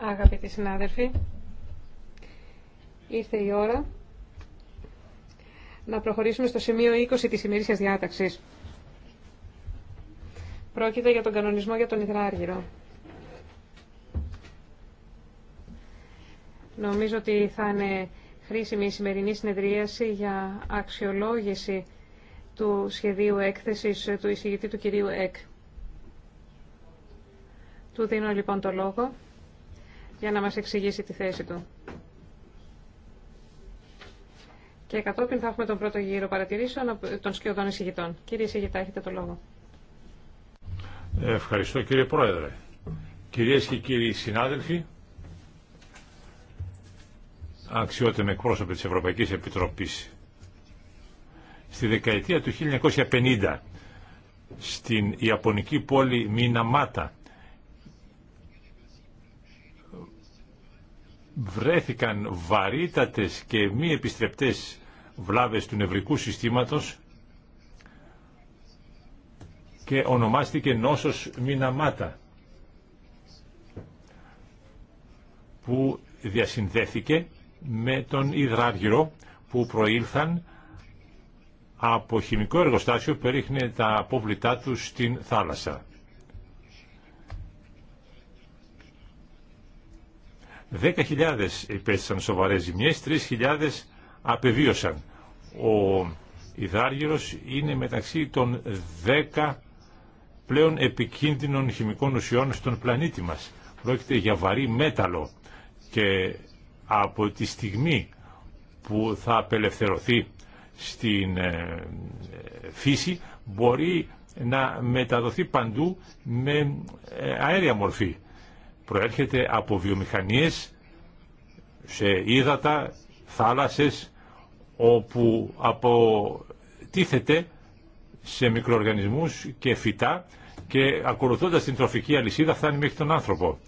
Αγαπητοί συνάδελφοι, ήρθε η ώρα να προχωρήσουμε στο σημείο 20 της ημερήσιας διάταξης. Πρόκειται για τον κανονισμό για τον υδράργυρο. Νομίζω ότι θα είναι χρήσιμη η σημερινή συνεδρίαση για αξιολόγηση του σχεδίου έκθεσης του εισηγητή του κυρίου ΕΚ. Του δίνω λοιπόν το λόγο για να μας εξηγήσει τη θέση του. Και κατόπιν θα έχουμε τον πρώτο γύρο παρατηρήσεων των σκιωδών εισηγητών. Κύριε εισηγητά, έχετε το λόγο. Ευχαριστώ κύριε Πρόεδρε. Κυρίες και κύριοι συνάδελφοι, αξιότιμοι εκπρόσωποι της Ευρωπαϊκής Επιτροπής, στη δεκαετία του 1950 στην Ιαπωνική πόλη Μιναμάτα βρέθηκαν βαρύτατες και μη επιστρεπτές βλάβες του νευρικού συστήματος και ονομάστηκε νόσος μιναμάτα που διασυνδέθηκε με τον υδράργυρο που προήλθαν από χημικό εργοστάσιο που τα απόβλητά του στην θάλασσα. 10.000 υπέστησαν σοβαρέ ζημιέ, 3.000 απεβίωσαν. Ο υδάργυρο είναι μεταξύ των 10 πλέον επικίνδυνων χημικών ουσιών στον πλανήτη μας. Πρόκειται για βαρύ μέταλλο και από τη στιγμή που θα απελευθερωθεί στην ε, φύση μπορεί να μεταδοθεί παντού με ε, αέρια μορφή προέρχεται από βιομηχανίες σε ύδατα, θάλασσες, όπου αποτίθεται σε μικροοργανισμούς και φυτά και ακολουθώντας την τροφική αλυσίδα φτάνει μέχρι τον άνθρωπο.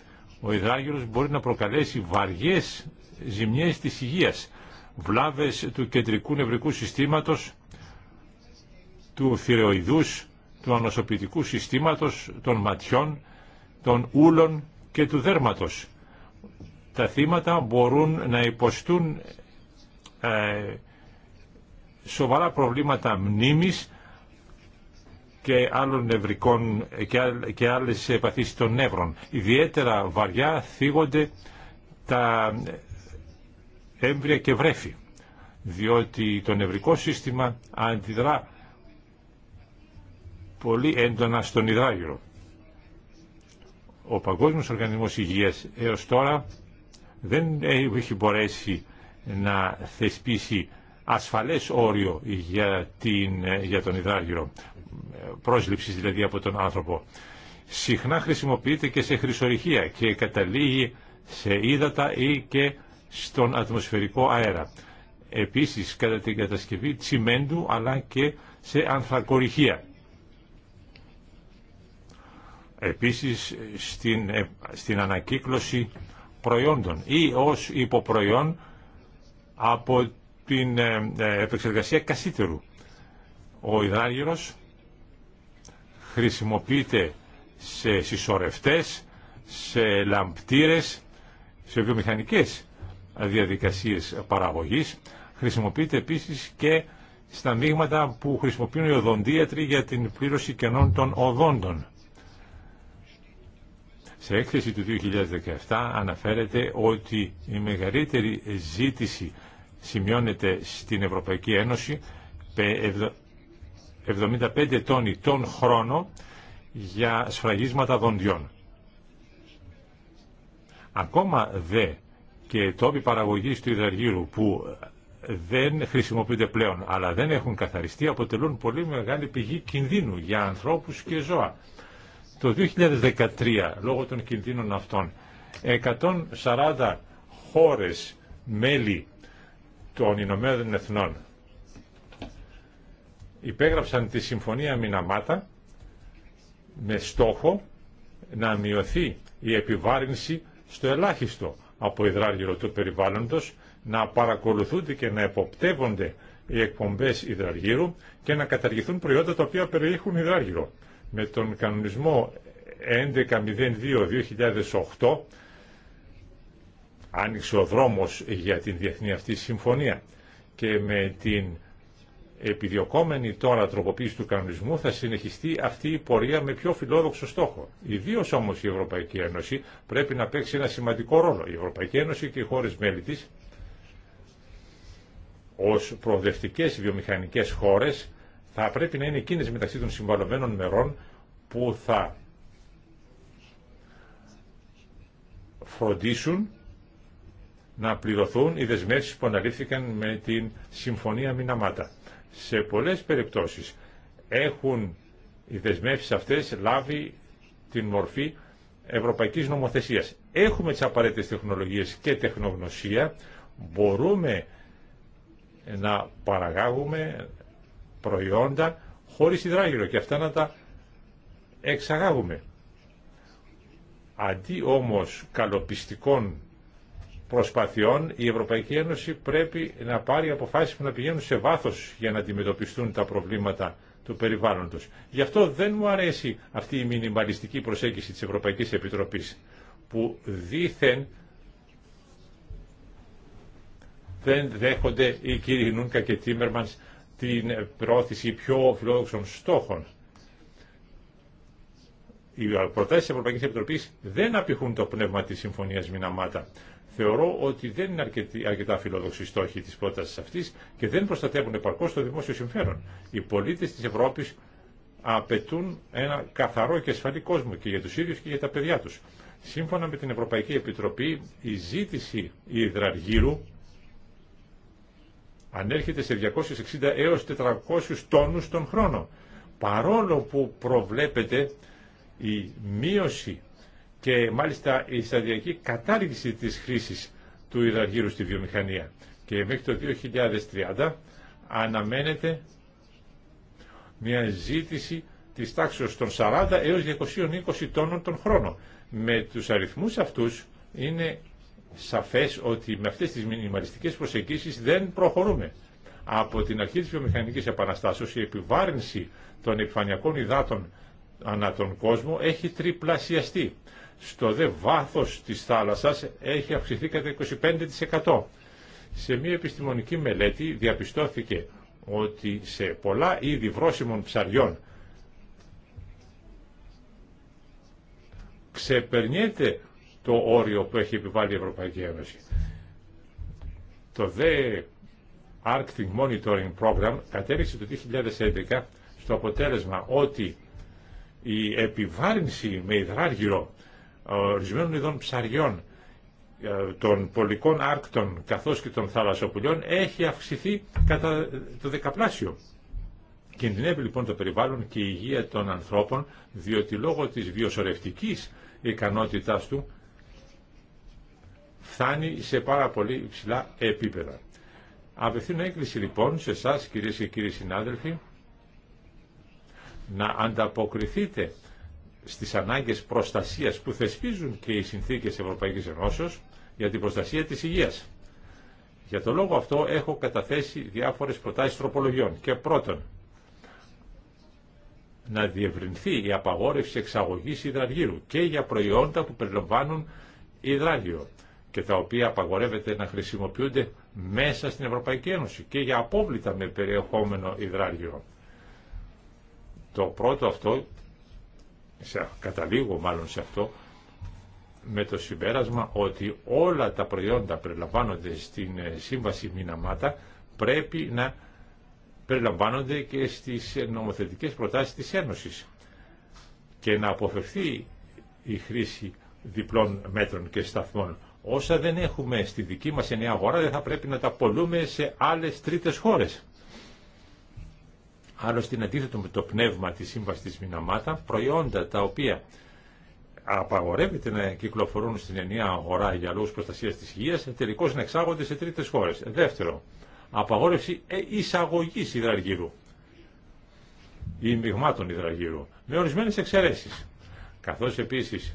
Ο υδράγυρος μπορεί να προκαλέσει βαριές ζημιές της υγείας, βλάβες του κεντρικού νευρικού συστήματος, του θηρεοειδούς, του ανοσοποιητικού συστήματος, των ματιών, των ούλων και του δέρματος. Τα θύματα μπορούν να υποστούν ε, σοβαρά προβλήματα μνήμης και άλλων νευρικών και άλλες επαθήσεις των νεύρων. Ιδιαίτερα βαριά θίγονται τα έμβρια και βρέφη, διότι το νευρικό σύστημα αντιδρά πολύ έντονα στον υδράγυρο. Ο Παγκόσμιος Οργανισμός Υγείας έως τώρα δεν έχει μπορέσει να θεσπίσει ασφαλές όριο για, την, για τον υδράργυρο πρόσληψης δηλαδή από τον άνθρωπο. Συχνά χρησιμοποιείται και σε χρυσορυχία και καταλήγει σε ύδατα ή και στον ατμοσφαιρικό αέρα. Επίσης κατά την κατασκευή τσιμέντου αλλά και σε ανθρακορυχία. Επίσης στην, ε, στην ανακύκλωση προϊόντων ή ως υποπροϊόν από την ε, ε, επεξεργασία κασίτερου. Ο υδράγυρος χρησιμοποιείται σε συσσωρευτές, σε λαμπτήρες, σε βιομηχανικές διαδικασίες παραγωγής. Χρησιμοποιείται επίσης και στα μείγματα που χρησιμοποιούν οι οδοντίατροι για την πλήρωση κενών των οδόντων. Σε έκθεση του 2017 αναφέρεται ότι η μεγαλύτερη ζήτηση σημειώνεται στην Ευρωπαϊκή Ένωση 75 τόνοι τον χρόνο για σφραγίσματα δοντιών. Ακόμα δε και τόποι παραγωγής του υδαργύρου που δεν χρησιμοποιούνται πλέον αλλά δεν έχουν καθαριστεί αποτελούν πολύ μεγάλη πηγή κινδύνου για ανθρώπους και ζώα. Το 2013, λόγω των κινδύνων αυτών, 140 χώρες μέλη των Ηνωμένων Εθνών υπέγραψαν τη Συμφωνία Μιναμάτα με στόχο να μειωθεί η επιβάρυνση στο ελάχιστο από υδράργυρο του περιβάλλοντος, να παρακολουθούνται και να εποπτεύονται οι εκπομπές υδραργύρου και να καταργηθούν προϊόντα τα οποία περιέχουν υδράργυρο με τον κανονισμό 1102-2008 άνοιξε ο δρόμος για την διεθνή αυτή συμφωνία και με την επιδιωκόμενη τώρα τροποποίηση του κανονισμού θα συνεχιστεί αυτή η πορεία με πιο φιλόδοξο στόχο. Ιδίω όμως η Ευρωπαϊκή Ένωση πρέπει να παίξει ένα σημαντικό ρόλο. Η Ευρωπαϊκή Ένωση και οι χώρες μέλη τη ω προοδευτικές βιομηχανικέ χώρες θα πρέπει να είναι εκείνες μεταξύ των συμβαλωμένων μερών που θα φροντίσουν να πληρωθούν οι δεσμεύσεις που αναλήφθηκαν με την Συμφωνία Μιναμάτα. Σε πολλές περιπτώσεις έχουν οι δεσμεύσεις αυτές λάβει την μορφή ευρωπαϊκής νομοθεσίας. Έχουμε τις απαραίτητες τεχνολογίες και τεχνογνωσία, μπορούμε να παραγάγουμε, προϊόντα χωρίς υδράγυρο και αυτά να τα εξαγάγουμε. Αντί όμως καλοπιστικών προσπαθειών η Ευρωπαϊκή Ένωση πρέπει να πάρει αποφάσεις που να πηγαίνουν σε βάθος για να αντιμετωπιστούν τα προβλήματα του περιβάλλοντος. Γι' αυτό δεν μου αρέσει αυτή η μινιμαλιστική προσέγγιση της Ευρωπαϊκής Επιτροπής που δήθεν δεν δέχονται οι κύριοι Νούνκα και Τίμερμανς την προώθηση πιο φιλόδοξων στόχων. Οι προτάσει τη Ευρωπαϊκή Επιτροπή δεν απηχούν το πνεύμα τη Συμφωνία Μιναμάτα. Θεωρώ ότι δεν είναι αρκετά φιλόδοξοι στόχοι τη πρόταση αυτή και δεν προστατεύουν επαρκώ το δημόσιο συμφέρον. Οι πολίτε τη Ευρώπη απαιτούν ένα καθαρό και ασφαλή κόσμο και για του ίδιου και για τα παιδιά του. Σύμφωνα με την Ευρωπαϊκή Επιτροπή, η ζήτηση υδραργύρου ανέρχεται σε 260 έως 400 τόνους τον χρόνο. Παρόλο που προβλέπεται η μείωση και μάλιστα η σταδιακή κατάργηση της χρήσης του υδαργύρου στη βιομηχανία. Και μέχρι το 2030 αναμένεται μια ζήτηση της τάξης των 40 έως 220 τόνων τον χρόνο. Με τους αριθμούς αυτούς είναι σαφές ότι με αυτές τις μινιμαλιστικές προσεγγίσεις δεν προχωρούμε. Από την αρχή της βιομηχανικής επαναστάσεως η επιβάρυνση των επιφανειακών υδάτων ανά τον κόσμο έχει τριπλασιαστεί. Στο δε βάθος της θάλασσας έχει αυξηθεί κατά 25%. Σε μια επιστημονική μελέτη διαπιστώθηκε ότι σε πολλά είδη βρόσιμων ψαριών ξεπερνιέται το όριο που έχει επιβάλει η Ευρωπαϊκή Ένωση. Το The Arctic Monitoring Program κατέληξε το 2011 στο αποτέλεσμα ότι η επιβάρυνση με υδράργυρο ε, ορισμένων ειδών ψαριών ε, των πολικών άρκτων καθώς και των θαλασσοπουλιών έχει αυξηθεί κατά ε, το δεκαπλάσιο. Κινδυνεύει λοιπόν το περιβάλλον και η υγεία των ανθρώπων διότι λόγω της βιοσορευτικής ικανότητάς του φτάνει σε πάρα πολύ υψηλά επίπεδα. Απευθύνω έκκληση λοιπόν σε εσά κύριε και κύριοι συνάδελφοι να ανταποκριθείτε στις ανάγκες προστασίας που θεσπίζουν και οι συνθήκες Ευρωπαϊκή Ενώσεως για την προστασία της υγείας. Για τον λόγο αυτό έχω καταθέσει διάφορες προτάσεις τροπολογιών. Και πρώτον, να διευρυνθεί η απαγόρευση εξαγωγής υδραργύρου και για προϊόντα που περιλαμβάνουν υδράργυρο και τα οποία απαγορεύεται να χρησιμοποιούνται μέσα στην Ευρωπαϊκή Ένωση και για απόβλητα με περιεχόμενο υδράργυρο. Το πρώτο αυτό, σε, καταλήγω μάλλον σε αυτό, με το συμπέρασμα ότι όλα τα προϊόντα περιλαμβάνονται στην ε, Σύμβαση Μιναμάτα πρέπει να περιλαμβάνονται και στις ε, νομοθετικές προτάσεις της Ένωσης και να αποφευθεί η χρήση διπλών μέτρων και σταθμών Όσα δεν έχουμε στη δική μας ενιαία αγορά δεν θα πρέπει να τα πολλούμε σε άλλες τρίτες χώρες. Άλλωστε είναι αντίθετο με το πνεύμα της σύμβασης της Μιναμάτα, προϊόντα τα οποία απαγορεύεται να κυκλοφορούν στην ενιαία αγορά για λόγους προστασίας της υγείας, τελικώς να εξάγονται σε τρίτες χώρες. Δεύτερο, απαγόρευση ε, εισαγωγής υδραργύρου ή μειγμάτων υδραργύρου, με ορισμένες εξαιρέσεις. Καθώς επίσης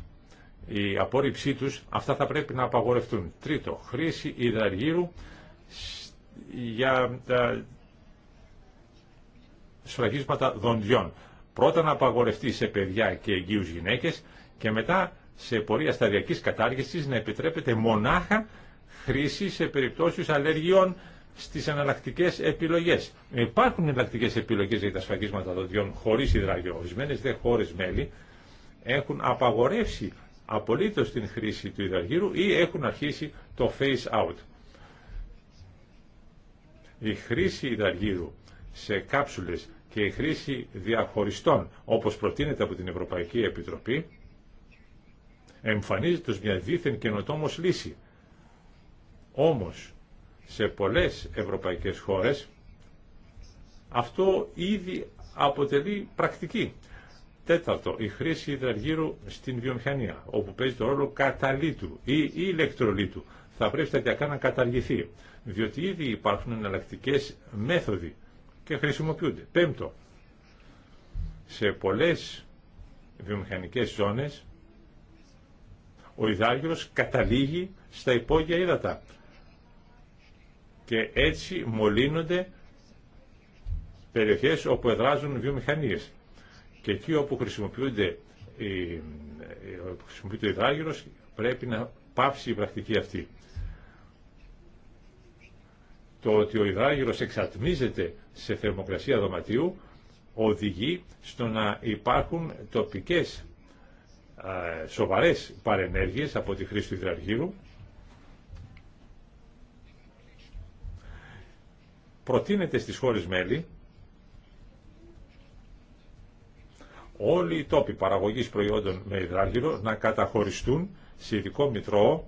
η απόρριψή τους, αυτά θα πρέπει να απαγορευτούν. Τρίτο, χρήση υδραργύρου για τα ε, σφραγίσματα δοντιών. Πρώτα να απαγορευτεί σε παιδιά και εγγύους γυναίκες και μετά σε πορεία σταδιακής κατάργησης να επιτρέπεται μονάχα χρήση σε περιπτώσεις αλλεργιών στις εναλλακτικέ επιλογές. Υπάρχουν εναλλακτικέ επιλογές για τα σφραγίσματα δοντιών χωρίς υδραγιο. Ορισμένες δε χώρες μέλη έχουν απαγορεύσει απολύτως την χρήση του υδαργύρου ή έχουν αρχίσει το face out. Η χρήση υδαργύρου σε κάψουλες και η χρήση διαχωριστών, όπως προτείνεται από την Ευρωπαϊκή Επιτροπή, εμφανίζεται ως μια δίθεν καινοτόμος λύση. Όμως, σε πολλές ευρωπαϊκές χώρες, αυτό ήδη αποτελεί πρακτική. Τέταρτο, η χρήση υδραργύρου στην βιομηχανία, όπου παίζει το ρόλο καταλήτου ή ηλεκτρολίτου. Θα πρέπει σταδιακά να καταργηθεί, διότι ήδη υπάρχουν εναλλακτικέ μέθοδοι και χρησιμοποιούνται. Πέμπτο, σε πολλές βιομηχανικές ζώνες ο υδάργυρος καταλήγει στα υπόγεια ύδατα και έτσι μολύνονται περιοχές όπου εδράζουν βιομηχανίες. Και εκεί όπου χρησιμοποιούνται χρησιμοποιείται ο υδράγυρος πρέπει να πάψει η πρακτική αυτή. Το ότι ο υδράγυρος εξατμίζεται σε θερμοκρασία δωματίου οδηγεί στο να υπάρχουν τοπικές σοβαρές παρενέργειες από τη χρήση του υδραργύρου. Προτείνεται στις χώρες μέλη όλοι οι τόποι παραγωγής προϊόντων με υδράργυρο να καταχωριστούν σε ειδικό μητρό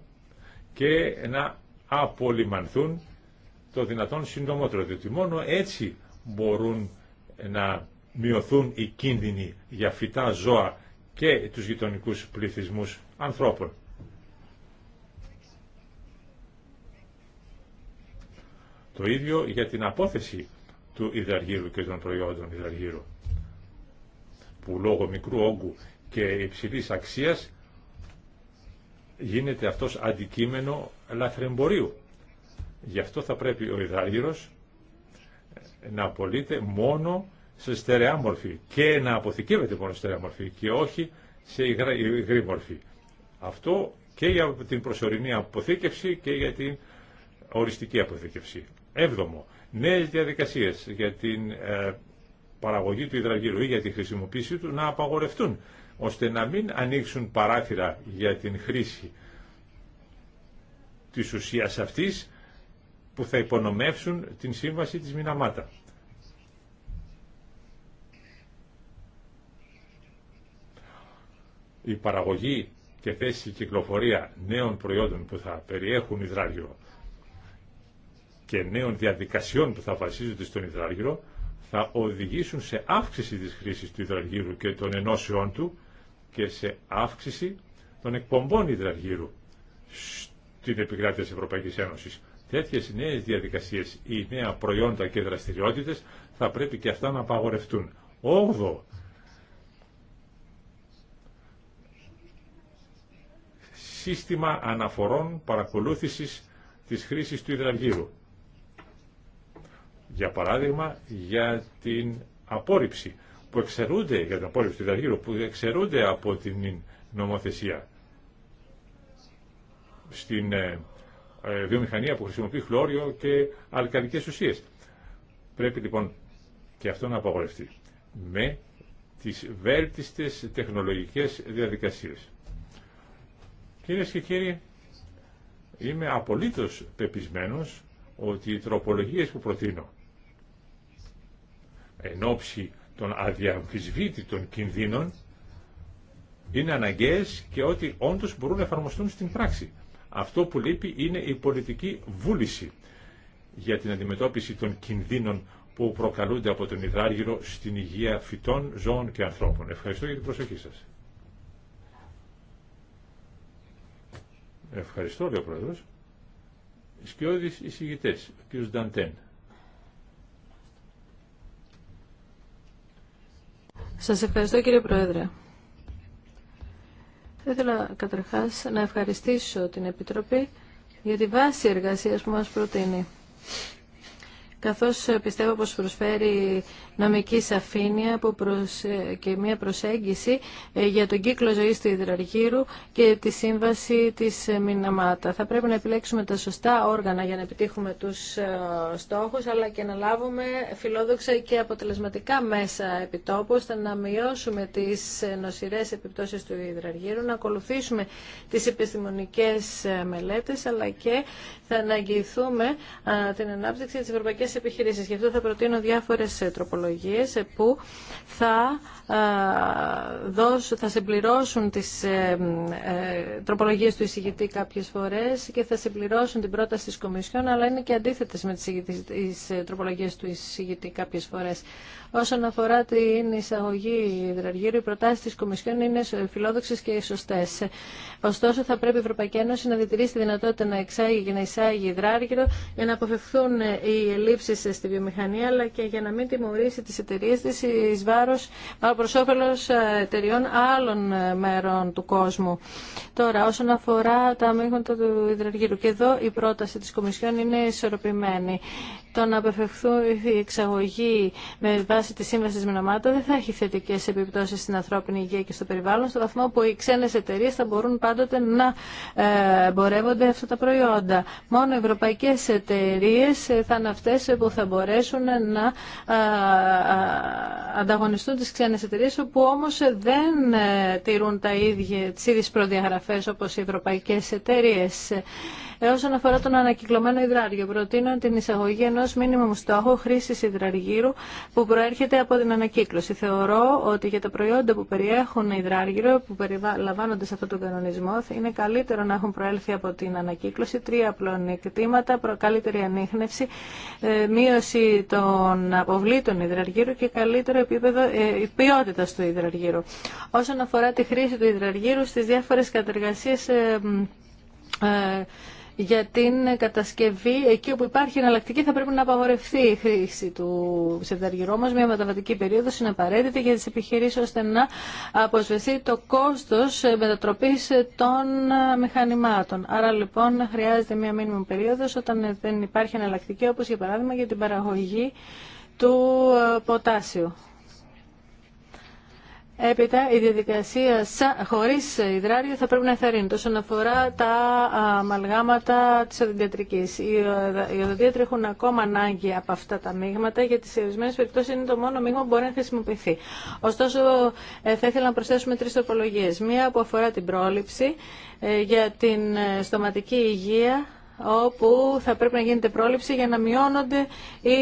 και να απολυμανθούν το δυνατόν συντομότερο, διότι μόνο έτσι μπορούν να μειωθούν οι κίνδυνοι για φυτά ζώα και τους γειτονικούς πληθυσμούς ανθρώπων. Το ίδιο για την απόθεση του υδαργύρου και των προϊόντων υδαργύρου που λόγω μικρού όγκου και υψηλής αξίας γίνεται αυτός αντικείμενο λαθρεμπορίου. Γι' αυτό θα πρέπει ο υδραλήρος να απολύεται μόνο σε στερεά μορφή και να αποθηκεύεται μόνο σε στερεά μορφή και όχι σε υγρή μορφή. Αυτό και για την προσωρινή αποθήκευση και για την οριστική αποθήκευση. Έβδομο, νέες διαδικασίες για την ε, παραγωγή του ή για τη χρησιμοποίησή του να απαγορευτούν, ώστε να μην ανοίξουν παράθυρα για την χρήση της ουσίας αυτής που θα υπονομεύσουν την σύμβαση της Μιναμάτα. Η παραγωγή και θέση κυκλοφορία νέων προϊόντων που θα περιέχουν υδράργυρο και νέων διαδικασιών που θα βασίζονται στον υδράργυρο θα οδηγήσουν σε αύξηση της χρήσης του υδραργύρου και των ενώσεών του και σε αύξηση των εκπομπών υδραργύρου στην επικράτεια της Ευρωπαϊκής Ένωσης. Τέτοιες νέες διαδικασίες ή νέα προϊόντα και δραστηριότητες θα πρέπει και αυτά να απαγορευτούν. Όγδο, σύστημα αναφορών παρακολούθησης της χρήσης του υδραργύρου. Για παράδειγμα, για την απόρριψη που εξαιρούνται, για την απόρριψη του που εξαιρούνται από την νομοθεσία. Στην ε, ε, βιομηχανία που χρησιμοποιεί χλώριο και αλκαλικές ουσίες. Πρέπει λοιπόν και αυτό να απαγορευτεί με τις βέλτιστες τεχνολογικές διαδικασίες. Κυρίε και κύριοι, είμαι απολύτως πεπισμένος ότι οι τροπολογίες που προτείνω εν ώψη των αδιαμφισβήτητων κινδύνων είναι αναγκαίες και ότι όντως μπορούν να εφαρμοστούν στην πράξη. Αυτό που λείπει είναι η πολιτική βούληση για την αντιμετώπιση των κινδύνων που προκαλούνται από τον υδράργυρο στην υγεία φυτών, ζώων και ανθρώπων. Ευχαριστώ για την προσοχή σας. Ευχαριστώ, λέει ο Πρόεδρος. Σκιώδης ο κ. Νταντέν. Σας ευχαριστώ κύριε Πρόεδρε. Θα ήθελα καταρχάς να ευχαριστήσω την Επιτροπή για τη βάση εργασίας που μας προτείνει καθώς πιστεύω πως προσφέρει νομική σαφήνεια και μια προσέγγιση ε, για τον κύκλο ζωής του υδραργύρου και τη σύμβαση της ε, Μιναμάτα. Θα πρέπει να επιλέξουμε τα σωστά όργανα για να επιτύχουμε τους ε, στόχους, αλλά και να λάβουμε φιλόδοξα και αποτελεσματικά μέσα επιτόπου, ώστε να μειώσουμε τις νοσηρές επιπτώσεις του υδραργύρου, να ακολουθήσουμε τις επιστημονικές μελέτες, αλλά και θα αναγγιηθούμε την ανάπτυξη της ευρωπαϊκής επιχειρήσης. Γι' αυτό θα προτείνω διάφορες τροπολογίε. Ε, που θα, ε, δώσουν, θα συμπληρώσουν τις ε, τροπολογίες του εισηγητή κάποιες φορές και θα συμπληρώσουν την πρόταση της Κομισιόν, αλλά είναι και αντίθετες με τις τροπολογίες του εισηγητή κάποιες φορές. Όσον αφορά την εισαγωγή υδραργύρου, οι προτάσει τη Κομισιόν είναι φιλόδοξε και σωστέ. Ωστόσο, θα πρέπει η Ευρωπαϊκή Ένωση να διατηρήσει τη δυνατότητα να εξάγει και να εισάγει υδράργυρο για να αποφευθούν οι ελλείψει στη βιομηχανία, αλλά και για να μην τιμωρήσει τι της εταιρείας της εις βάρος προς όφελος ε, άλλων ε, μέρων του κόσμου. Τώρα, όσον αφορά τα μείγματα του υδραργύρου, και εδώ η πρόταση της Κομισιόν είναι ισορροπημένη το να απεφευχθούν η εξαγωγή με βάση τη σύμβαση με δεν θα έχει θετικέ επιπτώσει στην ανθρώπινη υγεία και στο περιβάλλον, στο βαθμό που οι ξένε εταιρείε θα μπορούν πάντοτε να ε, εμπορεύονται αυτά τα προϊόντα. Μόνο οι ευρωπαϊκέ εταιρείε ε, θα είναι αυτέ που θα μπορέσουν να ε, ανταγωνιστούν τι ξένε εταιρείε, όπου όμω δεν τηρούν τι ίδιε προδιαγραφέ όπω οι ευρωπαϊκέ εταιρείε. Ε, όσον αφορά τον ανακυκλωμένο υδράργυρο, προτείνω την εισαγωγή ενό μήνυμου στόχου χρήση υδραργύρου που προέρχεται από την ανακύκλωση. Θεωρώ ότι για τα προϊόντα που περιέχουν υδράργυρο, που περιλαμβάνονται σε αυτόν τον κανονισμό, είναι καλύτερο να έχουν προέλθει από την ανακύκλωση τρία εκτήματα, καλύτερη ανείχνευση, ε, μείωση των αποβλήτων υδραργύρου και καλύτερο επίπεδο ε, ποιότητα του υδραργύρου. Όσον αφορά τη χρήση του υδραργύρου στι διάφορε κατεργασίε, για την κατασκευή εκεί όπου υπάρχει εναλλακτική θα πρέπει να απαγορευτεί η χρήση του ψευδαργυρού. μια μεταβατική περίοδο είναι απαραίτητη για τις επιχειρήσεις ώστε να αποσβεθεί το κόστος μετατροπής των μηχανημάτων. Άρα λοιπόν χρειάζεται μια μήνυμη περίοδος όταν δεν υπάρχει εναλλακτική όπως για παράδειγμα για την παραγωγή του ε, ποτάσιου. Έπειτα, η διαδικασία χωρίς υδράριο θα πρέπει να εθαρρύνει όσον αφορά τα αμαλγάματα της οδοντιατρικής. Οι οδοντίατροι έχουν ακόμα ανάγκη από αυτά τα μείγματα, γιατί σε ορισμένε περιπτώσει είναι το μόνο μείγμα που μπορεί να χρησιμοποιηθεί. Ωστόσο, ε, θα ήθελα να προσθέσουμε τρεις τροπολογίες. Μία που αφορά την πρόληψη ε, για την ε, στοματική υγεία, όπου θα πρέπει να γίνεται πρόληψη για να μειώνονται οι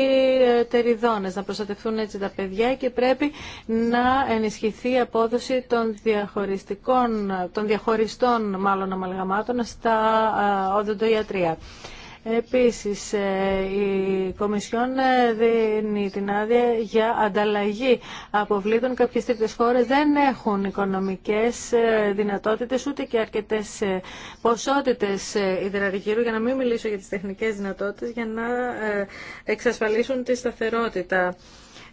τεριδόνες, να προστατευτούν έτσι τα παιδιά και πρέπει να ενισχυθεί η απόδοση των, διαχωριστικών, των διαχωριστών μάλλον αμαλγαμάτων στα ε, οδοντοιατρία. Επίσης, ε, η Κομισιόν ε, δίνει την άδεια για ανταλλαγή αποβλήτων. Κάποιες τρίτες χώρες δεν έχουν οικονομικές ε, δυνατότητες ούτε και αρκετές ποσότητες υδραργύρου, για να μην μιλήσω για τις τεχνικές δυνατότητες, για να εξασφαλίσουν τη σταθερότητα.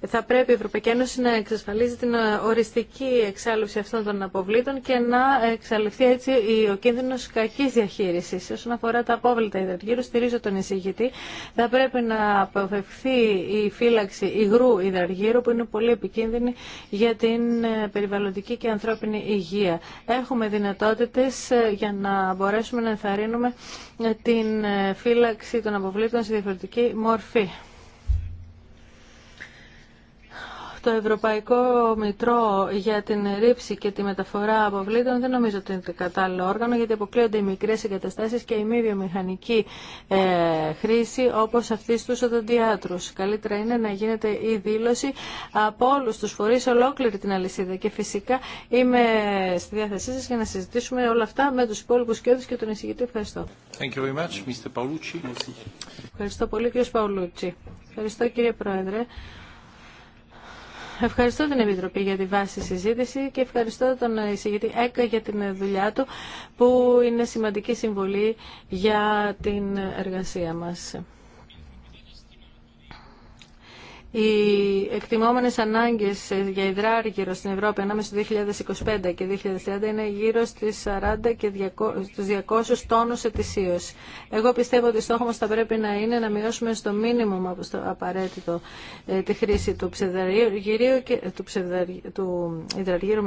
Θα πρέπει η Ευρωπαϊκή Ένωση να εξασφαλίζει την ε, οριστική εξάλληψη αυτών των αποβλήτων και να εξαλειφθεί έτσι ο κίνδυνο κακή διαχείριση. Όσον αφορά τα απόβλητα υδαργύρου, στηρίζω τον εισηγητή. Θα πρέπει να αποφευθεί η φύλαξη υγρού υδαργύρου, που είναι πολύ επικίνδυνη για την ε, περιβαλλοντική και ανθρώπινη υγεία. Έχουμε δυνατότητε ε, για να μπορέσουμε να ενθαρρύνουμε την φύλαξη των αποβλήτων σε διαφορετική μορφή. Το Ευρωπαϊκό Μητρό για την ρήψη και τη μεταφορά αποβλήτων δεν νομίζω ότι είναι το κατάλληλο όργανο, γιατί αποκλείονται οι μικρέ εγκαταστάσει και η μη βιομηχανική ε, χρήση, όπω αυτή στου οδοντιάτρου. Καλύτερα είναι να γίνεται η δήλωση από όλου του φορεί, ολόκληρη την αλυσίδα. Και φυσικά είμαι στη διάθεσή σα για να συζητήσουμε όλα αυτά με του υπόλοιπου κοιόδου και τον εισηγητή. Ευχαριστώ. Ευχαριστώ πολύ, κύριε Παουλούτσι. Ευχαριστώ, κύριε Πρόεδρε. Ευχαριστώ την Επιτροπή για τη βάση συζήτηση και ευχαριστώ τον εισηγητή ΕΚΑ για την δουλειά του που είναι σημαντική συμβολή για την εργασία μας οι εκτιμόμενες ανάγκες για υδράργυρο στην Ευρώπη ανάμεσα στο 2025 και 2030 είναι γύρω στις 40 και 200, στους 200 τόνους ετησίως. Εγώ πιστεύω ότι στόχο μας θα πρέπει να είναι να μειώσουμε στο μήνυμο απαραίτητο ε, τη χρήση του ψευδαργύρου και του, ψευδαργύρου, του υδραργύρου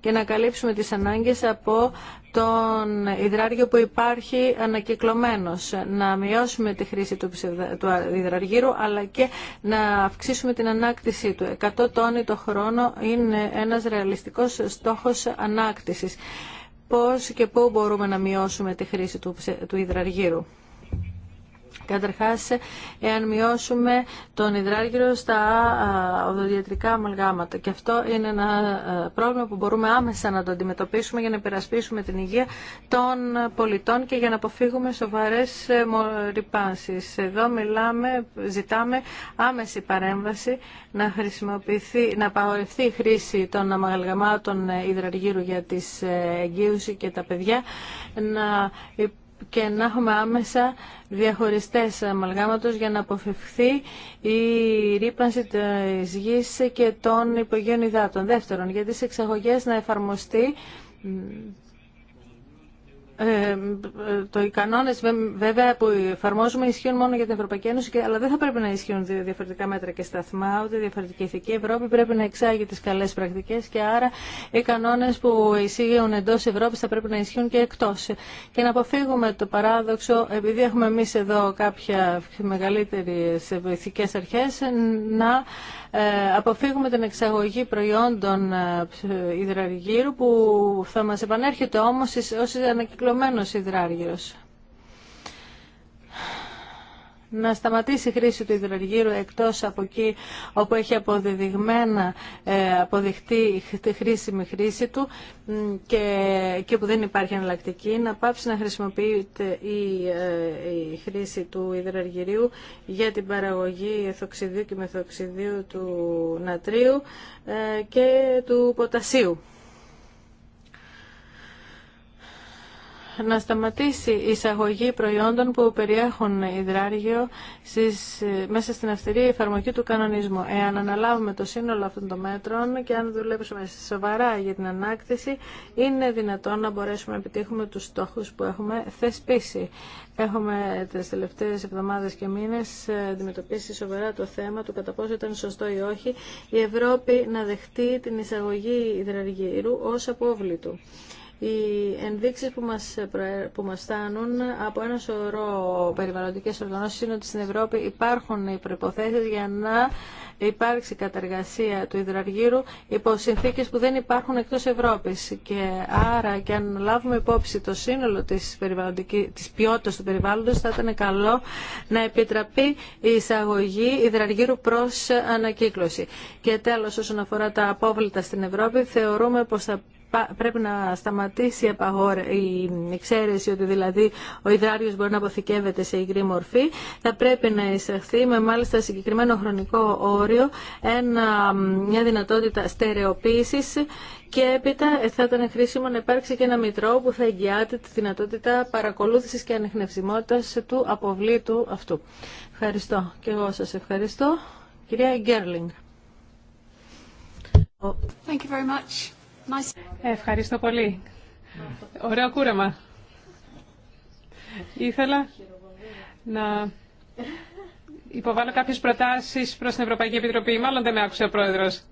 και να καλύψουμε τις ανάγκες από τον υδράργιο που υπάρχει ανακυκλωμένος, να μειώσουμε τη χρήση του, του υδραργύρου αλλά και να αυξήσουμε την ανάκτησή του. 100 τόνοι το χρόνο είναι ένας ρεαλιστικός στόχος ανάκτησης. Πώς και πού μπορούμε να μειώσουμε τη χρήση του, του υδραργύρου. Καταρχάς, εάν μειώσουμε τον υδράργυρο στα οδοδιατρικά αμαλγάματα. Και αυτό είναι ένα πρόβλημα που μπορούμε άμεσα να το αντιμετωπίσουμε για να υπερασπίσουμε την υγεία των πολιτών και για να αποφύγουμε σοβαρές ε, ρηπάνσεις. Εδώ μιλάμε, ζητάμε άμεση παρέμβαση να χρησιμοποιηθεί, να απαγορευτεί η χρήση των αμαλγαμάτων ε, υδραργύρου για τις ε, εγγύουση και τα παιδιά, να και να έχουμε άμεσα διαχωριστές αμαλγάματος για να αποφευχθεί η ρήπανση της γης και των υπογείων υδάτων. Δεύτερον, για τις εξαγωγές να εφαρμοστεί ε, το, οι κανόνε βέβαια που εφαρμόζουμε ισχύουν μόνο για την Ευρωπαϊκή Ένωση, αλλά δεν θα πρέπει να ισχύουν διαφορετικά μέτρα και σταθμά, ούτε διαφορετική ηθική. Η Ευρώπη πρέπει να εξάγει τι καλέ πρακτικές και άρα οι κανόνες που ισχύουν εντό Ευρώπη θα πρέπει να ισχύουν και εκτός. Και να αποφύγουμε το παράδοξο, επειδή έχουμε εμεί εδώ κάποια μεγαλύτερε βοηθικές αρχέ, να ε, αποφύγουμε την εξαγωγή προϊόντων ε, υδραργύρου που θα μας επανέρχεται όμως ως ανακυκλωμένος υδράργυρος να σταματήσει η χρήση του υδρογύρου εκτός από εκεί όπου έχει αποδεδειγμένα ε, αποδειχτεί τη χρήσιμη χρήση του και εκεί που δεν υπάρχει εναλλακτική να πάψει να χρησιμοποιείται ε, η, χρήση του υδραργυρίου για την παραγωγή εθοξιδίου και μεθοξιδίου του νατρίου ε, και του ποτασίου. να σταματήσει η εισαγωγή προϊόντων που περιέχουν υδράργιο στις, ε, μέσα στην αυστηρή εφαρμογή του κανονισμού. Εάν αναλάβουμε το σύνολο αυτών των μέτρων και αν δουλέψουμε σοβαρά για την ανάκτηση, είναι δυνατόν να μπορέσουμε να επιτύχουμε τους στόχους που έχουμε θεσπίσει. Έχουμε τις τελευταίες εβδομάδες και μήνες ε, αντιμετωπίσει σοβαρά το θέμα του κατά πόσο ήταν σωστό ή όχι η Ευρώπη να δεχτεί την εισαγωγή υδραργύρου ως απόβλητου. Οι ενδείξεις που μας, που φτάνουν από ένα σωρό περιβαλλοντικές οργανώσεις είναι ότι στην Ευρώπη υπάρχουν οι προϋποθέσεις για να υπάρξει καταργασία του υδραργύρου υπό συνθήκες που δεν υπάρχουν εκτός Ευρώπης. Και άρα και αν λάβουμε υπόψη το σύνολο της, ποιότητα ποιότητας του περιβάλλοντος θα ήταν καλό να επιτραπεί η εισαγωγή υδραργύρου προς ανακύκλωση. Και τέλος όσον αφορά τα απόβλητα στην Ευρώπη θεωρούμε πως θα πρέπει να σταματήσει η εξαίρεση ότι δηλαδή ο υδράριος μπορεί να αποθηκεύεται σε υγρή μορφή. Θα πρέπει να εισαχθεί με μάλιστα συγκεκριμένο χρονικό όριο ένα, μια δυνατότητα στερεοποίησης και έπειτα θα ήταν χρήσιμο να υπάρξει και ένα μητρό που θα εγγυάται τη δυνατότητα παρακολούθησης και ανεχνευσιμότητας του αποβλήτου αυτού. Ευχαριστώ. Και εγώ σας ευχαριστώ. Κυρία Γκέρλινγκ. Thank you very much. Ευχαριστώ πολύ. Ωραίο κούρεμα. Ήθελα να υποβάλω κάποιες προτάσεις προς την Ευρωπαϊκή Επιτροπή. Μάλλον δεν με άκουσε ο Πρόεδρος.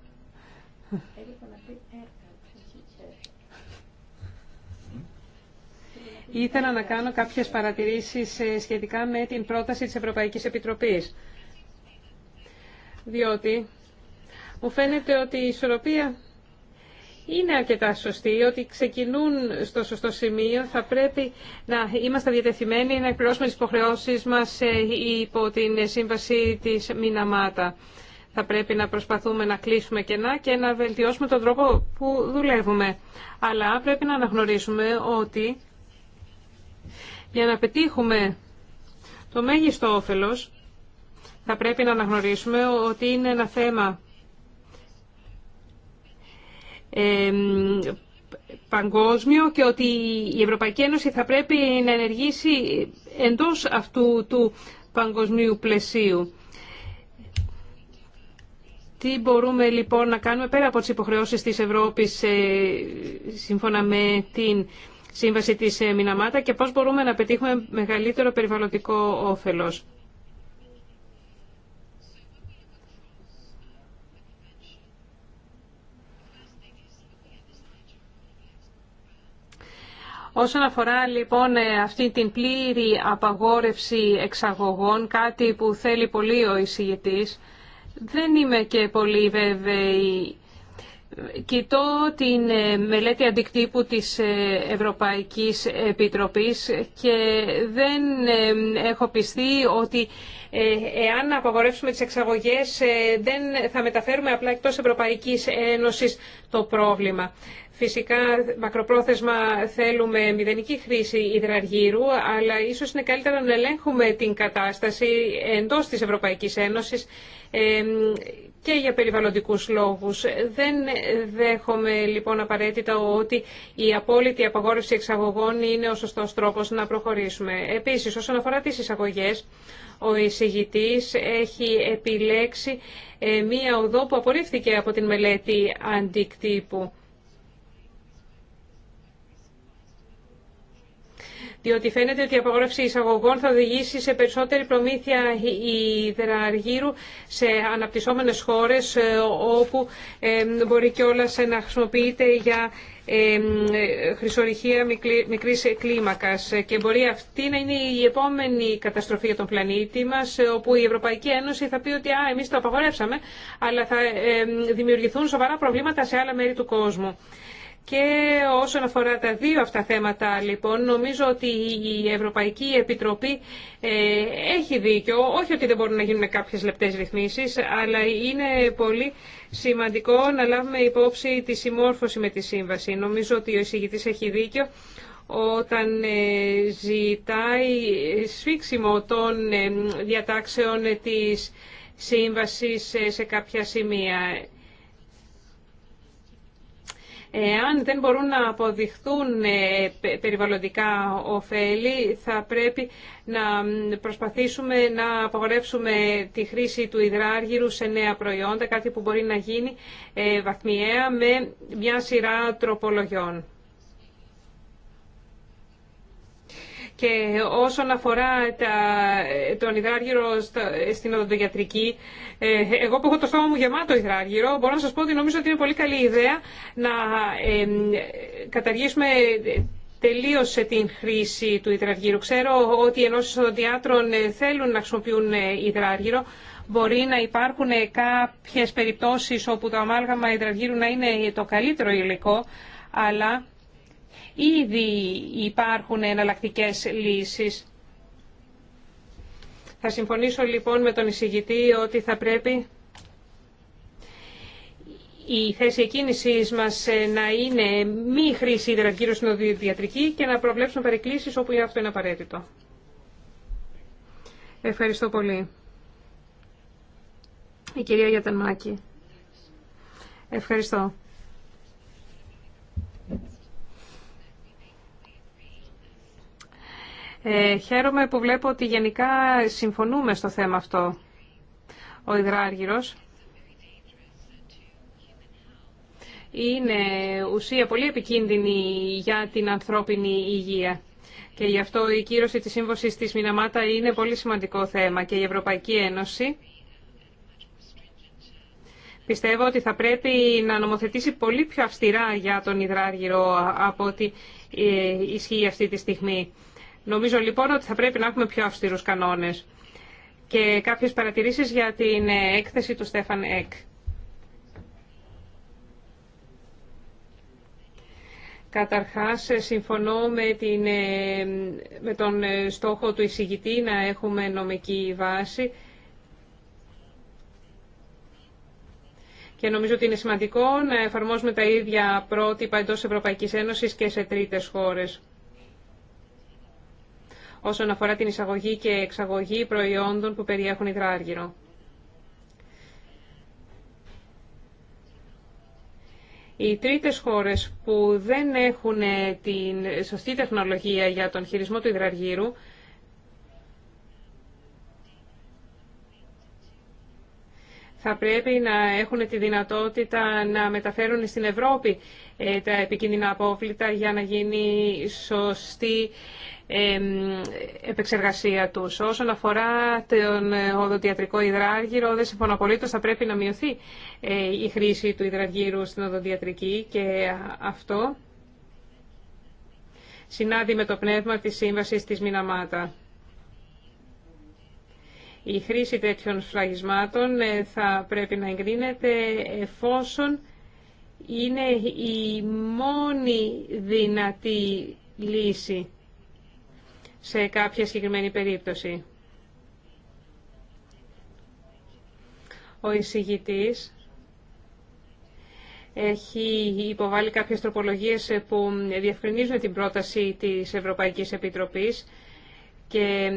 Ήθελα να κάνω κάποιες παρατηρήσεις ε, σχετικά με την πρόταση της Ευρωπαϊκής Επιτροπής. Διότι μου φαίνεται ότι η ισορροπία είναι αρκετά σωστή, ότι ξεκινούν στο σωστό σημείο. Θα πρέπει να είμαστε διατεθειμένοι να εκπληρώσουμε τις υποχρεώσεις μας ε, υπό την σύμβαση της Μιναμάτα. Θα πρέπει να προσπαθούμε να κλείσουμε κενά και να βελτιώσουμε τον τρόπο που δουλεύουμε. Αλλά πρέπει να αναγνωρίσουμε ότι για να πετύχουμε το μέγιστο όφελος θα πρέπει να αναγνωρίσουμε ότι είναι ένα θέμα παγκόσμιο και ότι η Ευρωπαϊκή Ένωση θα πρέπει να ενεργήσει εντός αυτού του παγκοσμίου πλαισίου. Τι μπορούμε λοιπόν να κάνουμε πέρα από τις υποχρεώσεις της Ευρώπης ε, σύμφωνα με την Σύμβαση της ε, Μιναμάτα και πώς μπορούμε να πετύχουμε μεγαλύτερο περιβαλλοντικό όφελος. Όσον αφορά λοιπόν ε, αυτή την πλήρη απαγόρευση εξαγωγών, κάτι που θέλει πολύ ο εισηγητής, δεν είμαι και πολύ βέβαιη. Κοιτώ την ε, μελέτη αντικτύπου της ε, Ευρωπαϊκής Επιτροπής και δεν έχω πιστεί ότι εάν απαγορεύσουμε τις εξαγωγές δεν θα μεταφέρουμε απλά εκτός Ευρωπαϊκής Ένωσης το πρόβλημα. Φυσικά, μακροπρόθεσμα θέλουμε μηδενική χρήση υδραργύρου, αλλά ίσως είναι καλύτερα να ελέγχουμε την κατάσταση εντός της Ευρωπαϊκής Ένωσης και για περιβαλλοντικούς λόγους. Δεν δέχομαι λοιπόν απαραίτητα ότι η απόλυτη απαγόρευση εξαγωγών είναι ο σωστός τρόπος να προχωρήσουμε. Επίσης, όσον αφορά τις εισαγωγές, ο εισηγητής έχει επιλέξει ε, μία οδό που απορρίφθηκε από την μελέτη αντικτύπου. διότι φαίνεται ότι η απαγόρευση εισαγωγών θα οδηγήσει σε περισσότερη προμήθεια υδραργύρου σε αναπτυσσόμενες χώρες ε, όπου ε, μπορεί κιόλας να χρησιμοποιείται για ε, χρυσορυχία μικρής κλίμακας και μπορεί αυτή να είναι η επόμενη καταστροφή για τον πλανήτη μας όπου η Ευρωπαϊκή Ένωση θα πει ότι α, εμείς το απαγορεύσαμε αλλά θα δημιουργηθούν σοβαρά προβλήματα σε άλλα μέρη του κόσμου. Και όσον αφορά τα δύο αυτά θέματα, λοιπόν, νομίζω ότι η Ευρωπαϊκή Επιτροπή ε, έχει δίκιο. Όχι ότι δεν μπορούν να γίνουν κάποιες λεπτές ρυθμίσεις, αλλά είναι πολύ σημαντικό να λάβουμε υπόψη τη συμμόρφωση με τη Σύμβαση. Νομίζω ότι ο εισηγητής έχει δίκιο όταν ε, ζητάει σφίξιμο των ε, διατάξεων της Σύμβασης σε κάποια σημεία. Εάν δεν μπορούν να αποδειχθούν ε, περιβαλλοντικά ωφέλη, θα πρέπει να προσπαθήσουμε να απογορεύσουμε τη χρήση του υδράργυρου σε νέα προϊόντα, κάτι που μπορεί να γίνει ε, βαθμιαία με μια σειρά τροπολογιών. Και όσον αφορά τα, τον υδράργυρο στην οδοντογιατρική, ε, εγώ που έχω το στόμα μου γεμάτο υδράργυρο, μπορώ να σας πω ότι νομίζω ότι είναι πολύ καλή ιδέα να ε, καταργήσουμε τελείωσε την χρήση του υδραργύρου. Ξέρω ότι οι ενώσεις οδοντιάτρων ε, θέλουν να χρησιμοποιούν ε, υδράργυρο. Μπορεί να υπάρχουν κάποιες περιπτώσεις όπου το αμάλγαμα υδραργύρου να είναι το καλύτερο υλικό, αλλά Ήδη υπάρχουν εναλλακτικέ λύσεις. Θα συμφωνήσω λοιπόν με τον εισηγητή ότι θα πρέπει η θέση εκκίνησή μα ε, να είναι μη χρήση στην οδηγιατρική και να προβλέψουμε παρεκκλήσεις όπου αυτό είναι απαραίτητο. Ευχαριστώ πολύ. Η κυρία Γιατανμάκη. Ευχαριστώ. Ε, χαίρομαι που βλέπω ότι γενικά συμφωνούμε στο θέμα αυτό. Ο υδράργυρος είναι ουσία πολύ επικίνδυνη για την ανθρώπινη υγεία. Και γι' αυτό η κύρωση της σύμβοσης της Μιναμάτα είναι πολύ σημαντικό θέμα και η Ευρωπαϊκή Ένωση πιστεύω ότι θα πρέπει να νομοθετήσει πολύ πιο αυστηρά για τον υδράργυρο από ό,τι ε, ισχύει αυτή τη στιγμή. Νομίζω λοιπόν ότι θα πρέπει να έχουμε πιο αυστηρούς κανόνες. Και κάποιες παρατηρήσεις για την ε, έκθεση του Στέφαν Εκ. Καταρχάς, ε, συμφωνώ με, την, ε, με τον στόχο του εισηγητή να έχουμε νομική βάση. Και νομίζω ότι είναι σημαντικό να εφαρμόζουμε τα ίδια πρότυπα εντός Ευρωπαϊκής Ένωσης και σε τρίτες χώρες όσον αφορά την εισαγωγή και εξαγωγή προϊόντων που περιέχουν υδράργυρο. Οι τρίτες χώρες που δεν έχουν ε, την σωστή τεχνολογία για τον χειρισμό του υδραργύρου θα πρέπει να έχουν τη δυνατότητα να μεταφέρουν στην Ευρώπη ε, τα επικίνδυνα απόβλητα για να γίνει σωστή επεξεργασία του, Όσον αφορά τον οδοντιατρικό υδράργυρο, δεν συμφωνώ απολύτω. θα πρέπει να μειωθεί ε, η χρήση του υδραργύρου στην οδοντιατρική και αυτό συνάδει με το πνεύμα της σύμβασης της Μιναμάτα. Η χρήση τέτοιων φλαγισμάτων ε, θα πρέπει να εγκρίνεται εφόσον είναι η μόνη δυνατή λύση σε κάποια συγκεκριμένη περίπτωση. Ο εισηγητής έχει υποβάλει κάποιες τροπολογίες που διευκρινίζουν την πρόταση της Ευρωπαϊκής Επιτροπής και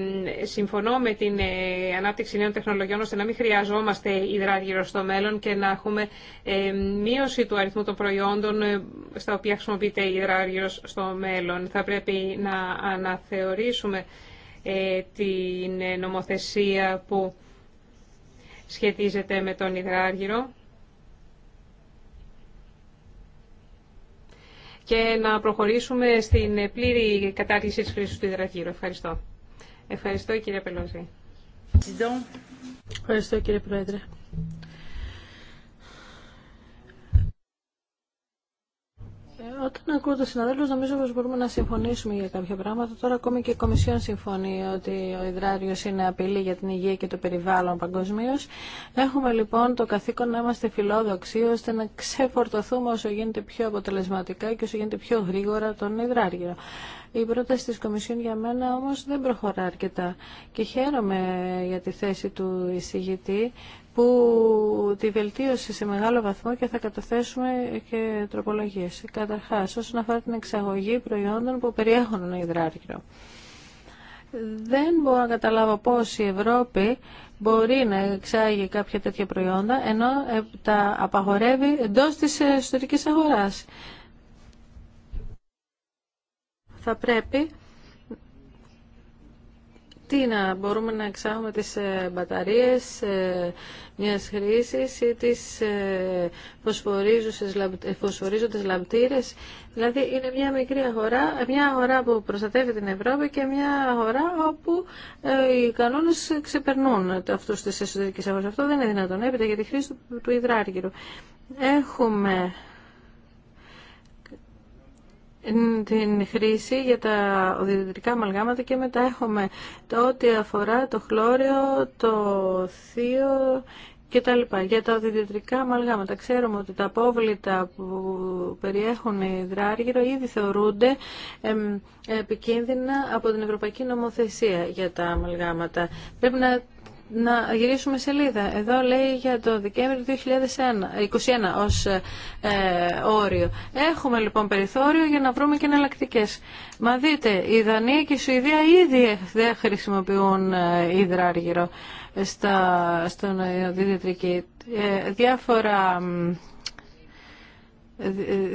συμφωνώ με την ε, ανάπτυξη νέων τεχνολογιών ώστε να μην χρειαζόμαστε υδράργυρο στο μέλλον και να έχουμε ε, μείωση του αριθμού των προϊόντων ε, στα οποία χρησιμοποιείται υδράργυρο στο μέλλον. Θα πρέπει να αναθεωρήσουμε την νομοθεσία που σχετίζεται με τον υδράργυρο και να προχωρήσουμε στην πλήρη κατάργηση της χρήσης του υδραργύρου. Ευχαριστώ. Ευχαριστώ κύριε Πελόζη. Ευχαριστώ κύριε Πρόεδρε. Όταν ακούω τους συναδέλφου, νομίζω πω μπορούμε να συμφωνήσουμε για κάποια πράγματα. Τώρα ακόμη και η Κομισιόν συμφωνεί ότι ο υδράριο είναι απειλή για την υγεία και το περιβάλλον παγκοσμίω. Έχουμε λοιπόν το καθήκον να είμαστε φιλόδοξοι ώστε να ξεφορτωθούμε όσο γίνεται πιο αποτελεσματικά και όσο γίνεται πιο γρήγορα τον υδράριο. Η πρόταση της Κομισιόν για μένα όμως δεν προχωρά αρκετά και χαίρομαι για τη θέση του εισηγητή που τη βελτίωσε σε μεγάλο βαθμό και θα καταθέσουμε και τροπολογίες όσον αφορά την εξαγωγή προϊόντων που περιέχουν υδράργυρο. Δεν μπορώ να καταλάβω πώς η Ευρώπη μπορεί να εξάγει κάποια τέτοια προϊόντα ενώ ε, τα απαγορεύει εντό της εσωτερική αγοράς. Θα πρέπει τι να μπορούμε να εξάγουμε τις ε, μπαταρίες ε, μιας χρήσης ή τις ε, φωσφορίζοντες λαμπτήρες. Δηλαδή είναι μια μικρή αγορά, μια αγορά που προστατεύει την Ευρώπη και μια αγορά όπου οι κανόνες ξεπερνούν αυτούς της εσωτερικής αγορά. Αυτό δεν είναι δυνατόν έπειτα για τη χρήση του υδράργυρου. Έχουμε την χρήση για τα οδηγητικά αμαλγάματα και μετά έχουμε το ότι αφορά το χλώριο, το θείο και τα λοιπά. Για τα οδηγητικά αμαλγάματα ξέρουμε ότι τα απόβλητα που περιέχουν υδράργυρο ήδη θεωρούνται επικίνδυνα από την Ευρωπαϊκή Νομοθεσία για τα αμαλγάματα. Πρέπει να να γυρίσουμε σελίδα. Εδώ λέει για το Δεκέμβριο 2021 ως ε, όριο. Έχουμε λοιπόν περιθώριο για να βρούμε και εναλλακτικέ. Μα δείτε, η Δανία και η Σουηδία ήδη δεν χρησιμοποιούν ε, υδράργυρο ε, στα, στον διαιτητρική. Ε, διάφορα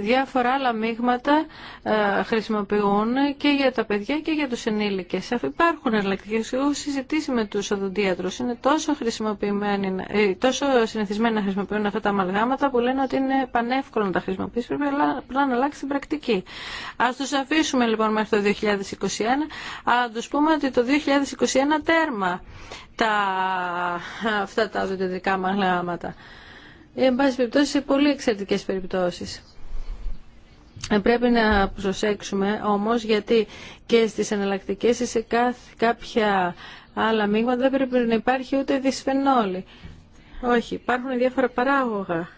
διάφορα άλλα μείγματα ε, χρησιμοποιούν και για τα παιδιά και για τους ενήλικες. Υπάρχουν εναλλακτικές. Έχω συζητήσει με τους οδοντίατρους. Είναι τόσο, ε, τόσο συνηθισμένοι να χρησιμοποιούν αυτά τα αμαλγάματα που λένε ότι είναι πανεύκολο να τα χρησιμοποιήσει. Πρέπει απλά να αλλάξει την πρακτική. Ας τους αφήσουμε λοιπόν μέχρι το 2021. Αν τους πούμε ότι το 2021 τέρμα τα, αυτά τα οδοντιατρικά αμαλγάματα εν πάση περιπτώσει σε πολύ εξαιρετικέ περιπτώσει. Ε, πρέπει να προσέξουμε όμως γιατί και στις εναλλακτικέ ή σε κάποια άλλα μείγματα δεν πρέπει να υπάρχει ούτε δυσφενόλη. Όχι, υπάρχουν διάφορα παράγωγα.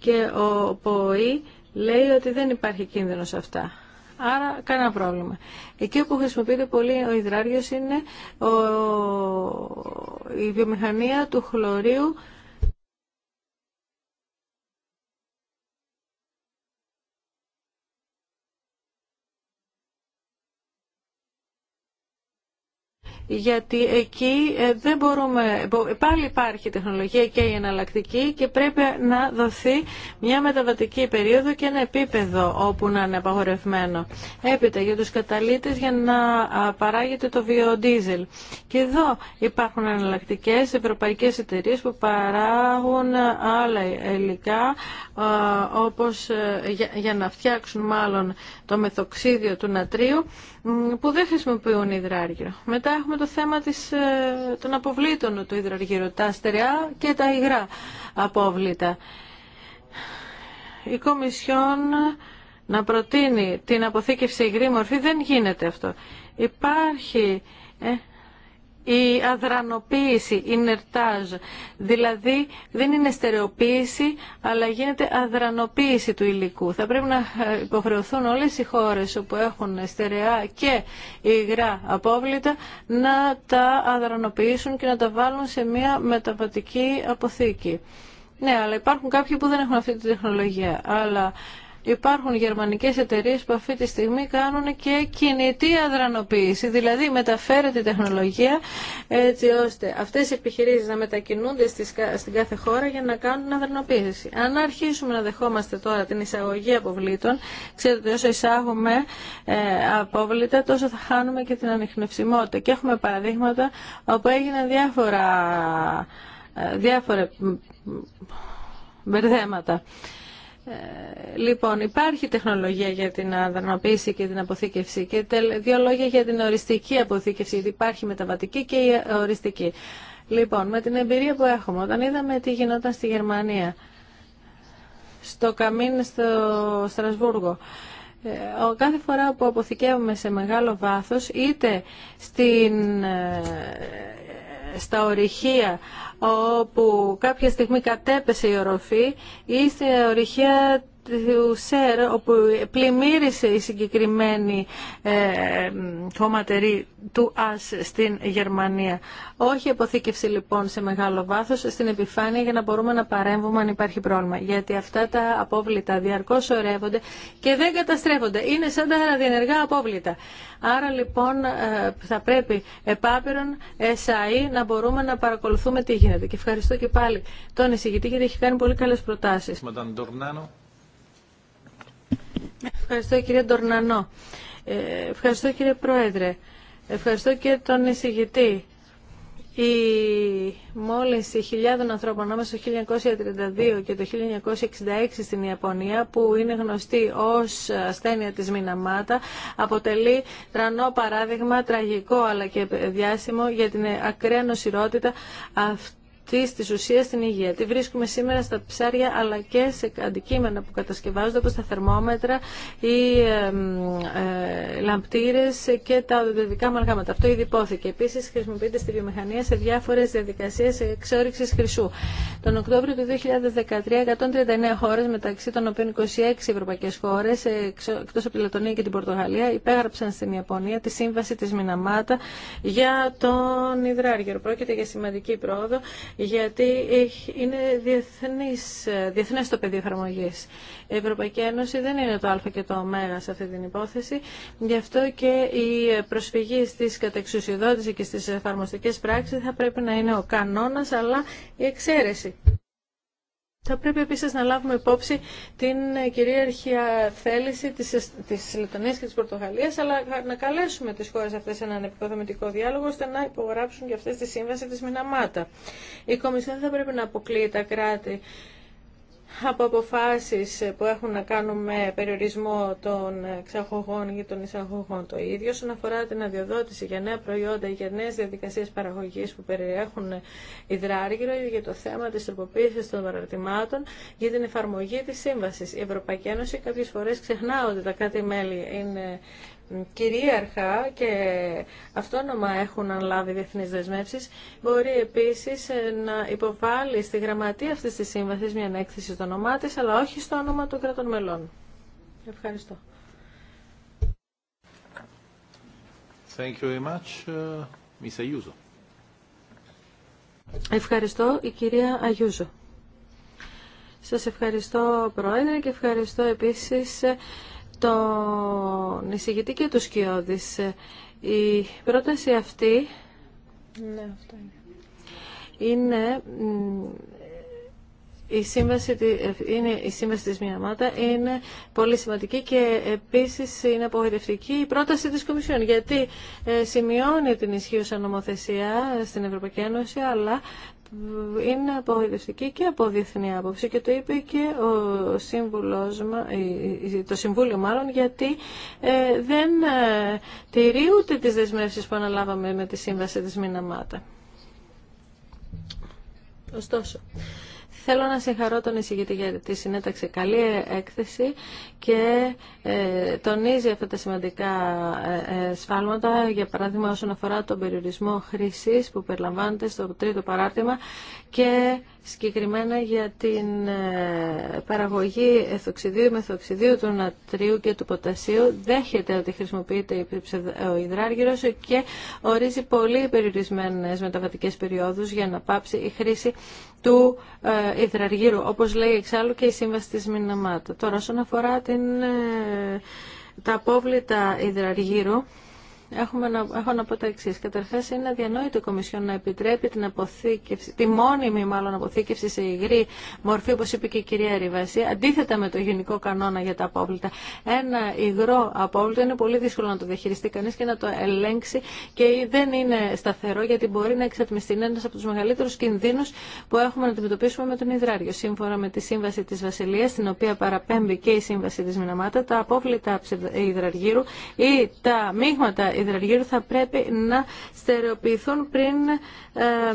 Και ο ΠΟΗ λέει ότι δεν υπάρχει κίνδυνο σε αυτά. Άρα κανένα πρόβλημα. Εκεί που χρησιμοποιείται πολύ ο υδράριος είναι η βιομηχανία του χλωρίου γιατί εκεί ε, δεν μπορούμε, πάλι υπάρχει τεχνολογία και η εναλλακτική και πρέπει να δοθεί μια μεταβατική περίοδο και ένα επίπεδο όπου να είναι απαγορευμένο. Έπειτα για τους καταλήτες για να παράγεται το βιοντίζελ. Και εδώ υπάρχουν εναλλακτικέ ευρωπαϊκές εταιρείε που παράγουν ε, άλλα υλικά ε, όπως για να φτιάξουν μάλλον το μεθοξίδιο του νατρίου που δεν χρησιμοποιούν υδράργυρο. Μετά το θέμα της, ε, των αποβλήτων του υδραργύρου, τα αστεριά και τα υγρά απόβλητα. Η Κομισιόν να προτείνει την αποθήκευση υγρή μορφή δεν γίνεται αυτό. Υπάρχει... Ε, η αδρανοποίηση, η νερτάζ. Δηλαδή δεν είναι στερεοποίηση, αλλά γίνεται αδρανοποίηση του υλικού. Θα πρέπει να υποχρεωθούν όλες οι χώρες όπου έχουν στερεά και υγρά απόβλητα να τα αδρανοποιήσουν και να τα βάλουν σε μια μεταβατική αποθήκη. Ναι, αλλά υπάρχουν κάποιοι που δεν έχουν αυτή τη τεχνολογία. Αλλά Υπάρχουν γερμανικές εταιρείες που αυτή τη στιγμή κάνουν και κινητή αδρανοποίηση, δηλαδή μεταφέρεται η τεχνολογία έτσι ώστε αυτές οι επιχειρήσεις να μετακινούνται στην κάθε χώρα για να κάνουν αδρανοποίηση. Αν αρχίσουμε να δεχόμαστε τώρα την εισαγωγή αποβλήτων, ξέρετε όσο εισάγουμε απόβλητα τόσο θα χάνουμε και την ανιχνευσιμότητα και έχουμε παραδείγματα όπου έγιναν διάφορα, διάφορα μπερδέματα. Ε, λοιπόν, υπάρχει τεχνολογία για την αδερμοποίηση και την αποθήκευση και δύο λόγια για την οριστική αποθήκευση, γιατί υπάρχει μεταβατική και η οριστική. Λοιπόν, με την εμπειρία που έχουμε, όταν είδαμε τι γινόταν στη Γερμανία, στο Καμίν, στο Στρασβούργο, ε, ο κάθε φορά που αποθηκεύουμε σε μεγάλο βάθος, είτε στην, ε, στα ορυχεία όπου κάποια στιγμή κατέπεσε η οροφή ή στην ορυχία του ΣΕΡ όπου πλημμύρισε η συγκεκριμένη ε, χωματερή του ΑΣ στην Γερμανία. Όχι αποθήκευση λοιπόν σε μεγάλο βάθος, στην επιφάνεια για να μπορούμε να παρέμβουμε αν υπάρχει πρόβλημα. Γιατί αυτά τα απόβλητα διαρκώς σωρεύονται και δεν καταστρέφονται. Είναι σαν τα διενεργά απόβλητα. Άρα λοιπόν ε, θα πρέπει επάπειρον εσαι να μπορούμε να παρακολουθούμε τι γίνεται. Και ευχαριστώ και πάλι τον εισηγητή γιατί έχει κάνει πολύ καλές προτάσεις. Ευχαριστώ κύριε Ντορνανό. Ε, ευχαριστώ κύριε Πρόεδρε. Ευχαριστώ και τον εισηγητή. Η μόλυνση χιλιάδων ανθρώπων ανάμεσα το 1932 και το 1966 στην Ιαπωνία, που είναι γνωστή ως ασθένεια της Μιναμάτα, αποτελεί τρανό παράδειγμα, τραγικό αλλά και διάσημο για την ακραία νοσηρότητα αυτή Τη τη ουσία στην υγεία. Τη βρίσκουμε σήμερα στα ψάρια αλλά και σε αντικείμενα που κατασκευάζονται όπω τα θερμόμετρα, οι ε, ε, λαμπτήρες και τα οδοντιδικά μαργάματα. Αυτό ήδη υπόθηκε. Επίση χρησιμοποιείται στη βιομηχανία σε διάφορε διαδικασίε εξόριξη χρυσού. Τον Οκτώβριο του 2013, 139 χώρε, μεταξύ των οποίων 26 ευρωπαϊκέ χώρε, εκτό από τη Λετωνία και την Πορτογαλία, υπέγραψαν στην Ιαπωνία τη σύμβαση τη Μιναμάτα για τον υδράργυρο. Πρόκειται για σημαντική πρόοδο γιατί είναι διεθνής, διεθνές το πεδίο εφαρμογή. Η Ευρωπαϊκή Ένωση δεν είναι το α και το ω σε αυτή την υπόθεση, γι' αυτό και η προσφυγή στις κατεξουσιοδότηση και στις εφαρμοστικές πράξεις θα πρέπει να είναι ο κανόνας αλλά η εξαίρεση. Θα πρέπει επίσης να λάβουμε υπόψη την ε, κυρίαρχη θέληση της, της και της Πορτογαλίας, αλλά να καλέσουμε τις χώρες αυτές σε έναν επικοδομητικό διάλογο, ώστε να υπογράψουν και αυτές τη σύμβαση της Μιναμάτα. Η Κομισιόν θα πρέπει να αποκλείει τα κράτη από αποφάσεις που έχουν να κάνουν με περιορισμό των εξαγωγών ή των εισαγωγών το ίδιο. Όσον αφορά την αδειοδότηση για νέα προϊόντα, για νέες διαδικασίες παραγωγής που περιέχουν υδράργυρο, ή για το θέμα της τροποποίηση των παραρτημάτων, για την εφαρμογή της σύμβασης. Η Ευρωπαϊκή Ένωση κάποιες φορές ξεχνά ότι τα κάτι μέλη είναι κυρίαρχα και αυτόνομα έχουν αναλάβει διεθνεί δεσμεύσει, μπορεί επίση να υποβάλει στη γραμματεία αυτή τη σύμβαση μια ανέκθεση το όνομά της, αλλά όχι στο όνομα των κρατών μελών. Ευχαριστώ. Thank you very much, uh, Miss Ευχαριστώ, η κυρία Αγιούζο. Σας ευχαριστώ, Πρόεδρε, και ευχαριστώ επίσης ε, τον εισηγητή και τους Σκιώδης. Ε, η πρόταση αυτή... Ναι, αυτό είναι είναι η σύμβαση, είναι, η της Μιαμάτα είναι πολύ σημαντική και επίσης είναι απογοητευτική η πρόταση της Κομισιόν γιατί ε, σημειώνει την ισχύουσα νομοθεσία στην Ευρωπαϊκή Ένωση αλλά ε, είναι απογοητευτική και από διεθνή άποψη και το είπε και ο σύμβουλος, το Συμβούλιο μάλλον γιατί ε, δεν τηρεί ούτε τις δεσμεύσεις που αναλάβαμε με τη σύμβαση της Μιαμάτα Ωστόσο, Θέλω να συγχαρώ τον εισηγητή για τη συνέταξη. Καλή έκθεση και ε, τονίζει αυτά τα σημαντικά ε, ε, σφάλματα, για παράδειγμα όσον αφορά τον περιορισμό χρήσης που περιλαμβάνεται στο τρίτο παράρτημα και συγκεκριμένα για την ε, παραγωγή εθοξιδίου, μεθοξιδίου του νατρίου και του ποτασίου. Δέχεται ότι χρησιμοποιείται ο υδράργυρος και ορίζει πολύ περιορισμένες μεταβατικές περιόδους για να πάψει η χρήση του ε, υδραργύρου, όπως λέει εξάλλου και η Σύμβαση της Μιναμάτα. Τώρα, όσον αφορά την, ε, τα απόβλητα υδραργύρου, έχουμε να, έχω να πω τα εξή. Καταρχά, είναι αδιανόητο η Κομισιόν να επιτρέπει την αποθήκευση, τη μόνιμη μάλλον αποθήκευση σε υγρή μορφή, όπω είπε και η κυρία Ριβασί, αντίθετα με το γενικό κανόνα για τα απόβλητα. Ένα υγρό απόβλητο είναι πολύ δύσκολο να το διαχειριστεί κανεί και να το ελέγξει και δεν είναι σταθερό γιατί μπορεί να εξατμιστεί. Είναι ένα από του μεγαλύτερου κινδύνου που έχουμε να αντιμετωπίσουμε με τον υδράριο. Σύμφωνα με τη Σύμβαση τη Βασιλεία, στην οποία παραπέμπει και η Σύμβαση τη Μιναμάτα, τα απόβλητα υδραργύρου ή τα μείγματα υδραργύρου θα πρέπει να στερεοποιηθούν πριν ε,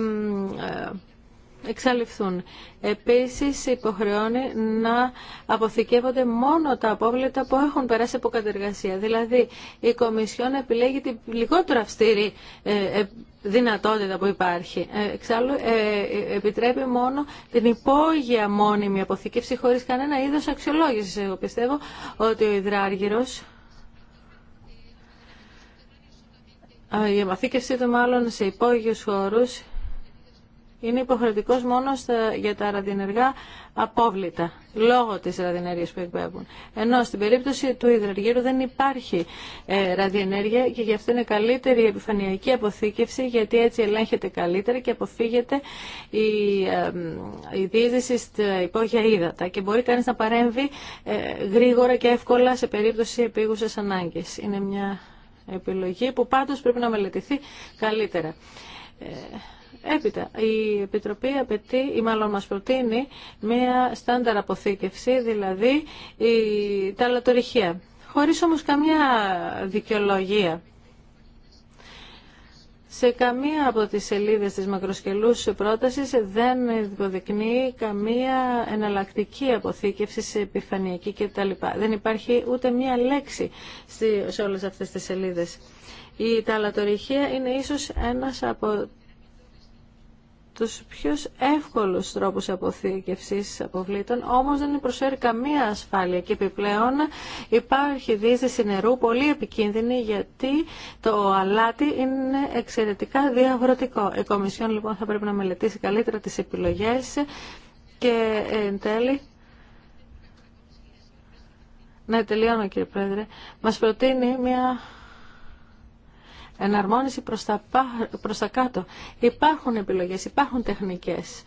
εξαλειφθούν. Επίσης υποχρεώνει να αποθηκεύονται μόνο τα απόβλητα που έχουν περάσει από κατεργασία. Δηλαδή η Κομισιόν επιλέγει την λιγότερο αυστηρή ε, ε, δυνατότητα που υπάρχει. Εξάλλου επιτρέπει μόνο την υπόγεια μόνιμη αποθηκεύση χωρίς κανένα είδος αξιολόγησης. Εγώ πιστεύω ότι ο υδράργυρος η εμαθήκευσή του μάλλον σε υπόγειους χώρους είναι υποχρεωτικός μόνο για τα ραδιενεργά απόβλητα, λόγω της ραδιενέργειας που εκπέμπουν. Ενώ στην περίπτωση του υδραργύρου δεν υπάρχει ε, ραδιενέργεια και γι' αυτό είναι καλύτερη η επιφανειακή αποθήκευση, γιατί έτσι ελέγχεται καλύτερα και αποφύγεται η, ε, στα υπόγεια ύδατα και μπορεί κανείς να παρέμβει ε, γρήγορα και εύκολα σε περίπτωση επίγουσας ανάγκης. Είναι μια επιλογή που πάντως πρέπει να μελετηθεί καλύτερα. Ε, έπειτα, η Επιτροπή απαιτεί ή μάλλον μας προτείνει μία στάνταρ αποθήκευση, δηλαδή η, τα χωρίς όμως καμιά δικαιολογία. Σε καμία από τις σελίδες της μακροσκελούς πρότασης δεν υποδεικνύει καμία εναλλακτική αποθήκευση σε επιφανειακή κτλ. Δεν υπάρχει ούτε μία λέξη σε όλες αυτές τις σελίδες. Η ταλατορυχία είναι ίσως ένας από τους πιο εύκολους τρόπους αποθήκευσης αποβλήτων, όμως δεν προσφέρει καμία ασφάλεια και επιπλέον υπάρχει δίσδυση νερού πολύ επικίνδυνη γιατί το αλάτι είναι εξαιρετικά διαβρωτικό. Η Κομισιόν λοιπόν θα πρέπει να μελετήσει καλύτερα τις επιλογές και εν τέλει ναι, τελειώνω κύριε Πρόεδρε. Μας προτείνει μια εναρμόνιση προς τα, προς τα κάτω. Υπάρχουν επιλογές, υπάρχουν τεχνικές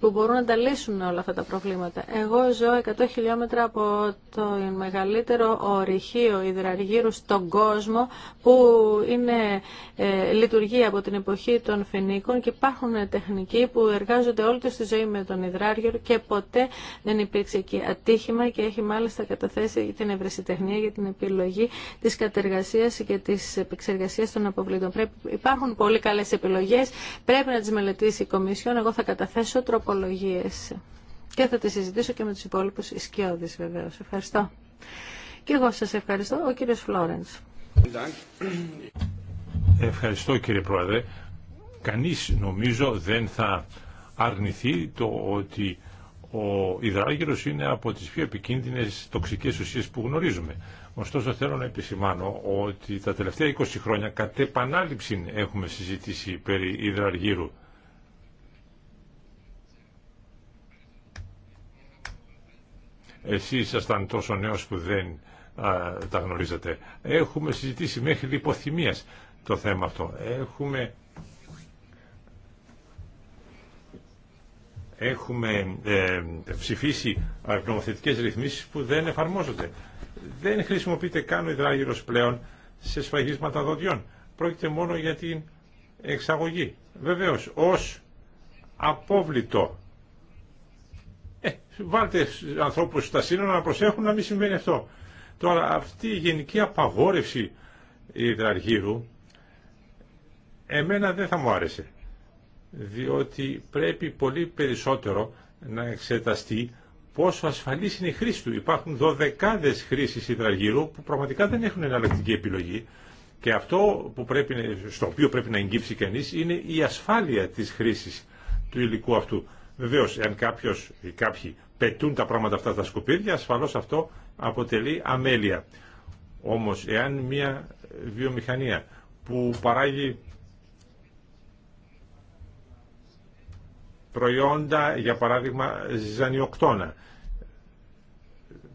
που μπορούν να τα λύσουν όλα αυτά τα προβλήματα. Εγώ ζω 100 χιλιόμετρα από το μεγαλύτερο ορυχείο υδραργύρου στον κόσμο που είναι, ε, λειτουργεί από την εποχή των Φινίκων και υπάρχουν τεχνικοί που εργάζονται όλη τους τη ζωή με τον υδράργυρο και ποτέ δεν υπήρξε εκεί ατύχημα και έχει μάλιστα καταθέσει την ευρεσιτεχνία για την επιλογή της κατεργασίας και της επεξεργασία των αποβλήτων. υπάρχουν πολύ καλές επιλογές, πρέπει να τις μελετήσει η Κομισιόν. Εγώ θα καταθέσω και θα τη συζητήσω και με τους υπόλοιπους ισκιώδεις βεβαίως. Ευχαριστώ. Και εγώ σας ευχαριστώ, ο κύριος Φλόρενς. Ευχαριστώ κύριε Πρόεδρε. Κανείς νομίζω δεν θα αρνηθεί το ότι ο υδράγυρος είναι από τις πιο επικίνδυνες τοξικές ουσίες που γνωρίζουμε. Ωστόσο θέλω να επισημάνω ότι τα τελευταία 20 χρόνια κατ' επανάληψη έχουμε συζητήσει περί υδραργύρου. Εσείς ήσασταν τόσο νέος που δεν τα γνωρίζετε. Έχουμε συζητήσει μέχρι λιποθυμίας το θέμα αυτό. Έχουμε, έχουμε ε, ψηφίσει νομοθετικές ρυθμίσεις που δεν εφαρμόζονται. Δεν χρησιμοποιείται καν ο υδράγυρος πλέον σε σφαγίσματα δοντιών. Πρόκειται μόνο για την εξαγωγή. Βεβαίως, ως απόβλητο βάλτε ανθρώπους στα σύνορα να προσέχουν να μην συμβαίνει αυτό. Τώρα αυτή η γενική απαγόρευση υδραργύρου εμένα δεν θα μου άρεσε διότι πρέπει πολύ περισσότερο να εξεταστεί πόσο ασφαλής είναι η χρήση του. Υπάρχουν δωδεκάδες χρήσεις υδραργύρου που πραγματικά δεν έχουν εναλλακτική επιλογή και αυτό που πρέπει, στο οποίο πρέπει να εγγύψει κανείς είναι η ασφάλεια της χρήσης του υλικού αυτού. Βεβαίως, αν κάποιος ή κάποιοι πετούν τα πράγματα αυτά τα σκουπίδια, ασφαλώς αυτό αποτελεί αμέλεια. Όμως, εάν μια βιομηχανία που παράγει προϊόντα, για παράδειγμα, ζανιοκτώνα,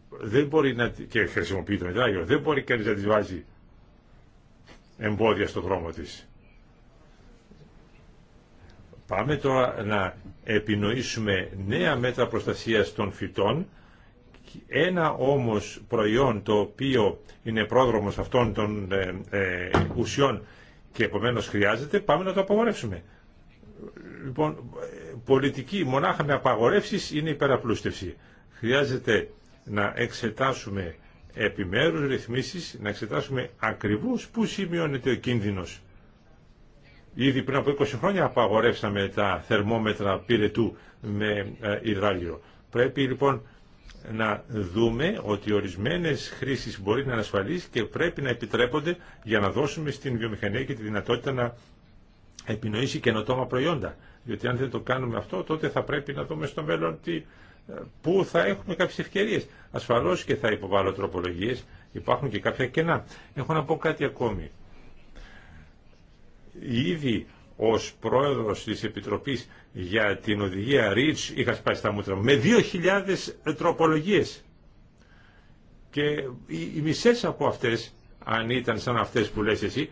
δεν μπορεί να, και χρησιμοποιεί το δεν μπορεί κανείς να τη βάζει εμπόδια στο δρόμο της. Πάμε τώρα να επινοήσουμε νέα μέτρα προστασίας των φυτών. Ένα όμως προϊόν το οποίο είναι πρόδρομος αυτών των ε, ε, ουσιών και επομένως χρειάζεται, πάμε να το απαγορεύσουμε. Λοιπόν, πολιτική μονάχα με απαγορεύσεις είναι υπεραπλούστευση. Χρειάζεται να εξετάσουμε επιμέρους ρυθμίσεις, να εξετάσουμε ακριβώς πού σημειώνεται ο κίνδυνος Ήδη πριν από 20 χρόνια απαγορεύσαμε τα θερμόμετρα πυρετού με ε, υδράλιο. Πρέπει λοιπόν να δούμε ότι ορισμένες χρήσεις μπορεί να ανασφαλίσει και πρέπει να επιτρέπονται για να δώσουμε στην βιομηχανία και τη δυνατότητα να επινοήσει καινοτόμα προϊόντα. Διότι αν δεν το κάνουμε αυτό, τότε θα πρέπει να δούμε στο μέλλον τι, ε, πού θα έχουμε κάποιες ευκαιρίες. Ασφαλώς και θα υποβάλω τροπολογίες, υπάρχουν και κάποια κενά. Έχω να πω κάτι ακόμη ήδη ως πρόεδρος της Επιτροπής για την οδηγία Ριτς είχα σπάσει τα μούτρα μου με 2.000 τροπολογίες. Και οι μισές από αυτές, αν ήταν σαν αυτές που λες εσύ,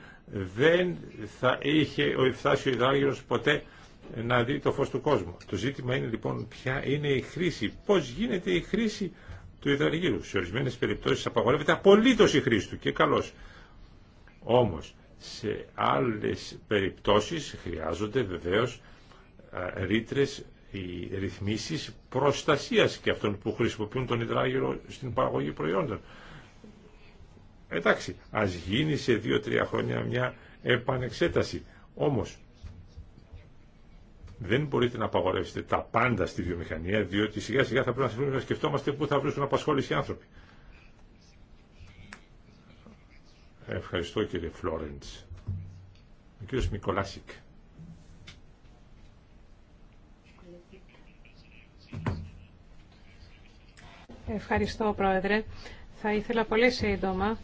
δεν θα είχε φτάσει ο Ιδάγιος ποτέ να δει το φως του κόσμου. Το ζήτημα είναι λοιπόν ποια είναι η χρήση, πώς γίνεται η χρήση του υδαργύρου. Σε ορισμένες περιπτώσεις απαγορεύεται απολύτως η χρήση του και καλώς. Όμως σε άλλες περιπτώσεις χρειάζονται βεβαίως ρήτρε ή ρυθμίσεις προστασίας και αυτών που χρησιμοποιούν τον υδράγυρο στην παραγωγή προϊόντων. Εντάξει, ας γίνει σε δύο-τρία χρόνια μια επανεξέταση. Όμως, δεν μπορείτε να απαγορεύσετε τα πάντα στη βιομηχανία, διότι σιγά σιγά θα πρέπει να σκεφτόμαστε πού θα βρίσκουν απασχόληση οι άνθρωποι. Ευχαριστώ κύριε Φλόρεντς. Ο κύριος Μικολάσικ. Ευχαριστώ πρόεδρε. Θα ήθελα πολύ σύντομα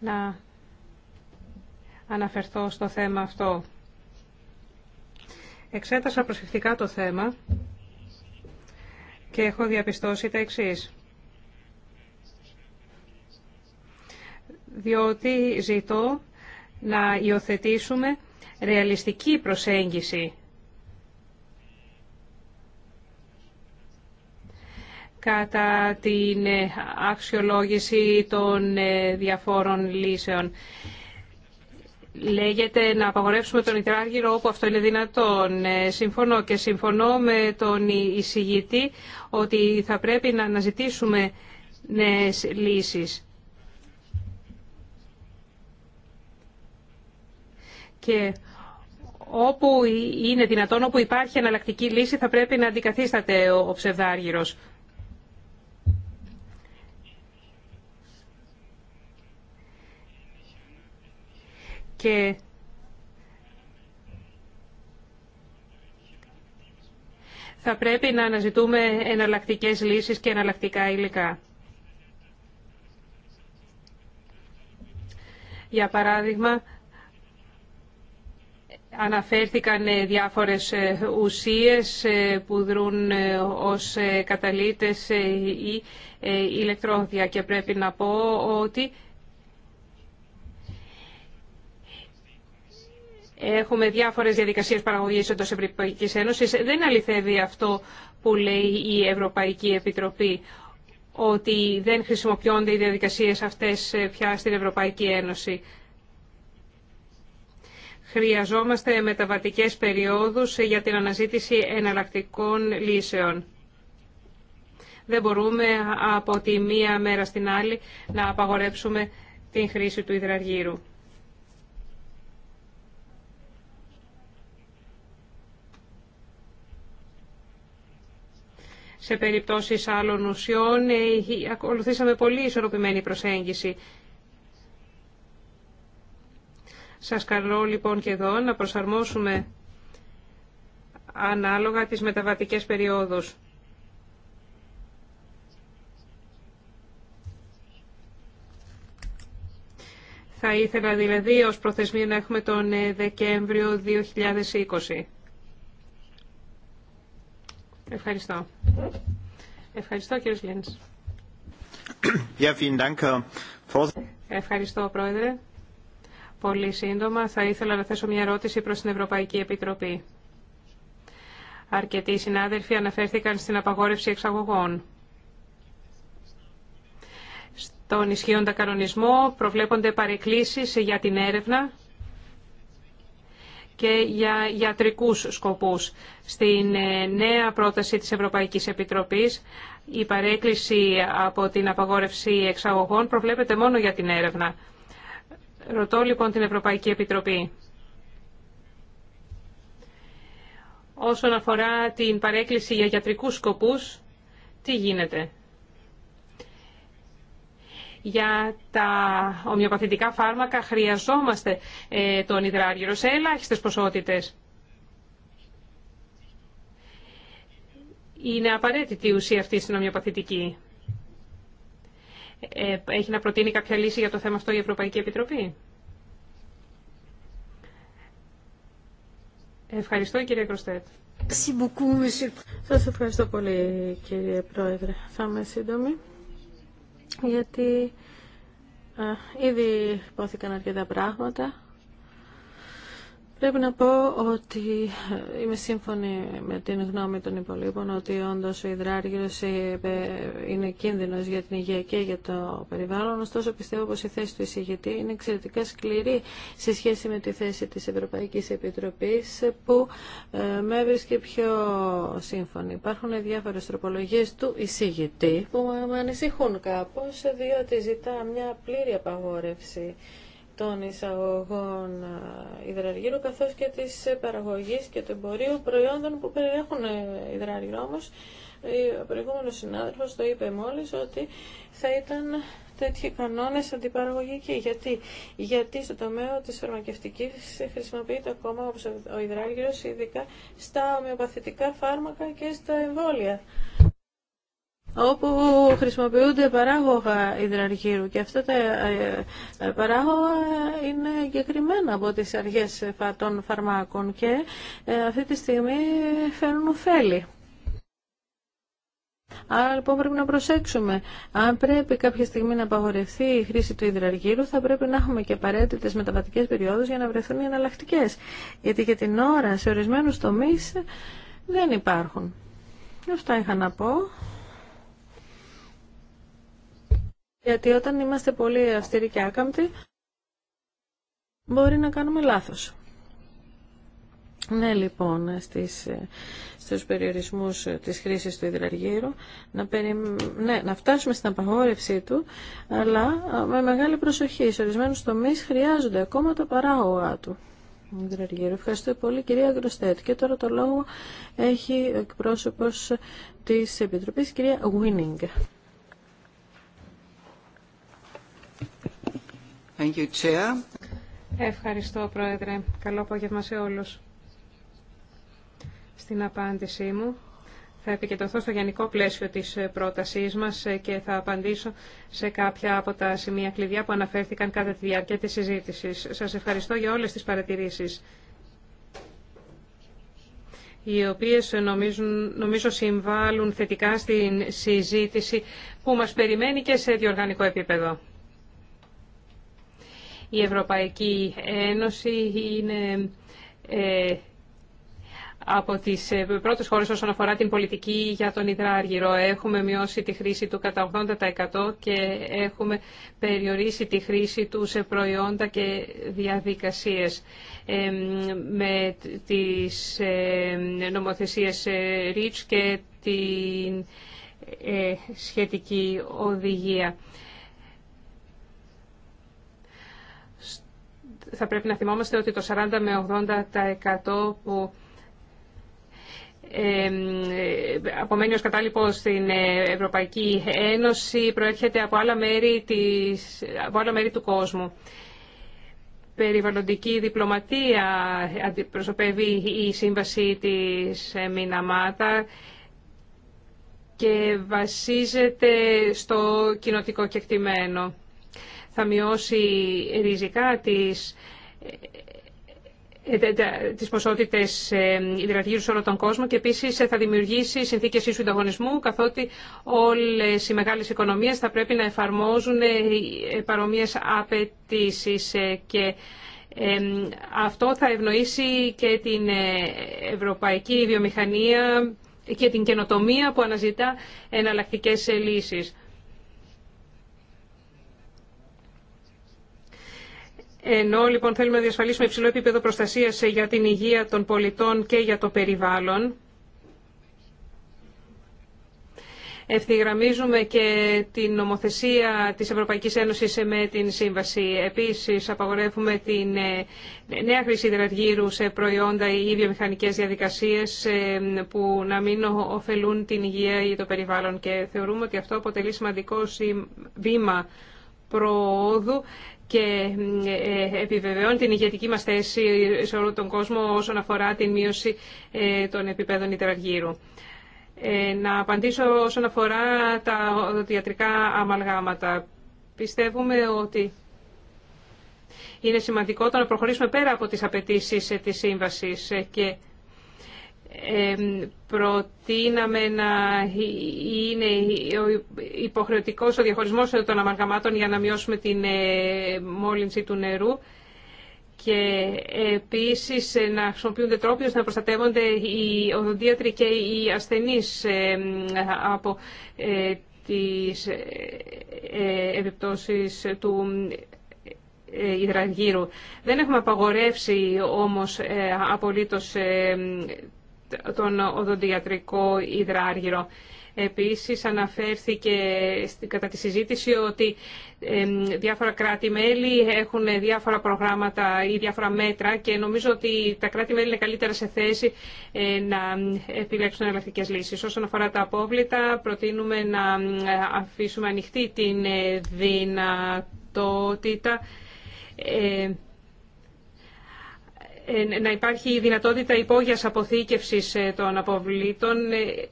να αναφερθώ στο θέμα αυτό. Εξέτασα προσεκτικά το θέμα και έχω διαπιστώσει τα εξής. διότι ζητώ να υιοθετήσουμε ρεαλιστική προσέγγιση. κατά την ε, αξιολόγηση των ε, διαφόρων λύσεων. Λέγεται να απαγορεύσουμε τον υδράργυρο όπου αυτό είναι δυνατόν. Ε, συμφωνώ και συμφωνώ με τον εισηγητή ότι θα πρέπει να αναζητήσουμε νέες λύσεις. και όπου είναι δυνατόν, όπου υπάρχει εναλλακτική λύση, θα πρέπει να αντικαθίσταται ο ψευδάργυρος. Και θα πρέπει να αναζητούμε εναλλακτικές λύσεις και εναλλακτικά υλικά. Για παράδειγμα, Αναφέρθηκαν ε, διάφορες ε, ουσίες ε, που δρούν ως καταλύτες ή ηλεκτρόδια και πρέπει να πω ότι έχουμε διάφορες διαδικασίες παραγωγής εντός Ευρωπαϊκής Ένωσης. Δεν αληθεύει αυτό που λέει η Ευρωπαϊκή Επιτροπή ότι δεν χρησιμοποιούνται οι διαδικασίες αυτές πια στην Ευρωπαϊκή Ένωση. Χρειαζόμαστε μεταβατικές περιόδους για την αναζήτηση εναλλακτικών λύσεων. Δεν μπορούμε από τη μία μέρα στην άλλη να απαγορέψουμε την χρήση του υδραργύρου. σε περιπτώσεις άλλων ουσιών ε, ακολουθήσαμε πολύ ισορροπημένη προσέγγιση σας καλώ λοιπόν και εδώ να προσαρμόσουμε ανάλογα τις μεταβατικές περιόδους. Θα ήθελα δηλαδή ως προθεσμία να έχουμε τον ε, Δεκέμβριο 2020. Ευχαριστώ. Ευχαριστώ κύριε Σλίνς. Ευχαριστώ πρόεδρε. Πολύ σύντομα θα ήθελα να θέσω μια ερώτηση προς την Ευρωπαϊκή Επιτροπή. Αρκετοί συνάδελφοι αναφέρθηκαν στην απαγόρευση εξαγωγών. Στον ισχύοντα κανονισμό προβλέπονται παρεκκλήσεις για την έρευνα και για γιατρικούς σκοπούς. Στην ε, νέα πρόταση της Ευρωπαϊκής Επιτροπής η παρέκκληση από την απαγόρευση εξαγωγών προβλέπεται μόνο για την έρευνα. Ρωτώ λοιπόν την Ευρωπαϊκή Επιτροπή. Όσον αφορά την παρέκκληση για γιατρικούς σκοπούς, τι γίνεται. Για τα ομοιοπαθητικά φάρμακα χρειαζόμαστε ε, τον υδράργυρο σε ελάχιστες ποσότητες. Είναι απαραίτητη η ουσία αυτή στην ομοιοπαθητική. Ε, έχει να προτείνει κάποια λύση για το θέμα αυτό η Ευρωπαϊκή Επιτροπή. Ευχαριστώ κύριε Κροστέτ. Σα ευχαριστώ πολύ κύριε Πρόεδρε. Θα είμαι σύντομη γιατί α, ήδη υπόθηκαν αρκετά πράγματα. Πρέπει να πω ότι είμαι σύμφωνη με την γνώμη των υπολείπων ότι όντω ο υδράργυρο είναι κίνδυνο για την υγεία και για το περιβάλλον. Ωστόσο, πιστεύω πω η θέση του εισηγητή είναι εξαιρετικά σκληρή σε σχέση με τη θέση τη Ευρωπαϊκή Επιτροπή που ε, με έβρισκε πιο σύμφωνη. Υπάρχουν διάφορε τροπολογίε του εισηγητή που με ανησυχούν κάπω διότι ζητά μια πλήρη απαγόρευση των εισαγωγών ε, υδραργύρου καθώς και της ε, παραγωγής και του εμπορίου προϊόντων που περιέχουν ε, υδραργύρο όμως ο προηγούμενος συνάδελφος το είπε μόλις ότι θα ήταν τέτοιοι κανόνες αντιπαραγωγικοί. Γιατί, Γιατί στο τομέα της φαρμακευτικής χρησιμοποιείται ακόμα ο υδράργυρος ειδικά στα ομοιοπαθητικά φάρμακα και στα εμβόλια όπου χρησιμοποιούνται παράγωγα υδραργύρου και αυτά τα ε, παράγωγα είναι εγκεκριμένα από τις αρχές των φαρμάκων και ε, αυτή τη στιγμή φέρνουν ωφέλη. Άρα λοιπόν πρέπει να προσέξουμε. Αν πρέπει κάποια στιγμή να απαγορευτεί η χρήση του υδραργύρου, θα πρέπει να έχουμε και απαραίτητε μεταβατικέ περιόδου για να βρεθούν οι εναλλακτικέ. Γιατί για την ώρα σε ορισμένου τομεί δεν υπάρχουν. Αυτά είχα να πω. Γιατί όταν είμαστε πολύ αυστηροί και άκαμπτοι, μπορεί να κάνουμε λάθος. Ναι, λοιπόν, στις, ε, στους περιορισμούς ε, της χρήσης του υδραργύρου, να, ναι, να φτάσουμε στην απαγόρευσή του, αλλά με μεγάλη προσοχή. Σε ορισμένους τομείς χρειάζονται ακόμα τα παράγωγα του. Υδραργύρου. Ευχαριστώ πολύ, κυρία Γκροστέτ. Και τώρα το λόγο έχει ο εκπρόσωπος της Επιτροπής, κυρία Winning. Ευχαριστώ, Πρόεδρε. Καλό απόγευμα σε όλους. Στην απάντησή μου θα επικεντρωθώ στο γενικό πλαίσιο της πρότασής μας ε, και θα απαντήσω σε κάποια από τα σημεία κλειδιά που αναφέρθηκαν κατά τη διάρκεια της συζήτησης. Σας ευχαριστώ για όλες τις παρατηρήσεις οι οποίες ε, νομίζουν, νομίζω συμβάλλουν θετικά στην συζήτηση που μας περιμένει και σε διοργανικό επίπεδο. Η Ευρωπαϊκή Ένωση είναι ε, από τις ε, πρώτες χώρες όσον αφορά την πολιτική για τον υδράργυρο. Έχουμε μειώσει τη χρήση του κατά 80% και έχουμε περιορίσει τη χρήση του σε προϊόντα και διαδικασίες. Ε, με τις νομοθεσίες REACH και την σχετική οδηγία. θα πρέπει να θυμόμαστε ότι το 40 με 80% που ε, απομένει ως κατάλοιπο στην ε, Ευρωπαϊκή Ένωση προέρχεται από άλλα μέρη, της, από άλλα μέρη του κόσμου. Περιβαλλοντική διπλωματία αντιπροσωπεύει η σύμβαση της ε, Μιναμάτα και βασίζεται στο κοινοτικό κεκτημένο θα μειώσει ριζικά τις ε, τις ποσότητες ε, υδρατηγύρου σε όλο τον κόσμο και επίσης ε, θα δημιουργήσει συνθήκες ίσου ανταγωνισμού καθότι όλες οι μεγάλες οικονομίες θα πρέπει να εφαρμόζουν παρομοίες απαιτήσει και αυτό θα ευνοήσει και την ευρωπαϊκή βιομηχανία και την καινοτομία που αναζητά εναλλακτικές λύσεις. Ενώ λοιπόν θέλουμε να διασφαλίσουμε υψηλό επίπεδο προστασίας ε, για την υγεία των πολιτών και για το περιβάλλον, ευθυγραμμίζουμε και την νομοθεσία της Ευρωπαϊκής Ένωσης ε, με την Σύμβαση. Επίσης, απαγορεύουμε την ε, νέα χρήση υδραργύρου σε προϊόντα ή βιομηχανικές διαδικασίες που να μην ωφελούν την υγεία ή το περιβάλλον και θεωρούμε ότι αυτό αποτελεί σημαντικό βήμα προόδου και ε, ε, επιβεβαιώνει την ηγετική μας θέση σε όλο τον κόσμο όσον αφορά την μείωση ε, των επιπέδων ιτεραγύρου. Να απαντήσω όσον αφορά τα ιατρικά αμαλγάματα. Πιστεύουμε ότι είναι σημαντικό το να προχωρήσουμε πέρα από τις απαιτήσεις της σύμβασης και προτείναμε να είναι υποχρεωτικός ο διαχωρισμός των αμαργαμάτων για να μειώσουμε την ε, μόλυνση του νερού και επίσης να χρησιμοποιούνται τρόποι ώστε να προστατεύονται οι οδοντίατροι και οι ασθενείς από ε, τις ε, επιπτώσεις του υδραγύρου. Δεν έχουμε απαγορεύσει όμως απολύτως τον οδοντιατρικό υδράργυρο. Επίσης αναφέρθηκε κατά τη συζήτηση ότι διάφορα κράτη-μέλη έχουν διάφορα προγράμματα ή διάφορα μέτρα και νομίζω ότι τα κράτη-μέλη είναι καλύτερα σε θέση ε, να επιλέξουν εναλλακτικέ λύσεις. Όσον αφορά τα απόβλητα, προτείνουμε να ε, αφήσουμε ανοιχτή την ε, δυνατότητα ε, να υπάρχει δυνατότητα υπόγειας αποθήκευσης ε, των αποβλήτων ε,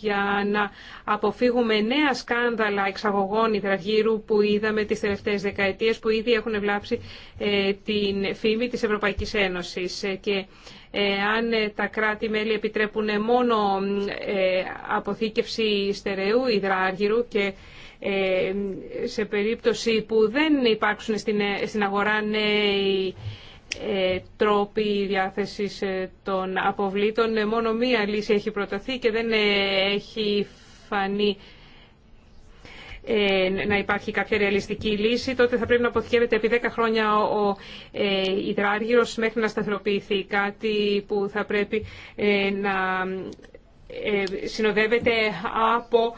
για να αποφύγουμε νέα σκάνδαλα εξαγωγών υδραργύρου που είδαμε τις τελευταίες δεκαετίες που ήδη έχουν βλάψει την φήμη της Ευρωπαϊκής Ένωσης. Και αν τα κράτη-μέλη επιτρέπουν μόνο αποθήκευση στερεού υδράργυρου και σε περίπτωση που δεν υπάρξουν στην αγορά νέοι ε, τρόποι διάθεσης ε, των αποβλήτων. Ε, μόνο μία λύση έχει προταθεί και δεν έχει φανεί να υπάρχει κάποια ρεαλιστική λύση. Τότε θα πρέπει να αποθηκεύεται επί 10 χρόνια ο υδράργυρος μέχρι να σταθεροποιηθεί. Κάτι που θα πρέπει να συνοδεύεται από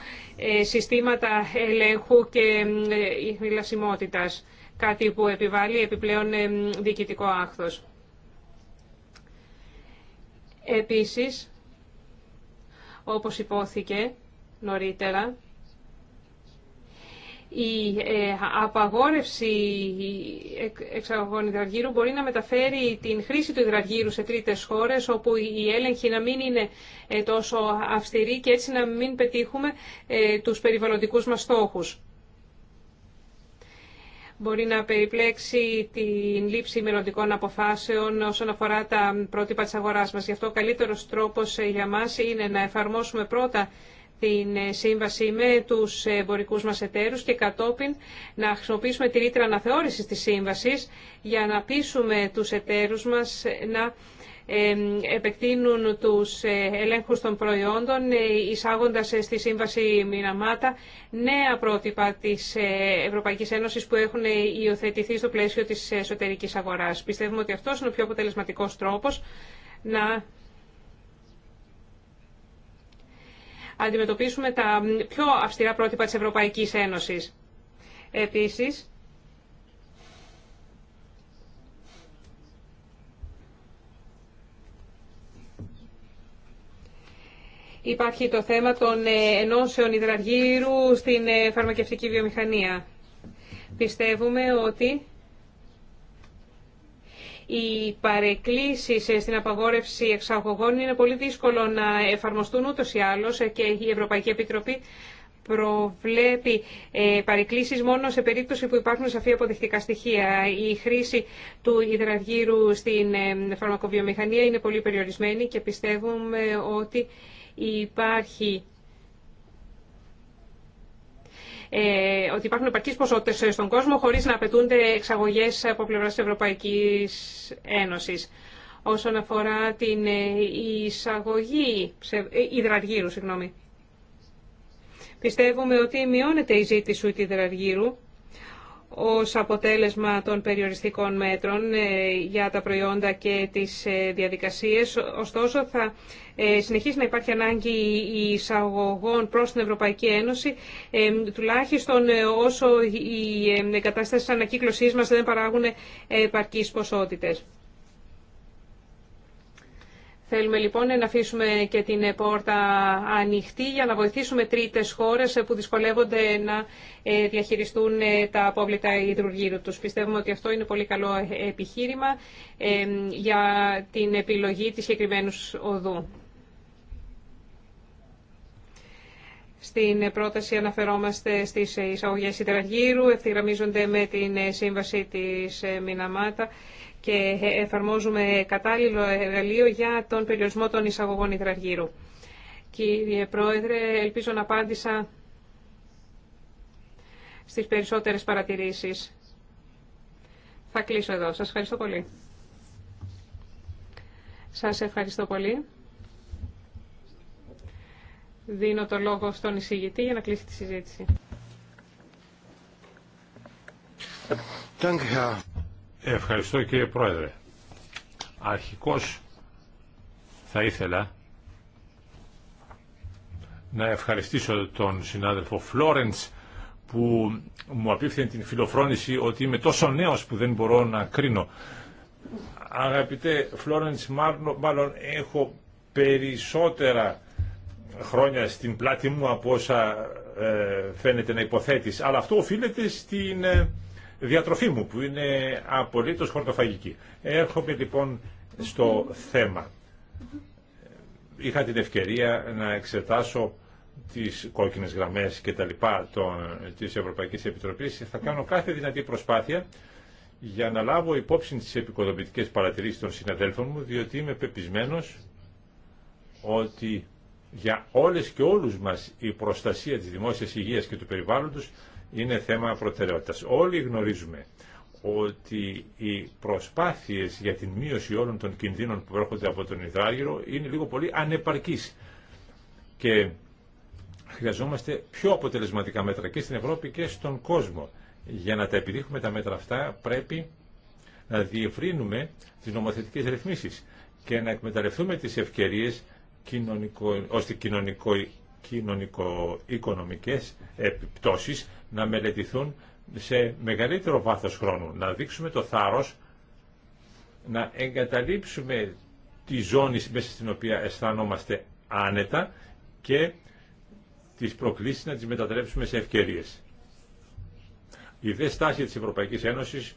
συστήματα ελέγχου και ηχνηλασιμότητας κάτι που επιβάλλει επιπλέον διοικητικό άχθος. Επίσης, όπως υπόθηκε νωρίτερα, η ε, απαγόρευση εξαγωγών υδραργύρου μπορεί να μεταφέρει την χρήση του υδραργύρου σε τρίτες χώρες όπου η έλεγχη να μην είναι ε, τόσο αυστηρή και έτσι να μην πετύχουμε ε, τους περιβαλλοντικούς μας στόχους μπορεί να περιπλέξει την λήψη μελλοντικών αποφάσεων όσον αφορά τα πρότυπα της αγοράς μας. Γι' αυτό ο καλύτερος τρόπος ε, για μας είναι να εφαρμόσουμε πρώτα την ε, σύμβαση με τους εμπορικούς μας εταίρους και κατόπιν να χρησιμοποιήσουμε τη ρήτρα αναθεώρησης της σύμβασης για να πείσουμε τους εταίρους μας να επεκτείνουν τους ε, ελέγχους των προϊόντων ε, εισάγοντας ε, στη Σύμβαση Μιναμάτα νέα πρότυπα της Ευρωπαϊκής Ένωσης που έχουν υιοθετηθεί στο πλαίσιο της εσωτερικής αγοράς. Πιστεύουμε ότι αυτός είναι ο πιο αποτελεσματικός τρόπος να αντιμετωπίσουμε τα πιο αυστηρά πρότυπα της Ευρωπαϊκής Ένωσης. Επίσης, Υπάρχει το θέμα των ε, ενώσεων υδραργύρου στην ε, φαρμακευτική βιομηχανία. Πιστεύουμε ότι οι παρεκκλήσεις ε, στην απαγόρευση εξαγωγών είναι πολύ δύσκολο να εφαρμοστούν ούτως ή άλλως και η Ευρωπαϊκή Επιτροπή προβλέπει παρεκκλήσεις μόνο σε περίπτωση που υπάρχουν σαφή αποδεικτικά στοιχεία. Η χρήση του υδραργύρου στην φαρμακοβιομηχανία είναι πολύ περιορισμένη και πιστεύουμε ότι υπάρχει ε, ότι υπάρχουν επαρκείς ποσότητες ε, στον κόσμο χωρίς να απαιτούνται εξαγωγές από πλευράς της Ευρωπαϊκής Ένωσης. Όσον αφορά την ε, εισαγωγή ε, υδραργύρου, συγγνώμη. Πιστεύουμε ότι μειώνεται η ζήτηση του υδραργύρου ως αποτέλεσμα των περιοριστικών μέτρων ε, για τα προϊόντα και τις ε, διαδικασίες. Ωστόσο, θα ε, συνεχίσει να υπάρχει ανάγκη εισαγωγών προς την Ευρωπαϊκή Ένωση, τουλάχιστον όσο οι κατάστασεις ανακύκλωσής μας δεν παράγουν επαρκείς ποσότητες. Θέλουμε λοιπόν να αφήσουμε και την πόρτα ανοιχτή για να βοηθήσουμε τρίτες χώρες που δυσκολεύονται να ε, διαχειριστούν ε, τα απόβλητα υδρουργύρου τους. Πιστεύουμε ότι αυτό είναι πολύ καλό ε, επιχείρημα για την επιλογή της συγκεκριμένου οδού. Στην πρόταση αναφερόμαστε στις εισαγωγές υδραγύρου, ευθυγραμμίζονται με την σύμβαση της Μιναμάτα και εφαρμόζουμε κατάλληλο εργαλείο για τον περιορισμό των εισαγωγών υδραργύρου. Κύριε Πρόεδρε, ελπίζω να απάντησα στις περισσότερες παρατηρήσεις. Θα κλείσω εδώ. Σας ευχαριστώ πολύ. Σας ευχαριστώ πολύ. Δίνω το λόγο στον εισηγητή για να κλείσει τη συζήτηση. Ευχαριστώ κύριε Πρόεδρε. Αρχικώς θα ήθελα να ευχαριστήσω τον συνάδελφο Φλόρεντς που μου απίφθενε την φιλοφρόνηση ότι είμαι τόσο νέος που δεν μπορώ να κρίνω. Αγαπητέ Φλόρεντς, μάλλον έχω περισσότερα χρόνια στην πλάτη μου από όσα ε, φαίνεται να υποθέτεις. Αλλά αυτό οφείλεται στην ε, διατροφή μου που είναι απολύτως χορτοφαγική. Έρχομαι λοιπόν στο θέμα. Είχα την ευκαιρία να εξετάσω τις κόκκινες γραμμές και τα λοιπά των, της Ευρωπαϊκής Επιτροπής. Θα κάνω κάθε δυνατή προσπάθεια για να λάβω υπόψη τις επικοδομητικές παρατηρήσεις των συναδέλφων μου, διότι είμαι πεπισμένος ότι για όλες και όλους μας η προστασία της δημόσιας υγείας και του περιβάλλοντος είναι θέμα προτεραιότητας. Όλοι γνωρίζουμε ότι οι προσπάθειες για την μείωση όλων των κινδύνων που έρχονται από τον υδράγυρο είναι λίγο πολύ ανεπαρκείς και χρειαζόμαστε πιο αποτελεσματικά μέτρα και στην Ευρώπη και στον κόσμο. Για να τα επιδείχουμε τα μέτρα αυτά πρέπει να διευρύνουμε τις νομοθετικές ρυθμίσεις και να εκμεταλλευτούμε τις ευκαιρίες κοινωνικο, ώστε κοινωνικο, κοινωνικο-οικονομικές επιπτώσεις να μελετηθούν σε μεγαλύτερο βάθος χρόνου, να δείξουμε το θάρρος, να εγκαταλείψουμε τη ζώνη μέσα στην οποία αισθανόμαστε άνετα και τις προκλήσεις να τις μετατρέψουμε σε ευκαιρίες. Η δε στάση της Ευρωπαϊκής Ένωσης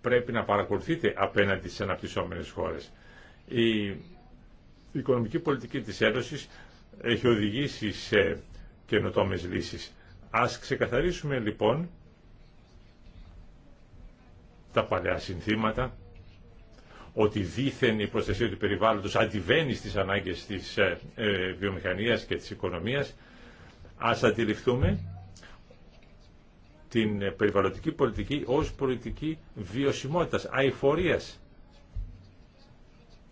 πρέπει να παρακολουθείτε απέναντι στις αναπτυσσόμενες χώρες. Η οικονομική πολιτική της Ένωσης έχει οδηγήσει σε καινοτόμες λύσεις. Ας ξεκαθαρίσουμε λοιπόν τα παλαιά συνθήματα, ότι δήθεν η προστασία του περιβάλλοντος αντιβαίνει στις ανάγκες της ε, ε, βιομηχανίας και της οικονομίας. Ας αντιληφθούμε την περιβαλλοντική πολιτική ως πολιτική βιωσιμότητας, αηφορίας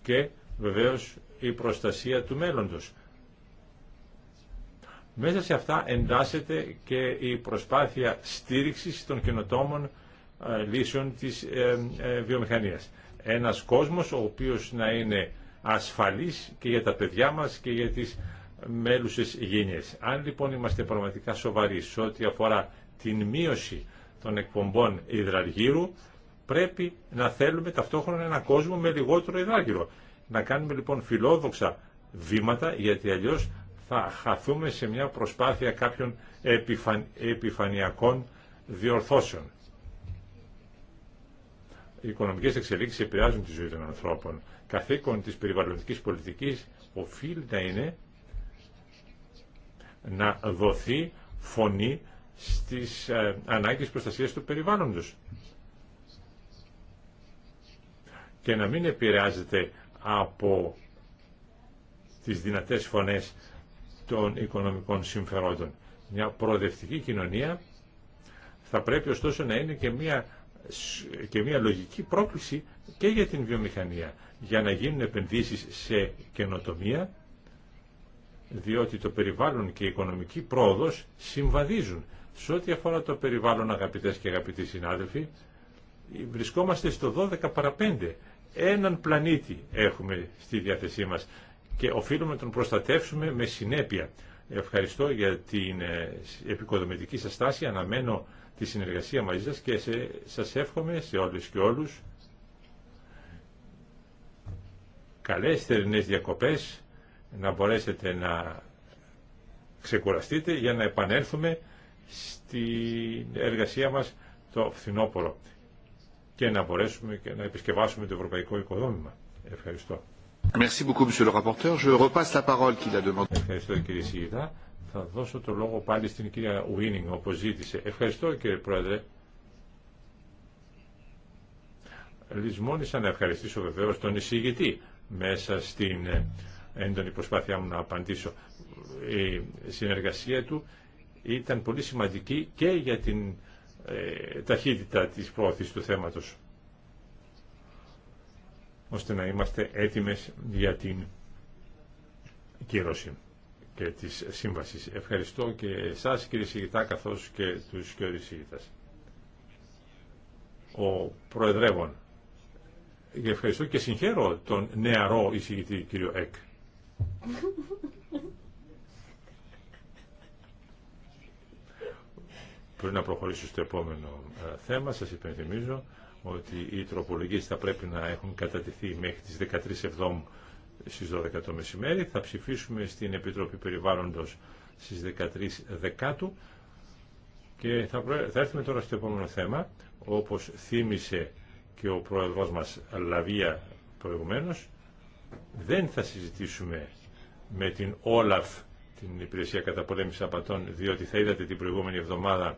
και βεβαίως η προστασία του μέλλοντος. Μέσα σε αυτά εντάσσεται και η προσπάθεια στήριξης των καινοτόμων ε, λύσεων της ε, ε, βιομηχανίας. Ένας κόσμος ο οποίος να είναι ασφαλής και για τα παιδιά μας και για τις μέλουσες γενιές. Αν λοιπόν είμαστε πραγματικά σοβαροί σε ό,τι αφορά την μείωση των εκπομπών υδραργύρου, πρέπει να θέλουμε ταυτόχρονα έναν κόσμο με λιγότερο υδράργυρο. Να κάνουμε λοιπόν φιλόδοξα βήματα, γιατί αλλιώς θα χαθούμε σε μια προσπάθεια κάποιων επιφανειακών διορθώσεων. Οι οικονομικές εξελίξεις επηρεάζουν τη ζωή των ανθρώπων. Καθήκον της περιβαλλοντικής πολιτικής οφείλει να είναι να δοθεί φωνή στις ε, ανάγκες προστασίας του περιβάλλοντος και να μην επηρεάζεται από τις δυνατές φωνές των οικονομικών συμφερόντων. Μια προοδευτική κοινωνία θα πρέπει ωστόσο να είναι και μια, και μια λογική πρόκληση και για την βιομηχανία, για να γίνουν επενδύσεις σε καινοτομία, διότι το περιβάλλον και η οικονομική πρόοδος συμβαδίζουν. Σε ό,τι αφορά το περιβάλλον, αγαπητές και αγαπητοί συνάδελφοι, βρισκόμαστε στο 12 παρα 5. Έναν πλανήτη έχουμε στη διάθεσή μας και οφείλουμε να τον προστατεύσουμε με συνέπεια. Ευχαριστώ για την ε, επικοδομητική σας στάση, αναμένω τη συνεργασία μαζί σας και σε, σας εύχομαι σε όλους και όλους καλές θερινές διακοπές, να μπορέσετε να ξεκουραστείτε για να επανέλθουμε στην εργασία μας το φθινόπωρο και να μπορέσουμε και να επισκευάσουμε το ευρωπαϊκό οικοδόμημα. Ευχαριστώ. Ευχαριστώ κύριε Σιγητά. Θα δώσω το λόγο πάλι στην κυρία Ουίνινγκ όπως ζήτησε. Ευχαριστώ κύριε Πρόεδρε. Λυσμόνησα να ευχαριστήσω βεβαίως τον εισηγητή μέσα στην ε, έντονη προσπάθειά μου να απαντήσω. Η συνεργασία του ήταν πολύ σημαντική και για την ε, ταχύτητα της πρόθεσης του θέματος ώστε να είμαστε έτοιμες για την κύρωση και της σύμβασης. Ευχαριστώ και εσάς κύριε Σιγητά καθώς και τους κύριους Σιγητάς. Ο Προεδρεύων. Ευχαριστώ και συγχαίρω τον νεαρό εισηγητή κύριο Εκ. Πριν να προχωρήσω στο επόμενο ε, θέμα, σας υπενθυμίζω ότι οι τροπολογίες θα πρέπει να έχουν κατατηθεί μέχρι τις 13 Εβδόμου στις 12 το μεσημέρι. Θα ψηφίσουμε στην Επιτροπή Περιβάλλοντος στις 13 Δεκάτου και θα, θα έρθουμε τώρα στο επόμενο θέμα, όπως θύμισε και ο πρόεδρος μας Λαβία προηγουμένως, δεν θα συζητήσουμε με την Όλαφ την Υπηρεσία Καταπολέμησης Απατών, διότι θα είδατε την προηγούμενη εβδομάδα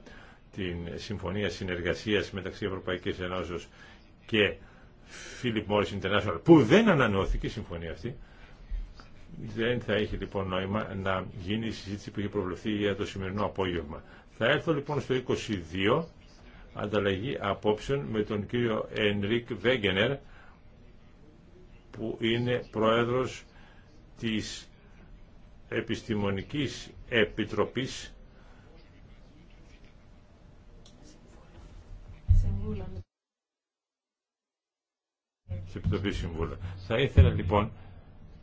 την Συμφωνία Συνεργασίας μεταξύ Ευρωπαϊκής Ενώσεως και Philip Morris International που δεν ανανεώθηκε η συμφωνία αυτή δεν θα έχει λοιπόν νόημα να γίνει η συζήτηση που είχε προβλεφθεί για το σημερινό απόγευμα. Θα έρθω λοιπόν στο 22 ανταλλαγή απόψεων με τον κύριο Ενρικ Βέγγενερ που είναι πρόεδρος της Επιστημονικής Επιτροπής Σε Επιτροπή Θα ήθελα λοιπόν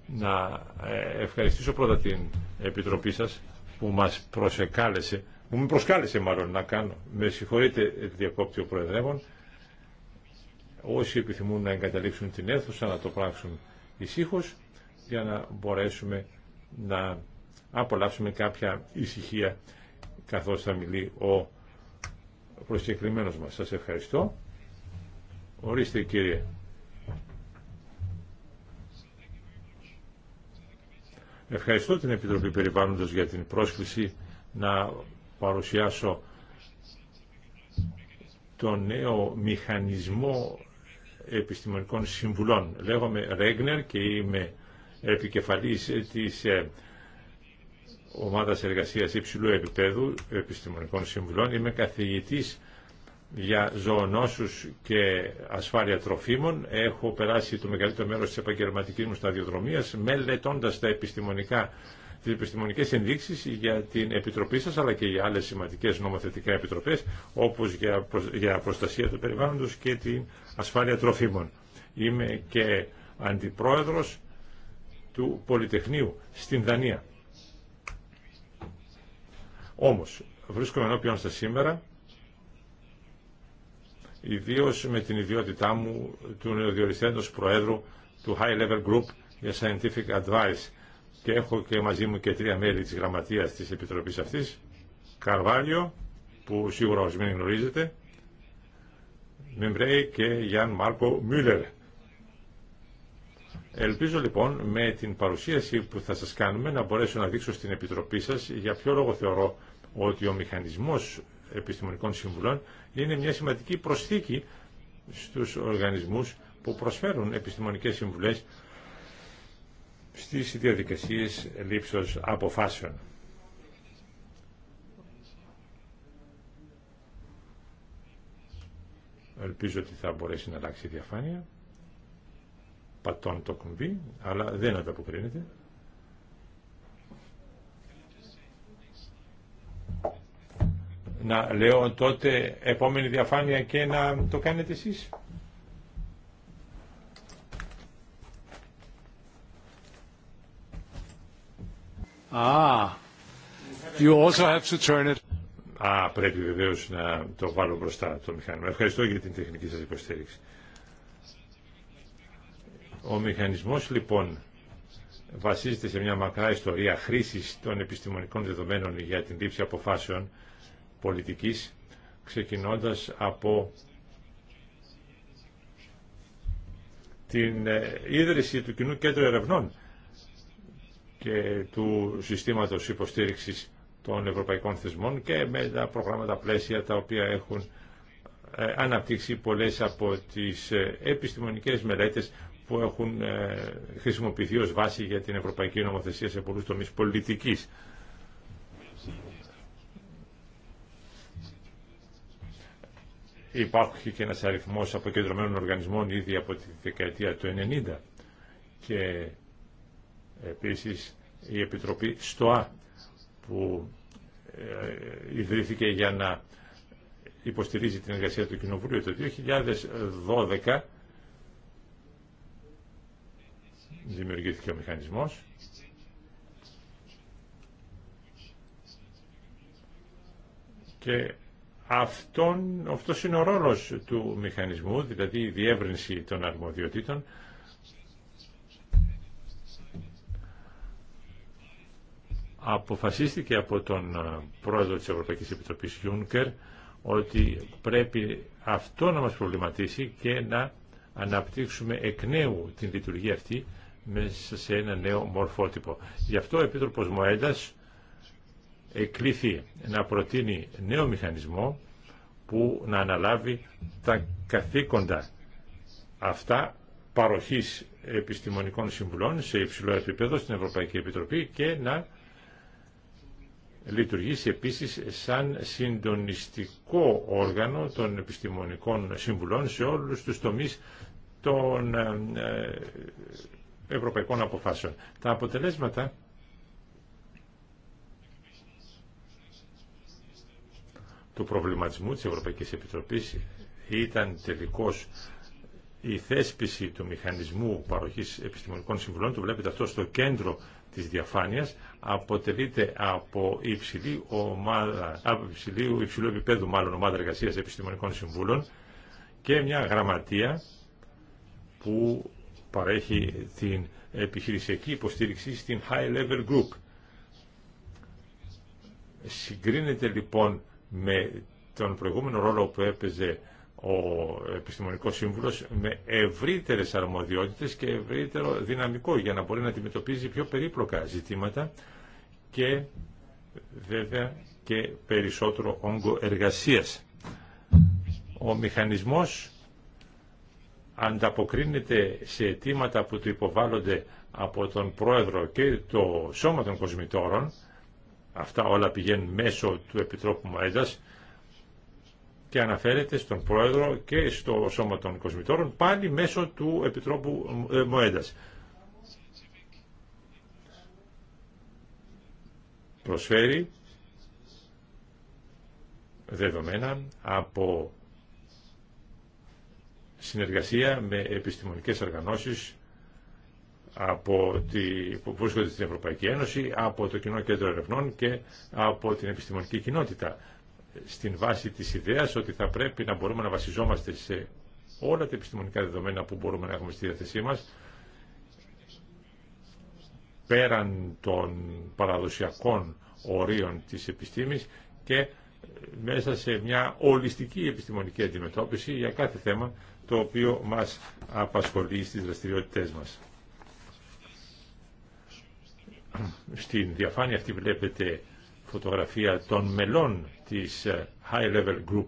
να ε, ευχαριστήσω πρώτα την Επιτροπή σας που μας προσεκάλεσε, που με προσκάλεσε μάλλον να κάνω, με συγχωρείτε διακόπτη ο Προεδρεύων, όσοι επιθυμούν να εγκαταλείψουν την αίθουσα να το πράξουν ησύχως για να μπορέσουμε να απολαύσουμε κάποια ησυχία καθώς θα μιλεί ο προσκεκλημένος μας. Σας ευχαριστώ. Ορίστε κύριε. Ευχαριστώ την Επιτροπή Περιβάλλοντος για την πρόσκληση να παρουσιάσω το νέο μηχανισμό επιστημονικών συμβουλών. Λέγομαι Ρέγνερ και είμαι επικεφαλής της ε, Ομάδα εργασία υψηλού επίπεδου επιστημονικών συμβουλών. Είμαι καθηγητή για ζωονόσους και ασφάλεια τροφίμων. Έχω περάσει το μεγαλύτερο μέρο τη επαγγελματική μου σταδιοδρομία μελετώντα τα επιστημονικά τις επιστημονικές ενδείξεις για την Επιτροπή σας αλλά και για άλλες σημαντικές νομοθετικά επιτροπές όπως για προστασία του περιβάλλοντος και την ασφάλεια τροφίμων. Είμαι και αντιπρόεδρος του Πολυτεχνείου στην Δανία. Όμως, βρίσκομαι ενώπιον σας σήμερα, ιδίω με την ιδιότητά μου του νεοδιοριστέντος Προέδρου του High Level Group για Scientific Advice και έχω και μαζί μου και τρία μέλη της γραμματείας της Επιτροπής αυτής, Καρβάλιο, που σίγουρα μην γνωρίζετε, Μιμπρέη και Γιάν Μάρκο Μιούλερ. Ελπίζω λοιπόν με την παρουσίαση που θα σας κάνουμε να μπορέσω να δείξω στην Επιτροπή σας για ποιο λόγο θεωρώ ότι ο μηχανισμός επιστημονικών συμβουλών είναι μια σημαντική προσθήκη στους οργανισμούς που προσφέρουν επιστημονικές συμβουλές στις διαδικασίες λήψεως αποφάσεων. Ελπίζω ότι θα μπορέσει να αλλάξει η διαφάνεια πατών το κουμπί, αλλά δεν ανταποκρίνεται. να λέω τότε επόμενη διαφάνεια και να το κάνετε εσείς. Ah, you also have to turn it. Α, πρέπει βεβαίω να το βάλω μπροστά το μηχάνημα. Ευχαριστώ για την τεχνική σας υποστήριξη. Ο μηχανισμός λοιπόν βασίζεται σε μια μακρά ιστορία χρήσης των επιστημονικών δεδομένων για την λήψη αποφάσεων πολιτικής, ξεκινώντας από την ε, ίδρυση του Κοινού Κέντρου Ερευνών και του συστήματος υποστήριξης των ευρωπαϊκών θεσμών και με τα προγράμματα πλαίσια τα οποία έχουν ε, αναπτύξει πολλές από τις ε, επιστημονικές μελέτες που έχουν χρησιμοποιηθεί ως βάση για την ευρωπαϊκή νομοθεσία σε πολλούς τομείς πολιτικής. Υπάρχει και ένας αριθμός αποκεντρωμένων οργανισμών ήδη από τη δεκαετία του 90 και επίσης η Επιτροπή ΣΤΟΑ που ε, ιδρύθηκε για να υποστηρίζει την εργασία του Κοινοβουλίου το 2012 δημιουργήθηκε ο μηχανισμός και Αυτόν, αυτός είναι ο ρόλος του μηχανισμού, δηλαδή η διεύρυνση των αρμοδιοτήτων. Αποφασίστηκε από τον ε, πρόεδρο της Ευρωπαϊκής Επιτροπής Γιούνκερ ότι πρέπει αυτό να μας προβληματίσει και να αναπτύξουμε εκ νέου την λειτουργία αυτή μέσα σε ένα νέο μορφότυπο. Γι' αυτό ο Επίτροπος Μοέντας εκλήθη να προτείνει νέο μηχανισμό που να αναλάβει τα καθήκοντα αυτά παροχής επιστημονικών συμβουλών σε υψηλό επίπεδο στην Ευρωπαϊκή Επιτροπή και να λειτουργήσει επίσης σαν συντονιστικό όργανο των επιστημονικών συμβουλών σε όλους τους τομείς των ε, ε, ευρωπαϊκών αποφάσεων. Τα αποτελέσματα του προβληματισμού της Ευρωπαϊκής Επιτροπής ήταν τελικώς η θέσπιση του μηχανισμού παροχής επιστημονικών συμβουλών, το βλέπετε αυτό στο κέντρο της διαφάνειας, αποτελείται από υψηλή ομάδα, από υψηλού, υψηλού επίπεδου μάλλον ομάδα εργασίας επιστημονικών συμβούλων και μια γραμματεία που παρέχει την επιχειρησιακή υποστήριξη στην High Level Group. Συγκρίνεται λοιπόν με τον προηγούμενο ρόλο που έπαιζε ο Επιστημονικός Σύμβουλος με ευρύτερες αρμοδιότητες και ευρύτερο δυναμικό για να μπορεί να αντιμετωπίζει πιο περίπλοκα ζητήματα και βέβαια και περισσότερο όγκο εργασίας. Ο μηχανισμός ανταποκρίνεται σε αιτήματα που του υποβάλλονται από τον Πρόεδρο και το Σώμα των Κοσμητόρων Αυτά όλα πηγαίνουν μέσω του Επιτρόπου ΜΟΕΝΤΑΣ και αναφέρεται στον Πρόεδρο και στο Σώμα των Κοσμητώρων πάλι μέσω του Επιτρόπου ε, Μοέντας. Προσφέρει δεδομένα από συνεργασία με επιστημονικές οργανώσεις από τη, που βρίσκονται στην Ευρωπαϊκή Ένωση, από το Κοινό Κέντρο Ερευνών και από την επιστημονική κοινότητα. Στην βάση της ιδέας ότι θα πρέπει να μπορούμε να βασιζόμαστε σε όλα τα επιστημονικά δεδομένα που μπορούμε να έχουμε στη διάθεσή μας, πέραν των παραδοσιακών ορίων της επιστήμης και μέσα σε μια ολιστική επιστημονική αντιμετώπιση για κάθε θέμα το οποίο μας απασχολεί στις δραστηριότητές μας. Στην διαφάνεια αυτή βλέπετε φωτογραφία των μελών της ε, High Level Group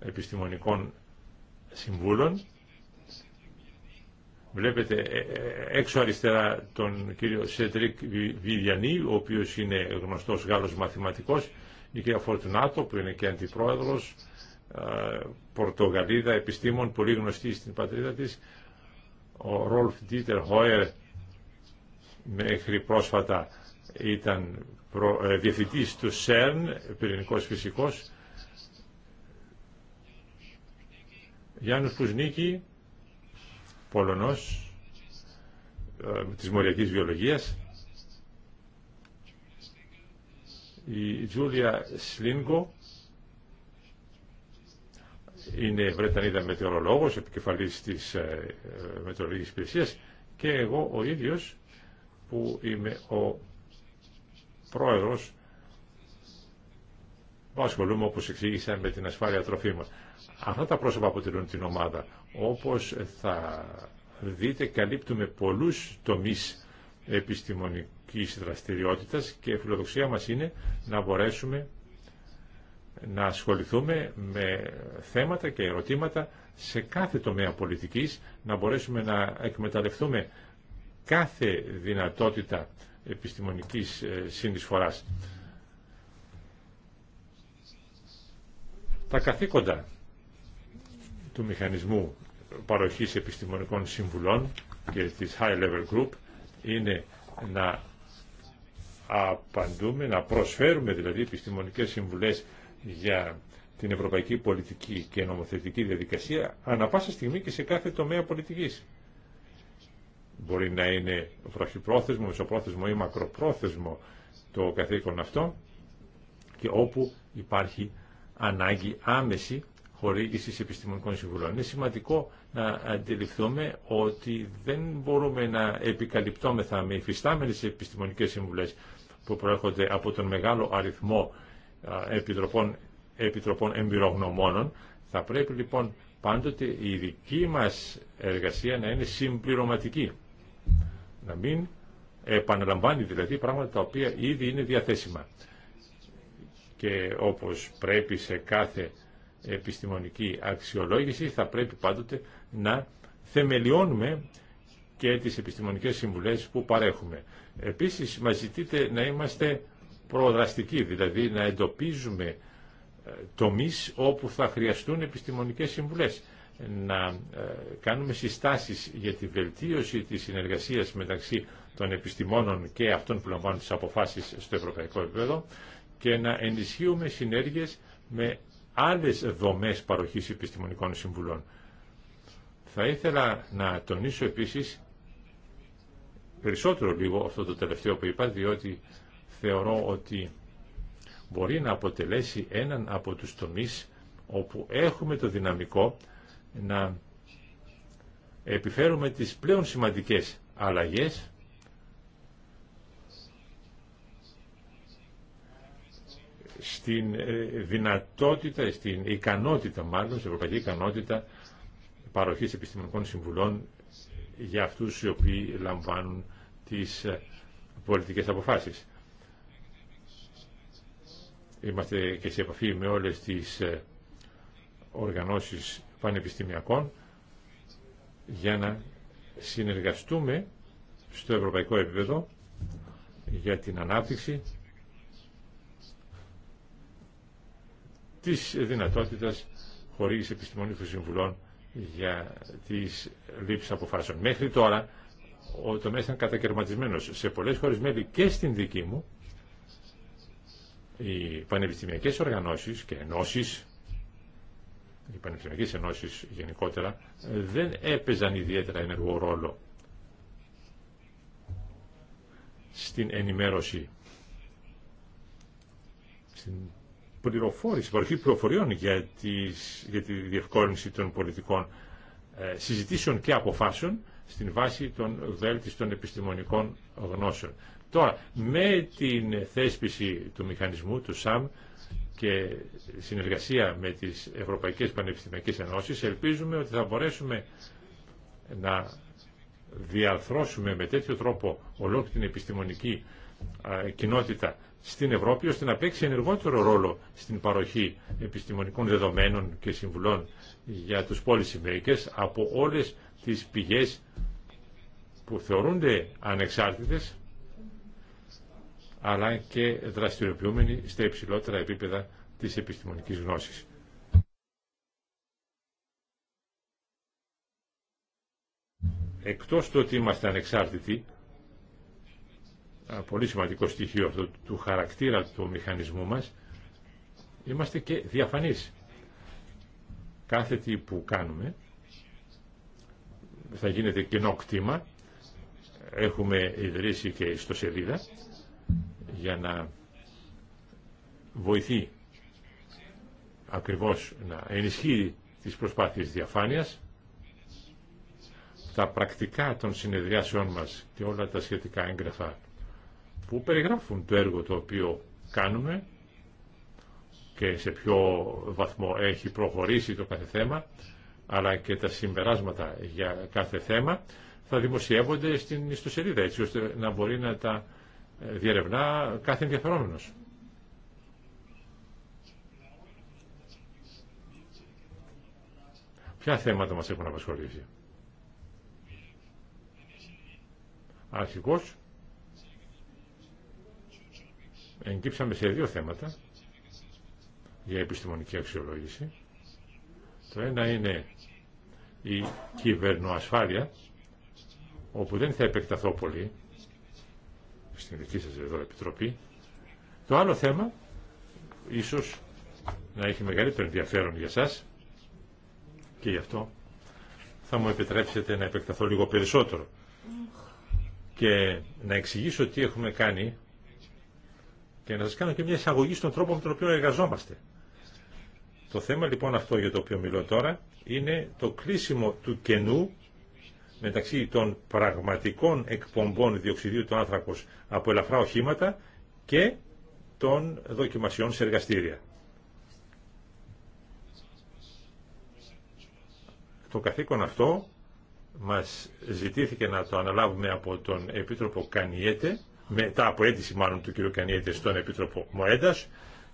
επιστημονικών συμβούλων. Βλέπετε ε, ε, έξω αριστερά τον κύριο Σέντρικ Βιδιανή, ο οποίος είναι γνωστός Γάλλος μαθηματικός, η κυρία Φορτουνάτο, που είναι και αντιπρόεδρος, Πορτογαλίδα επιστήμων, πολύ γνωστή στην πατρίδα της, ο Ρόλφ Ντίτερ Χόερ, μέχρι πρόσφατα ήταν προ, ε, διευθυντής του ΣΕΡΝ, πυρηνικός φυσικός. Γιάννος Πουσνίκη, Πολωνός, ε, της Μοριακής Βιολογίας. Η Τζούλια Σλίνγκο είναι Βρετανίδα μετεωρολόγος, επικεφαλής της ε, μετεωρολογικής υπηρεσίας και εγώ ο ίδιος που είμαι ο πρόεδρος που ασχολούμαι όπως εξήγησα με την ασφάλεια τροφίμων. Αυτά τα πρόσωπα αποτελούν την ομάδα. Όπως θα δείτε καλύπτουμε πολλούς τομείς επιστημονικής δραστηριότητας και η φιλοδοξία μας είναι να μπορέσουμε να ασχοληθούμε με θέματα και ερωτήματα σε κάθε τομέα πολιτικής, να μπορέσουμε να εκμεταλλευτούμε κάθε δυνατότητα επιστημονικής ε, συνεισφοράς. Τα καθήκοντα του μηχανισμού παροχής επιστημονικών συμβουλών και της High Level Group είναι να απαντούμε, να προσφέρουμε δηλαδή επιστημονικές συμβουλές για την ευρωπαϊκή πολιτική και νομοθετική διαδικασία ανα πάσα στιγμή και σε κάθε τομέα πολιτικής. Μπορεί να είναι βραχυπρόθεσμο, μεσοπρόθεσμο ή μακροπρόθεσμο το καθήκον αυτό και όπου υπάρχει ανάγκη άμεση χορήγηση επιστημονικών συμβουλών. Είναι σημαντικό να αντιληφθούμε ότι δεν μπορούμε να επικαλυπτόμεθα με υφιστάμενες επιστημονικές συμβουλές που προέρχονται από τον μεγάλο αριθμό επιτροπών, επιτροπών εμπειρογνωμόνων. Θα πρέπει λοιπόν πάντοτε η δική μας εργασία να είναι συμπληρωματική. Να μην επαναλαμβάνει δηλαδή πράγματα τα οποία ήδη είναι διαθέσιμα. Και όπως πρέπει σε κάθε επιστημονική αξιολόγηση θα πρέπει πάντοτε να θεμελιώνουμε και τις επιστημονικές συμβουλές που παρέχουμε. Επίσης μας ζητείτε να είμαστε προδραστικοί, δηλαδή να εντοπίζουμε ε, τομείς όπου θα χρειαστούν επιστημονικές συμβουλές να ε, κάνουμε συστάσεις για τη βελτίωση της συνεργασίας μεταξύ των επιστημόνων και αυτών που λαμβάνουν τις αποφάσεις στο ευρωπαϊκό επίπεδο και να ενισχύουμε συνέργειες με άλλες δομές παροχής επιστημονικών συμβουλών. Θα ήθελα να τονίσω επίσης περισσότερο λίγο αυτό το τελευταίο που είπα, διότι θεωρώ ότι μπορεί να αποτελέσει έναν από τους τομείς όπου έχουμε το δυναμικό να επιφέρουμε τις πλέον σημαντικές αλλαγές στην ε, δυνατότητα, στην ικανότητα μάλλον, στην ευρωπαϊκή ικανότητα παροχής επιστημονικών συμβουλών για αυτούς οι οποίοι λαμβάνουν τις ε, πολιτικές αποφάσεις. Είμαστε και σε επαφή με όλες τις ε, οργανώσεις πανεπιστημιακών για να συνεργαστούμε στο ευρωπαϊκό επίπεδο για την ανάπτυξη της δυνατότητας χωρίς επιστημονικών συμβουλών για τις λήψεις αποφάσεων. Μέχρι τώρα ο τομέας ήταν κατακαιρματισμένος σε πολλές χώρες μέλη και στην δική μου οι πανεπιστημιακές οργανώσεις και ενώσεις οι πανεπιστημιακές ενώσεις γενικότερα, δεν έπαιζαν ιδιαίτερα ενεργό ρόλο στην ενημέρωση, στην πληροφόρηση, παροχή πληροφοριών για, τις, για τη διευκόλυνση των πολιτικών ε, συζητήσεων και αποφάσεων στην βάση των βέλτιστων επιστημονικών γνώσεων. Τώρα, με την θέσπιση του μηχανισμού του ΣΑΜ, και συνεργασία με τις Ευρωπαϊκές Πανεπιστημιακές Ενώσεις ελπίζουμε ότι θα μπορέσουμε να διαρθρώσουμε με τέτοιο τρόπο ολόκληρη την επιστημονική κοινότητα στην Ευρώπη ώστε να παίξει ενεργότερο ρόλο στην παροχή επιστημονικών δεδομένων και συμβουλών για τους makers από όλες τις πηγές που θεωρούνται ανεξάρτητες αλλά και δραστηριοποιούμενοι στα υψηλότερα επίπεδα της επιστημονικής γνώσης. Εκτός του ότι είμαστε ανεξάρτητοι, πολύ σημαντικό στοιχείο αυτό του χαρακτήρα του μηχανισμού μας, είμαστε και διαφανείς. Κάθε τι που κάνουμε θα γίνεται κοινό κτήμα, έχουμε ιδρύσει και ιστοσελίδα για να βοηθεί ακριβώς να ενισχύει τις προσπάθειες διαφάνειας. Τα πρακτικά των συνεδριάσεών μας και όλα τα σχετικά έγγραφα που περιγράφουν το έργο το οποίο κάνουμε και σε ποιο βαθμό έχει προχωρήσει το κάθε θέμα, αλλά και τα συμπεράσματα για κάθε θέμα, θα δημοσιεύονται στην ιστοσελίδα, έτσι ώστε να μπορεί να τα ε, διερευνά κάθε ενδιαφερόμενος. Ποια θέματα μας έχουν απασχολήσει. Αρχικώς εγκύψαμε σε δύο θέματα για επιστημονική αξιολόγηση. Το ένα είναι η κυβερνοασφάλεια, όπου δεν θα επεκταθώ πολύ, στην δική σας εδώ επιτροπή. Το άλλο θέμα, ίσως να έχει μεγαλύτερο ενδιαφέρον για σας και γι' αυτό θα μου επιτρέψετε να επεκταθώ λίγο περισσότερο και να εξηγήσω τι έχουμε κάνει και να σας κάνω και μια εισαγωγή στον τρόπο με τον οποίο εργαζόμαστε. Το θέμα λοιπόν αυτό για το οποίο μιλώ τώρα είναι το κλείσιμο του κενού μεταξύ των πραγματικών εκπομπών διοξιδίου του άνθρακος από ελαφρά οχήματα και των δοκιμασιών σε εργαστήρια. Το καθήκον αυτό μας ζητήθηκε να το αναλάβουμε από τον Επίτροπο Κανιέτε, μετά από αίτηση μάλλον του κ. Κανιέτε στον Επίτροπο Μοέντας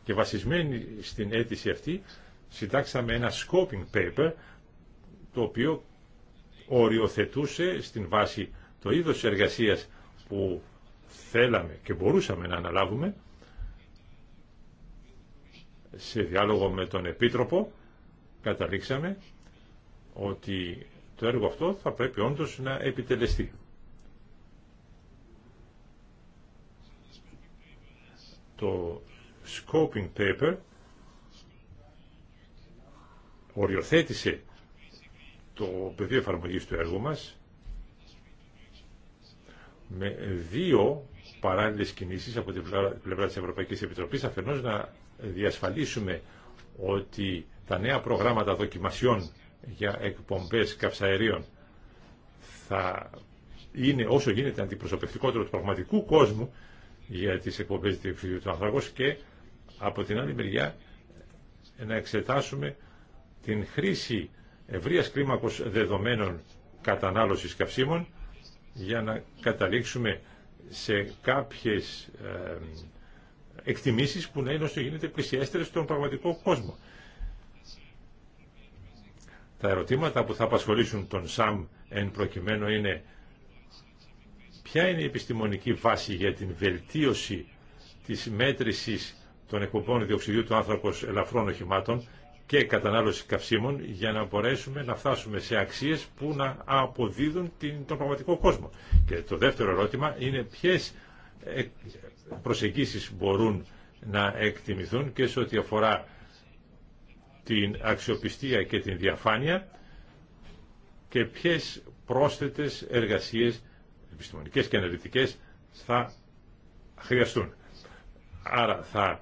και βασισμένη στην αίτηση αυτή συντάξαμε ένα scoping paper το οποίο οριοθετούσε στην βάση το είδος εργασίας που θέλαμε και μπορούσαμε να αναλάβουμε σε διάλογο με τον Επίτροπο καταλήξαμε ότι το έργο αυτό θα πρέπει όντως να επιτελεστεί. Το scoping paper οριοθέτησε το πεδίο εφαρμογή του έργου μας με δύο παράλληλες κινήσεις από την πλευρά τη Ευρωπαϊκή Επιτροπή, αφενό να διασφαλίσουμε ότι τα νέα προγράμματα δοκιμασιών για εκπομπές καυσαερίων θα είναι όσο γίνεται αντιπροσωπευτικότερο του πραγματικού κόσμου για τις εκπομπές διοξιδίου του ανθρώπου και από την άλλη μεριά να εξετάσουμε την χρήση ευρείας κλίμακος δεδομένων κατανάλωσης καυσίμων για να καταλήξουμε σε κάποιες εκτιμήσεις που να είναι όσο γίνεται πλησιέστερες στον πραγματικό κόσμο. Τα ερωτήματα που θα απασχολήσουν τον ΣΑΜ εν προκειμένου είναι ποια είναι η επιστημονική βάση για την βελτίωση της μέτρησης των εκπομπών διοξιδίου του άνθρακος ελαφρών οχημάτων και κατανάλωση καυσίμων για να μπορέσουμε να φτάσουμε σε αξίες που να αποδίδουν τον πραγματικό κόσμο. Και το δεύτερο ερώτημα είναι ποιες ε, προσεγγίσεις μπορούν να εκτιμηθούν και σε ό,τι αφορά την αξιοπιστία και την διαφάνεια και ποιες πρόσθετες εργασίες επιστημονικές και αναλυτικές θα χρειαστούν. Άρα θα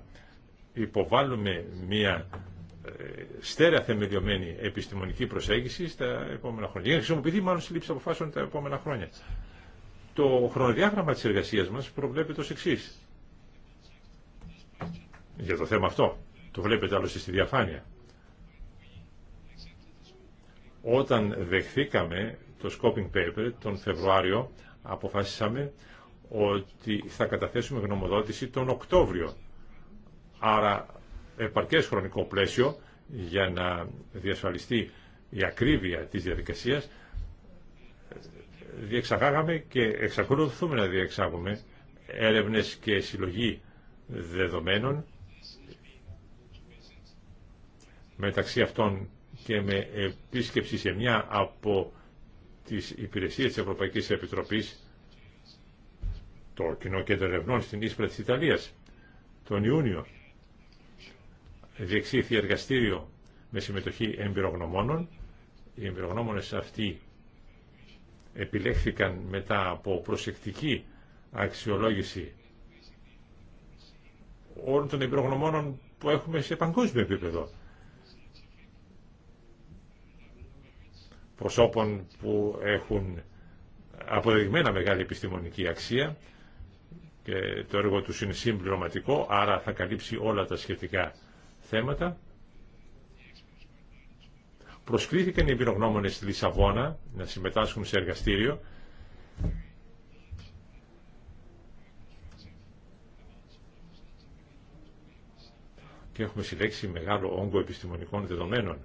υποβάλουμε μία στέρεα θεμελιωμένη επιστημονική προσέγγιση στα επόμενα χρόνια. Για να χρησιμοποιηθεί μάλλον στη λήψη αποφάσεων τα επόμενα χρόνια. Το χρονοδιάγραμμα της εργασίας μας προβλέπεται το εξή. Για το θέμα αυτό. Το βλέπετε άλλωστε στη διαφάνεια. Όταν δεχθήκαμε το scoping paper τον Φεβρουάριο αποφάσισαμε ότι θα καταθέσουμε γνωμοδότηση τον Οκτώβριο. Άρα επαρκές χρονικό πλαίσιο για να διασφαλιστεί η ακρίβεια της διαδικασίας διεξαγάγαμε και εξακολουθούμε να διεξάγουμε έρευνες και συλλογή δεδομένων μεταξύ αυτών και με επίσκεψη σε μια από τις υπηρεσίες της Ευρωπαϊκής Επιτροπής το Κοινό Κέντρο Ερευνών στην Ίσπρα της Ιταλίας τον Ιούνιο Διεξήθη εργαστήριο με συμμετοχή εμπειρογνωμόνων. Οι εμπειρογνώμονες αυτοί επιλέχθηκαν μετά από προσεκτική αξιολόγηση όλων των εμπειρογνωμόνων που έχουμε σε παγκόσμιο επίπεδο. Προσώπων που έχουν αποδεδειγμένα μεγάλη επιστημονική αξία και το έργο τους είναι συμπληρωματικό, άρα θα καλύψει όλα τα σχετικά θέματα. Προσκλήθηκαν οι εμπειρογνώμονες στη Λισαβόνα να συμμετάσχουν σε εργαστήριο και έχουμε συλλέξει μεγάλο όγκο επιστημονικών δεδομένων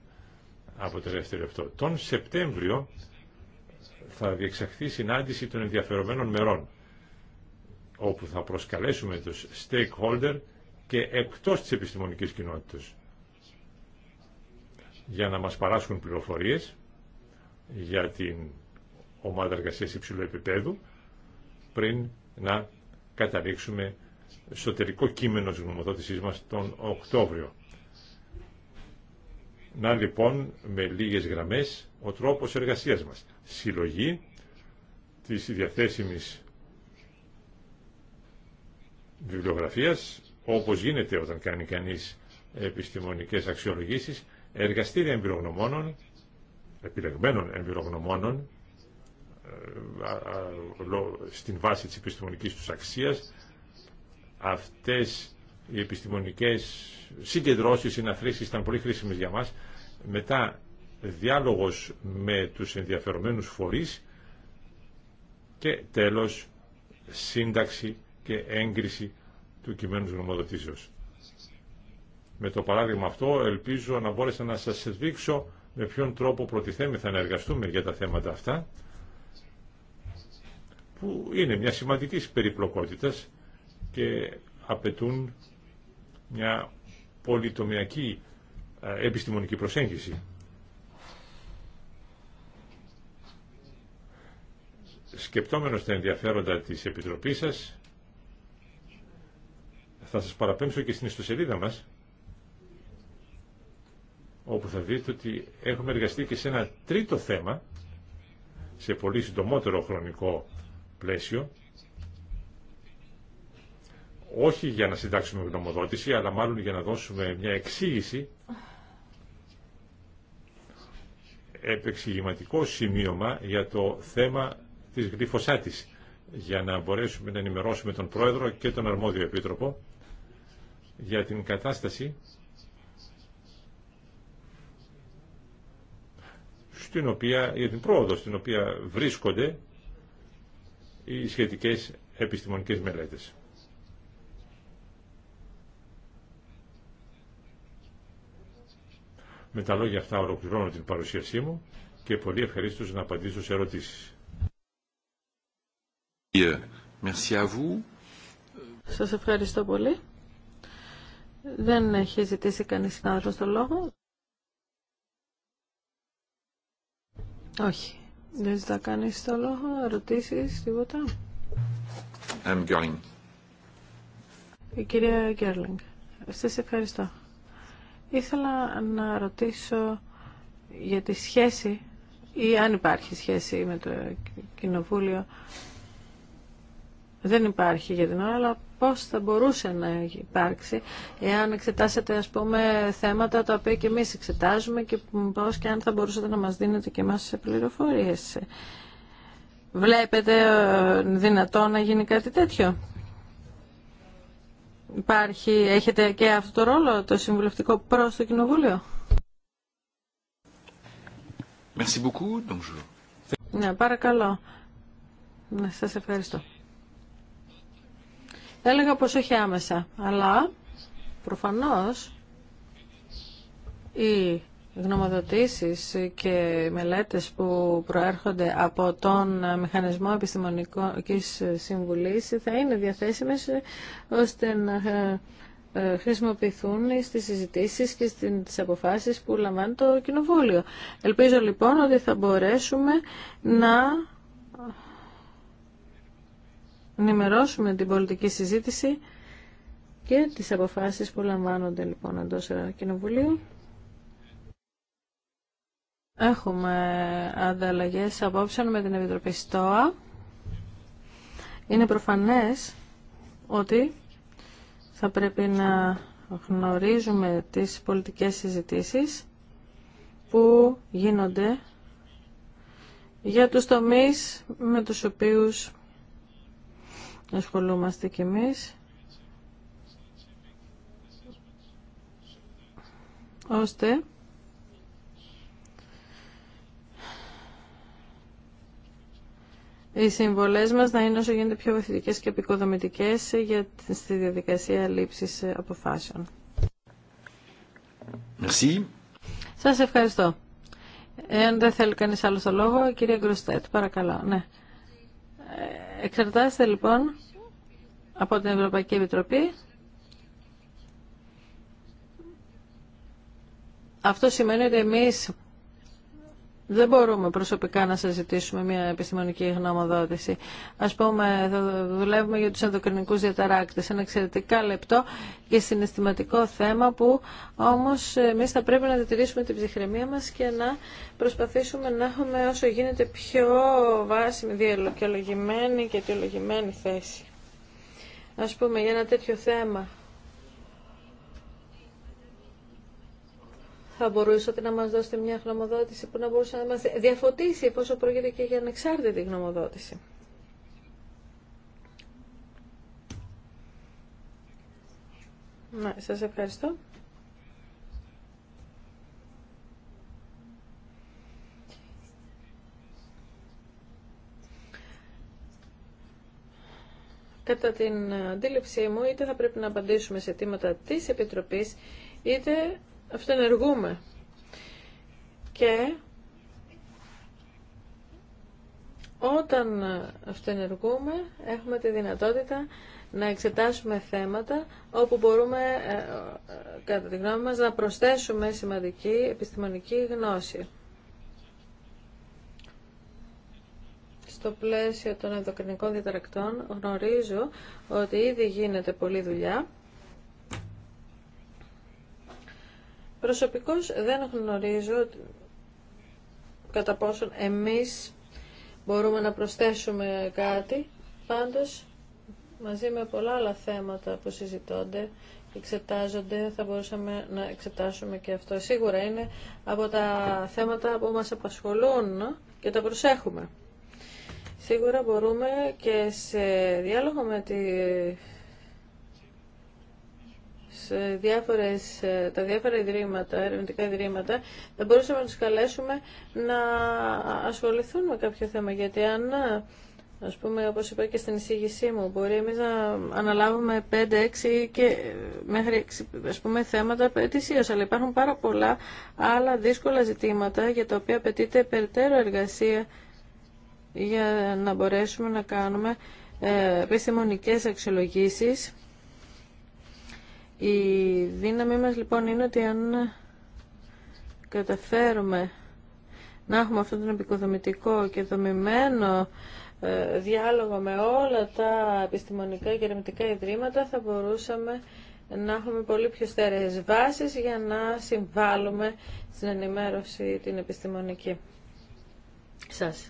από το δεύτερο αυτό. Τον Σεπτέμβριο θα διεξαχθεί συνάντηση των ενδιαφερομένων μερών όπου θα προσκαλέσουμε τους stakeholder και εκτός της επιστημονικής κοινότητας για να μας παράσχουν πληροφορίες για την ομάδα εργασίας υψηλού επίπεδου πριν να καταλήξουμε στο τελικό κείμενο της γνωμοδότησής μας τον Οκτώβριο. Να λοιπόν με λίγες γραμμές ο τρόπος εργασίας μας. Συλλογή της διαθέσιμης βιβλιογραφίας όπως γίνεται όταν κάνει κανείς επιστημονικές αξιολογήσεις, εργαστήρια εμπειρογνωμόνων, επιλεγμένων εμπειρογνωμόνων, ε, στην βάση της επιστημονικής τους αξίας. Αυτές οι επιστημονικές συγκεντρώσεις, συναθρήσεις ήταν πολύ χρήσιμες για μας. Μετά διάλογος με τους ενδιαφερομένους φορείς και τέλος σύνταξη και έγκριση του κειμένου γνωμοδοτήσεω. Με το παράδειγμα αυτό ελπίζω να μπόρεσα να σας δείξω με ποιον τρόπο προτιθέμεθα να εργαστούμε για τα θέματα αυτά που είναι μια σημαντική περιπλοκότητα και απαιτούν μια πολυτομιακή ε, επιστημονική προσέγγιση. Σκεπτόμενος τα ενδιαφέροντα της Επιτροπής σας, θα σας παραπέμψω και στην ιστοσελίδα μας όπου θα δείτε ότι έχουμε εργαστεί και σε ένα τρίτο θέμα σε πολύ συντομότερο χρονικό πλαίσιο όχι για να συντάξουμε γνωμοδότηση αλλά μάλλον για να δώσουμε μια εξήγηση επεξηγηματικό σημείωμα για το θέμα της γλυφοσάτης για να μπορέσουμε να ενημερώσουμε τον Πρόεδρο και τον Αρμόδιο Επίτροπο για την κατάσταση στην οποία, για την πρόοδο στην οποία βρίσκονται οι σχετικές επιστημονικές μελέτες. Με τα λόγια αυτά ολοκληρώνω την παρουσίασή μου και πολύ ευχαριστώ να απαντήσω σε ερωτήσεις. Ε, Σας ευχαριστώ πολύ. Δεν έχει ζητήσει κανείς συνάδελφος το λόγο. Όχι. Δεν ζητά κανείς το λόγο. Ρωτήσεις, τίποτα. I'm going. Η κυρία Γκέρλινγκ. Σας ευχαριστώ. Ήθελα να ρωτήσω για τη σχέση ή αν υπάρχει σχέση με το Κοινοβούλιο. Δεν υπάρχει για την ώρα, αλλά πώς θα μπορούσε να υπάρξει εάν εξετάσετε ας πούμε θέματα τα οποία και εμείς εξετάζουμε και πώς και αν θα μπορούσατε να μας δίνετε και εμάς σε πληροφορίες. Βλέπετε ε, δυνατό να γίνει κάτι τέτοιο. Υπάρχει, έχετε και αυτό το ρόλο το συμβουλευτικό προς το Κοινοβούλιο. Merci beaucoup. Ναι, παρακαλώ. Ναι, σας ευχαριστώ έλεγα πως όχι άμεσα, αλλά προφανώς οι γνωμοδοτήσεις και μελέτες που προέρχονται από τον Μηχανισμό Επιστημονικής Συμβουλής θα είναι διαθέσιμες ώστε να ε, ε, χρησιμοποιηθούν στις συζητήσεις και στις αποφάσεις που λαμβάνει το Κοινοβούλιο. Ελπίζω λοιπόν ότι θα μπορέσουμε να ενημερώσουμε την πολιτική συζήτηση και τις αποφάσεις που λαμβάνονται λοιπόν εντό Κοινοβουλίου. Έχουμε ανταλλαγές απόψεων με την Επιτροπή ΣΤΟΑ. Είναι προφανές ότι θα πρέπει να γνωρίζουμε τις πολιτικές συζητήσεις που γίνονται για τους τομείς με τους οποίους ασχολούμαστε κι εμείς ώστε οι συμβολές μας να είναι όσο γίνεται πιο βοηθητικές και επικοδομητικές για στη διαδικασία λήψης αποφάσεων. Merci. Σας ευχαριστώ. Εάν δεν θέλει κανείς άλλο το λόγο, κυρία Γκροστέτ, παρακαλώ. Ναι. Εξαρτάστε λοιπόν από την Ευρωπαϊκή Επιτροπή. Αυτό σημαίνει ότι εμείς δεν μπορούμε προσωπικά να ζητήσουμε μια επιστημονική γνωμοδότηση. Ας πούμε, δουλεύουμε για τους ενδοκρινικούς διαταράκτες. Ένα εξαιρετικά λεπτό και συναισθηματικό θέμα που όμως εμείς θα πρέπει να διατηρήσουμε την ψυχραιμία μας και να προσπαθήσουμε να έχουμε όσο γίνεται πιο βάσιμη, διαλογημένη και αιτιολογημένη θέση. Ας πούμε, για ένα τέτοιο θέμα θα μπορούσατε να μας δώσετε μια γνωμοδότηση που να μπορούσε να μας διαφωτίσει πόσο προηγείται και για ανεξάρτητη γνωμοδότηση. Ναι, σας ευχαριστώ. Κατά την αντίληψή μου, είτε θα πρέπει να απαντήσουμε σε αιτήματα της Επιτροπής, είτε αυτενεργούμε. Και όταν αυτενεργούμε έχουμε τη δυνατότητα να εξετάσουμε θέματα όπου μπορούμε, ε, ε, κατά τη γνώμη μας, να προσθέσουμε σημαντική επιστημονική γνώση. Στο πλαίσιο των ενδοκρινικών διαταρακτών γνωρίζω ότι ήδη γίνεται πολλή δουλειά Προσωπικώς δεν γνωρίζω κατά πόσον εμείς μπορούμε να προσθέσουμε κάτι. Πάντως, μαζί με πολλά άλλα θέματα που συζητώνται εξετάζονται, θα μπορούσαμε να εξετάσουμε και αυτό. Σίγουρα είναι από τα θέματα που μας απασχολούν και τα προσέχουμε. Σίγουρα μπορούμε και σε διάλογο με τη ε, διάφορες, ε, τα διάφορα ιδρύματα, ερευνητικά ιδρύματα, θα μπορούσαμε να τους καλέσουμε να ασχοληθούν με κάποιο θέμα. Γιατί αν, ε, ας πούμε, όπως είπα και στην εισήγησή μου, μπορεί εμείς να αναλάβουμε 5, 6 και μέχρι 6, ας πούμε, θέματα ετησίως. Αλλά υπάρχουν πάρα πολλά άλλα δύσκολα ζητήματα για τα οποία απαιτείται περαιτέρω εργασία για να μπορέσουμε να κάνουμε επιστημονικές αξιολογήσεις η δύναμή μας λοιπόν είναι ότι αν καταφέρουμε να έχουμε αυτόν τον επικοδομητικό και δομημένο ε, διάλογο με όλα τα επιστημονικά και ερευνητικά ιδρύματα θα μπορούσαμε να έχουμε πολύ πιο στέρεες βάσεις για να συμβάλλουμε στην ενημέρωση την επιστημονική σας.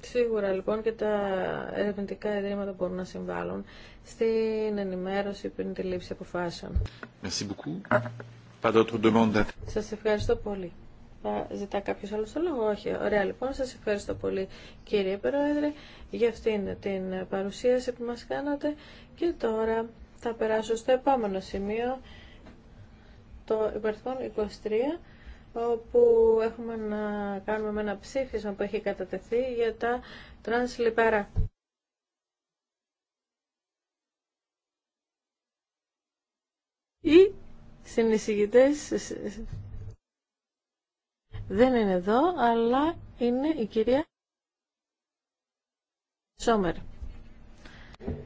Σίγουρα λοιπόν και τα ερευνητικά ιδρύματα μπορούν να συμβάλλουν στην ενημέρωση πριν τη λήψη αποφάσεων. Σας ευχαριστώ πολύ. Θα ζητά κάποιο άλλο το λόγο. Όχι. Ωραία, λοιπόν, σα ευχαριστώ πολύ, κύριε Πρόεδρε, για αυτήν την παρουσίαση που μα κάνατε. Και τώρα θα περάσω στο επόμενο σημείο, το υπερθόν 23 όπου έχουμε να κάνουμε με ένα ψήφισμα που έχει κατατεθεί για τα τρανς Οι συνεισηγητές δεν είναι εδώ, αλλά είναι η κυρία Σόμερ.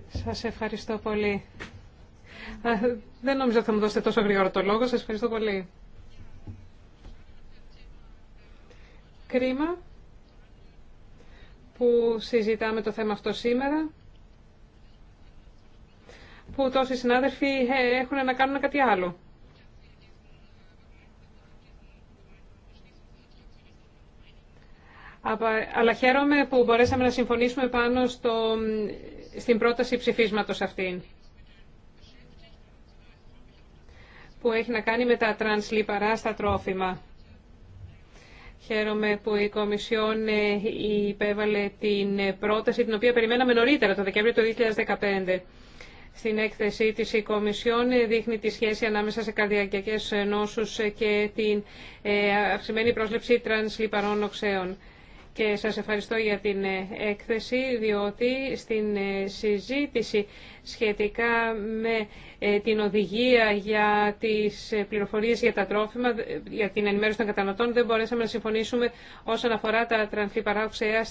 Σας ευχαριστώ πολύ. Δεν νομίζω ότι θα μου δώσετε τόσο γρήγορα το λόγο. Σας ευχαριστώ πολύ. Κρίμα που συζητάμε το θέμα αυτό σήμερα που τόσοι συνάδελφοι ε, έχουν να κάνουν κάτι άλλο. Αλλά χαίρομαι που μπορέσαμε να συμφωνήσουμε πάνω στο, στην πρόταση ψηφίσματος αυτήν. που έχει να κάνει με τα τρανς λιπαρά στα τρόφιμα. Χαίρομαι που η Κομισιόν ε, υπέβαλε την πρόταση την οποία περιμέναμε νωρίτερα, το Δεκέμβριο του 2015 στην έκθεσή της η Κομισιόν δείχνει τη σχέση ανάμεσα σε καρδιακιακές νόσους και την ε, αυξημένη πρόσληψη τρανσλιπαρών οξέων. Και σας ευχαριστώ για την ε, έκθεση, διότι στην ε, συζήτηση σχετικά με την οδηγία για τις πληροφορίες για τα τρόφιμα, για την ενημέρωση των κατανοτών, δεν μπορέσαμε να συμφωνήσουμε όσον αφορά τα τρανθλιπαρά οξέα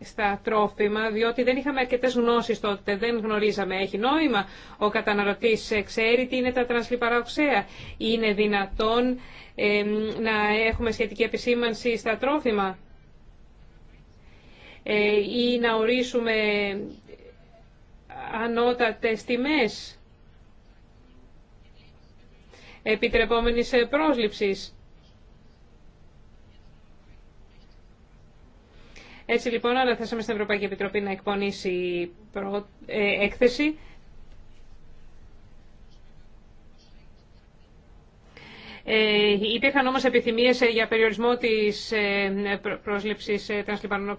στα τρόφιμα, διότι δεν είχαμε αρκετές γνώσεις τότε, δεν γνωρίζαμε. Έχει νόημα ο καταναλωτής ξέρει τι είναι τα τρανσλιπαρά Είναι δυνατόν να έχουμε σχετική επισήμανση στα τρόφιμα ε, ή να ορίσουμε ανώτατες τιμές επιτρεπόμενης πρόσληψης. Έτσι λοιπόν αναθέσαμε στην Ευρωπαϊκή Επιτροπή να εκπονήσει ε, έκθεση Ε, υπήρχαν όμως επιθυμίες ε, για περιορισμό της ε, πρόσληψης τρανσλιπανών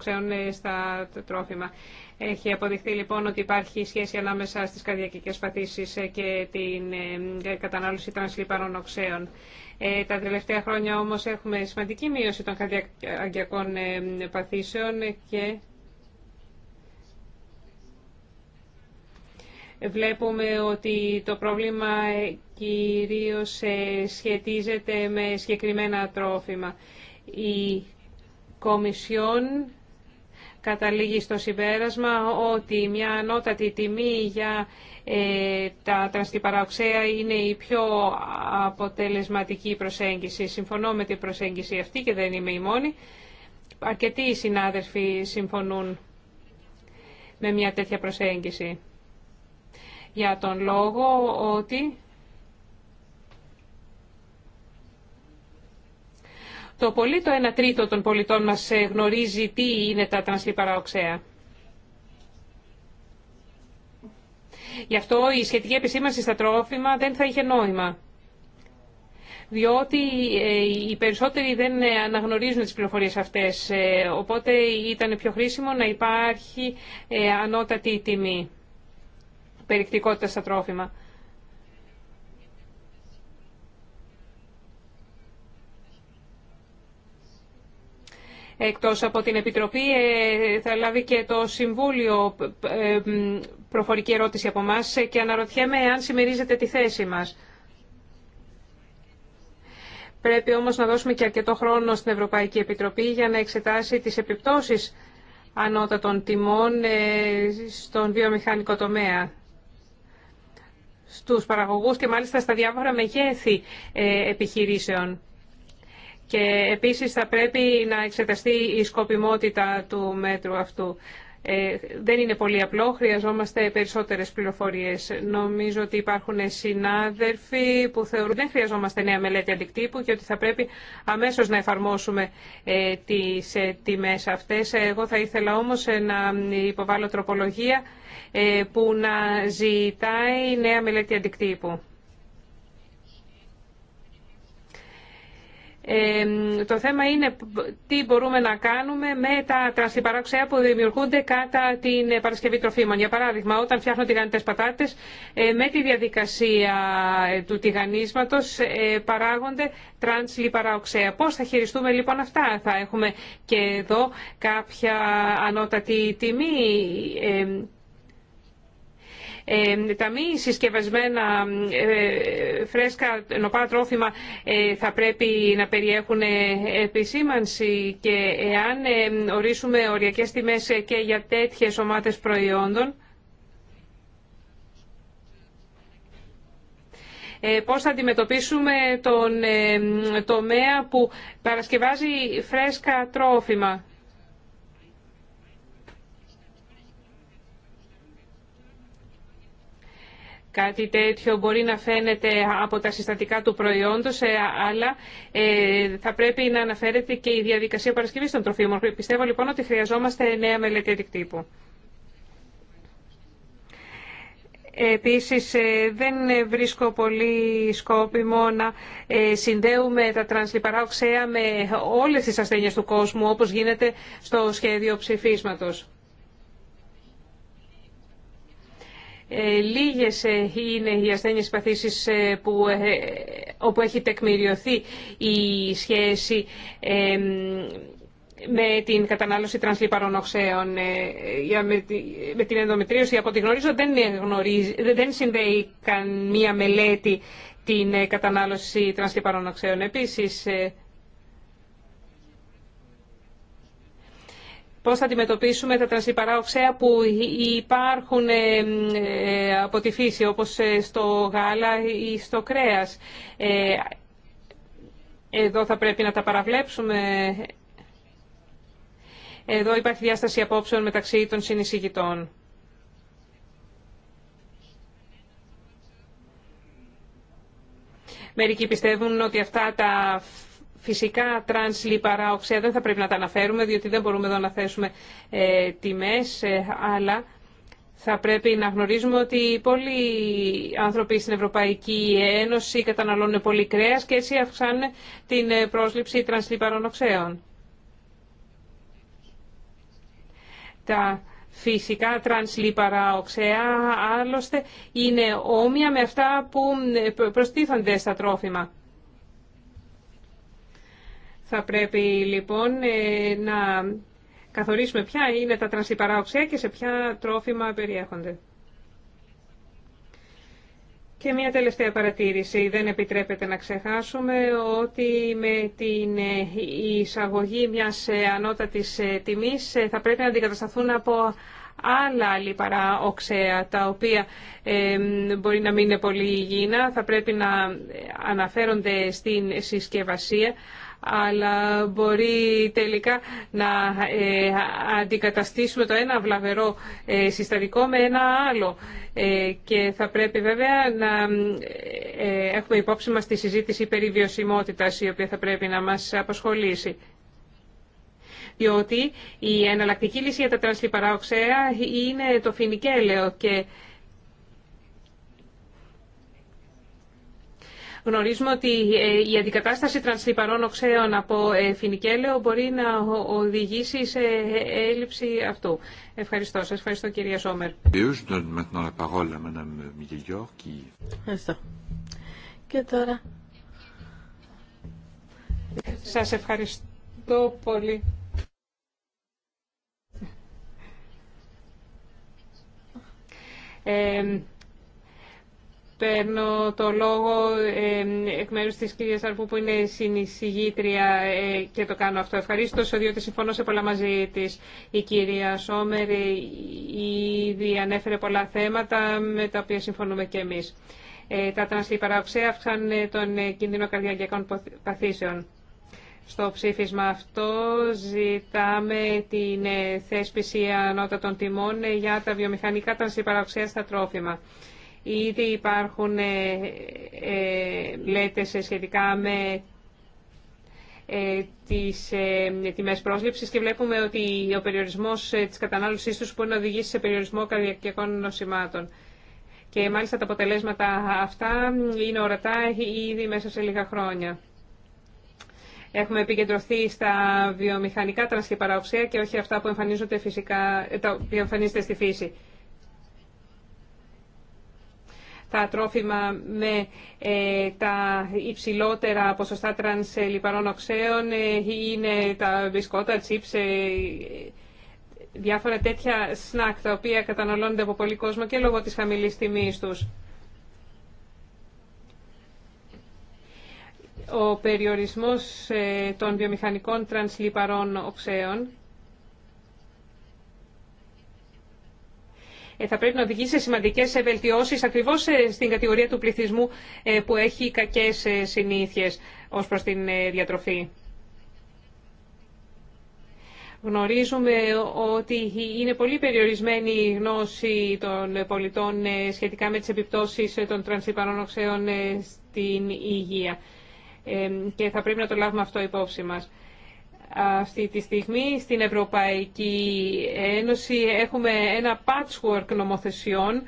στα τρόφιμα. Έχει αποδειχθεί λοιπόν ότι υπάρχει σχέση ανάμεσα στις καρδιακικές παθήσεις και την κατανάλωση τρανσλιπανών Τα τελευταία χρόνια όμως έχουμε σημαντική μείωση των καρδιακών παθήσεων και βλέπουμε ότι το πρόβλημα κυρίως ε, σχετίζεται με συγκεκριμένα τρόφιμα. Η Κομισιόν καταλήγει στο συμπέρασμα ότι μια ανώτατη τιμή για ε, τα τρανστιπαραοξέα είναι η πιο αποτελεσματική προσέγγιση. Συμφωνώ με την προσέγγιση αυτή και δεν είμαι η μόνη. Αρκετοί συνάδελφοι συμφωνούν με μια τέτοια προσέγγιση για τον λόγο ότι το πολύ το 1 τρίτο των πολιτών μας ε, γνωρίζει τι είναι τα τρανσλιπαρά οξέα. Γι' αυτό η σχετική επισήμανση στα τρόφιμα δεν θα είχε νόημα. Διότι ε, οι περισσότεροι δεν ε, αναγνωρίζουν τις πληροφορίες αυτές, οπότε ήταν πιο χρήσιμο να υπάρχει ανώτατη τιμή περιεκτικότητα στα τρόφιμα. Εκτός από την Επιτροπή ε, θα λάβει και το Συμβούλιο ε, προφορική ερώτηση από εμά ε, και αναρωτιέμαι αν συμμερίζεται τη θέση μας. Πρέπει όμως να δώσουμε και αρκετό χρόνο στην Ευρωπαϊκή Επιτροπή για να εξετάσει τις επιπτώσεις ανώτατων τιμών στον βιομηχανικό τομέα στους παραγωγούς και μάλιστα στα διάφορα μεγέθη ε, επιχειρήσεων. Και επίσης θα πρέπει να εξεταστεί η σκοπιμότητα του μέτρου αυτού. Ε, δεν είναι πολύ απλό, χρειαζόμαστε περισσότερες πληροφορίες. Νομίζω ότι υπάρχουν συνάδελφοι που θεωρούν ότι δεν χρειαζόμαστε νέα μελέτη αντικτύπου και ότι θα πρέπει αμέσως να εφαρμόσουμε ε, τις ε, τιμές αυτές. Εγώ θα ήθελα όμως να υποβάλω τροπολογία που να ζητάει νέα μελέτη αντικτύπου. το θέμα είναι τι μπορούμε να κάνουμε με τα οξέα που δημιουργούνται κατά την ε, παρασκευή τροφίμων. Για παράδειγμα, όταν φτιάχνω τηγανιτές πατάτες, ε, με τη διαδικασία ε, του τηγανίσματος παράγονται οξέα. Πώς θα χειριστούμε λοιπόν αυτά. Θα έχουμε και εδώ κάποια ανώτατη τιμή τα μη συσκευασμένα ε, φρέσκα νοπά τρόφιμα ε, θα πρέπει να περιέχουν ε, επισήμανση και εάν ορίσουμε οριακές τιμές και για τέτοιες ομάδες προϊόντων, πώς θα αντιμετωπίσουμε τον τομέα που παρασκευάζει φρέσκα τρόφιμα. Κάτι τέτοιο μπορεί να φαίνεται από τα συστατικά του προϊόντος, ε, αλλά ε, θα πρέπει να αναφέρεται και η διαδικασία παρασκευής των τροφίμων. Πιστεύω λοιπόν ότι χρειαζόμαστε νέα μελέτη αντικτύπου. Επίσης, ε, δεν βρίσκω πολύ σκόπιμο να συνδέουμε τα τρανσλιπαρά οξέα με όλες τις ασθένειες του κόσμου, όπως γίνεται στο σχέδιο ψηφίσματος. Ε, λίγες ε, είναι οι ασθένειες παθήσεις ε, που, όπου έχει τεκμηριωθεί η σχέση με την κατανάλωση τρανσλιπαρών οξέων, με την ενδομετρίωση. Από ό,τι γνωρίζω δεν, δεν συνδέει καμία μελέτη την κατανάλωση τρανσλιπαρών Επίσης, πώς θα αντιμετωπίσουμε τα τρανσιπαρά οξέα που υπάρχουν ε, ε, από τη φύση, όπως ε, στο γάλα ή στο κρέας. Εδώ θα πρέπει να τα παραβλέψουμε. Εδώ υπάρχει διάσταση απόψεων μεταξύ των συνεισηγητών. Μερικοί πιστεύουν ότι αυτά τα Φυσικά, τρανς, λιπαρά, οξέα δεν θα πρέπει να τα αναφέρουμε, διότι δεν μπορούμε εδώ να θέσουμε ε, τιμές, ε, αλλά θα πρέπει να γνωρίζουμε ότι πολλοί άνθρωποι στην Ευρωπαϊκή Ένωση καταναλώνουν πολύ κρέας και έτσι αυξάνουν την ε, πρόσληψη τρανς, λιπαρών, οξέων. Τα φυσικά τρανς λίπαρα οξέα, άλλωστε είναι όμοια με αυτά που ε, προστίθονται στα τρόφιμα. Θα πρέπει λοιπόν ε, να καθορίσουμε ποια είναι τα οξέα και σε ποια τρόφιμα περιέχονται. Και μια τελευταία παρατήρηση. Δεν επιτρέπεται να ξεχάσουμε ότι με την ε, εισαγωγή μιας ε, ανώτατης τιμής θα πρέπει να αντικατασταθούν από άλλα λιπαρά οξέα, τα οποία μπορεί να μην είναι πολύ υγιεινά, θα πρέπει να αναφέρονται στην συσκευασία, αλλά μπορεί τελικά να ε, αντικαταστήσουμε το ένα βλαβερό ε, συστατικό με ένα άλλο. Ε, και θα πρέπει βέβαια να έχουμε υπόψη μας τη συζήτηση περί βιωσιμότητας, η οποία θα πρέπει να μας απασχολήσει διότι η εναλλακτική λύση για τα οξέα είναι το φινικέλαιο και Γνωρίζουμε ότι ε, η αντικατάσταση τρανσλιπαρών οξέων από ε, φινικέλαιο μπορεί να οδηγήσει σε ε, έλλειψη αυτού. Ευχαριστώ. Σας ευχαριστώ κυρία Σόμερ. Ευχαριστώ. Και τώρα... Σας ευχαριστώ πολύ. Παίρνω το λόγο ε, εκ μέρους της κυρία Αρπού που είναι συνεισηγήτρια ε, και το κάνω αυτό. Ευχαρίστω διότι συμφωνώ σε πολλά μαζί της. Η κυρία Σόμερ ε, ήδη ανέφερε πολλά θέματα με τα οποία συμφωνούμε και εμείς. Τα τρανσλιπαραοξέα αυξάνουν τον κίνδυνο καρδιακών παθήσεων. Στο ψήφισμα αυτό ζητάμε την θέσπιση ανώτατων τιμών για τα βιομηχανικά τρανσλιπαραοξέα στα τρόφιμα. Ήδη υπάρχουν ε, ε, λέτες σχετικά με ε, τις τιμές πρόσληψης και βλέπουμε ότι ο περιορισμός της κατανάλωσής τους μπορεί να οδηγήσει σε περιορισμό καρδιακτικών νοσημάτων. Και μάλιστα τα αποτελέσματα αυτά είναι ορατά ήδη μέσα σε λίγα χρόνια. Έχουμε επικεντρωθεί στα βιομηχανικά τρανς και όχι αυτά που, εμφανίζονται φυσικά, που εμφανίζονται στη φύση τα τρόφιμα με ε, τα υψηλότερα ποσοστά τρανς λιπαρών οξέων, ε, είναι τα μπισκότα, τσίπς, ε, διάφορα τέτοια σνακ τα οποία καταναλώνονται από πολύ κόσμο και λόγω της χαμηλής τιμής τους. Ο περιορισμός των βιομηχανικών τρανς λιπαρών οξέων Ε, θα πρέπει να οδηγήσει σε σημαντικές βελτιώσεις ακριβώ ε, στην κατηγορία του πληθυσμού ε, που έχει κακές συνήθειε ως προς την διατροφή. Γνωρίζουμε ότι είναι πολύ περιορισμένη η γνώση των πολιτών σχετικά με τις επιπτώσεις των τρανσιπανών στην υγεία και θα πρέπει να το λάβουμε αυτό υπόψη μας αυτή τη στιγμή στην Ευρωπαϊκή Ένωση έχουμε ένα patchwork νομοθεσιών.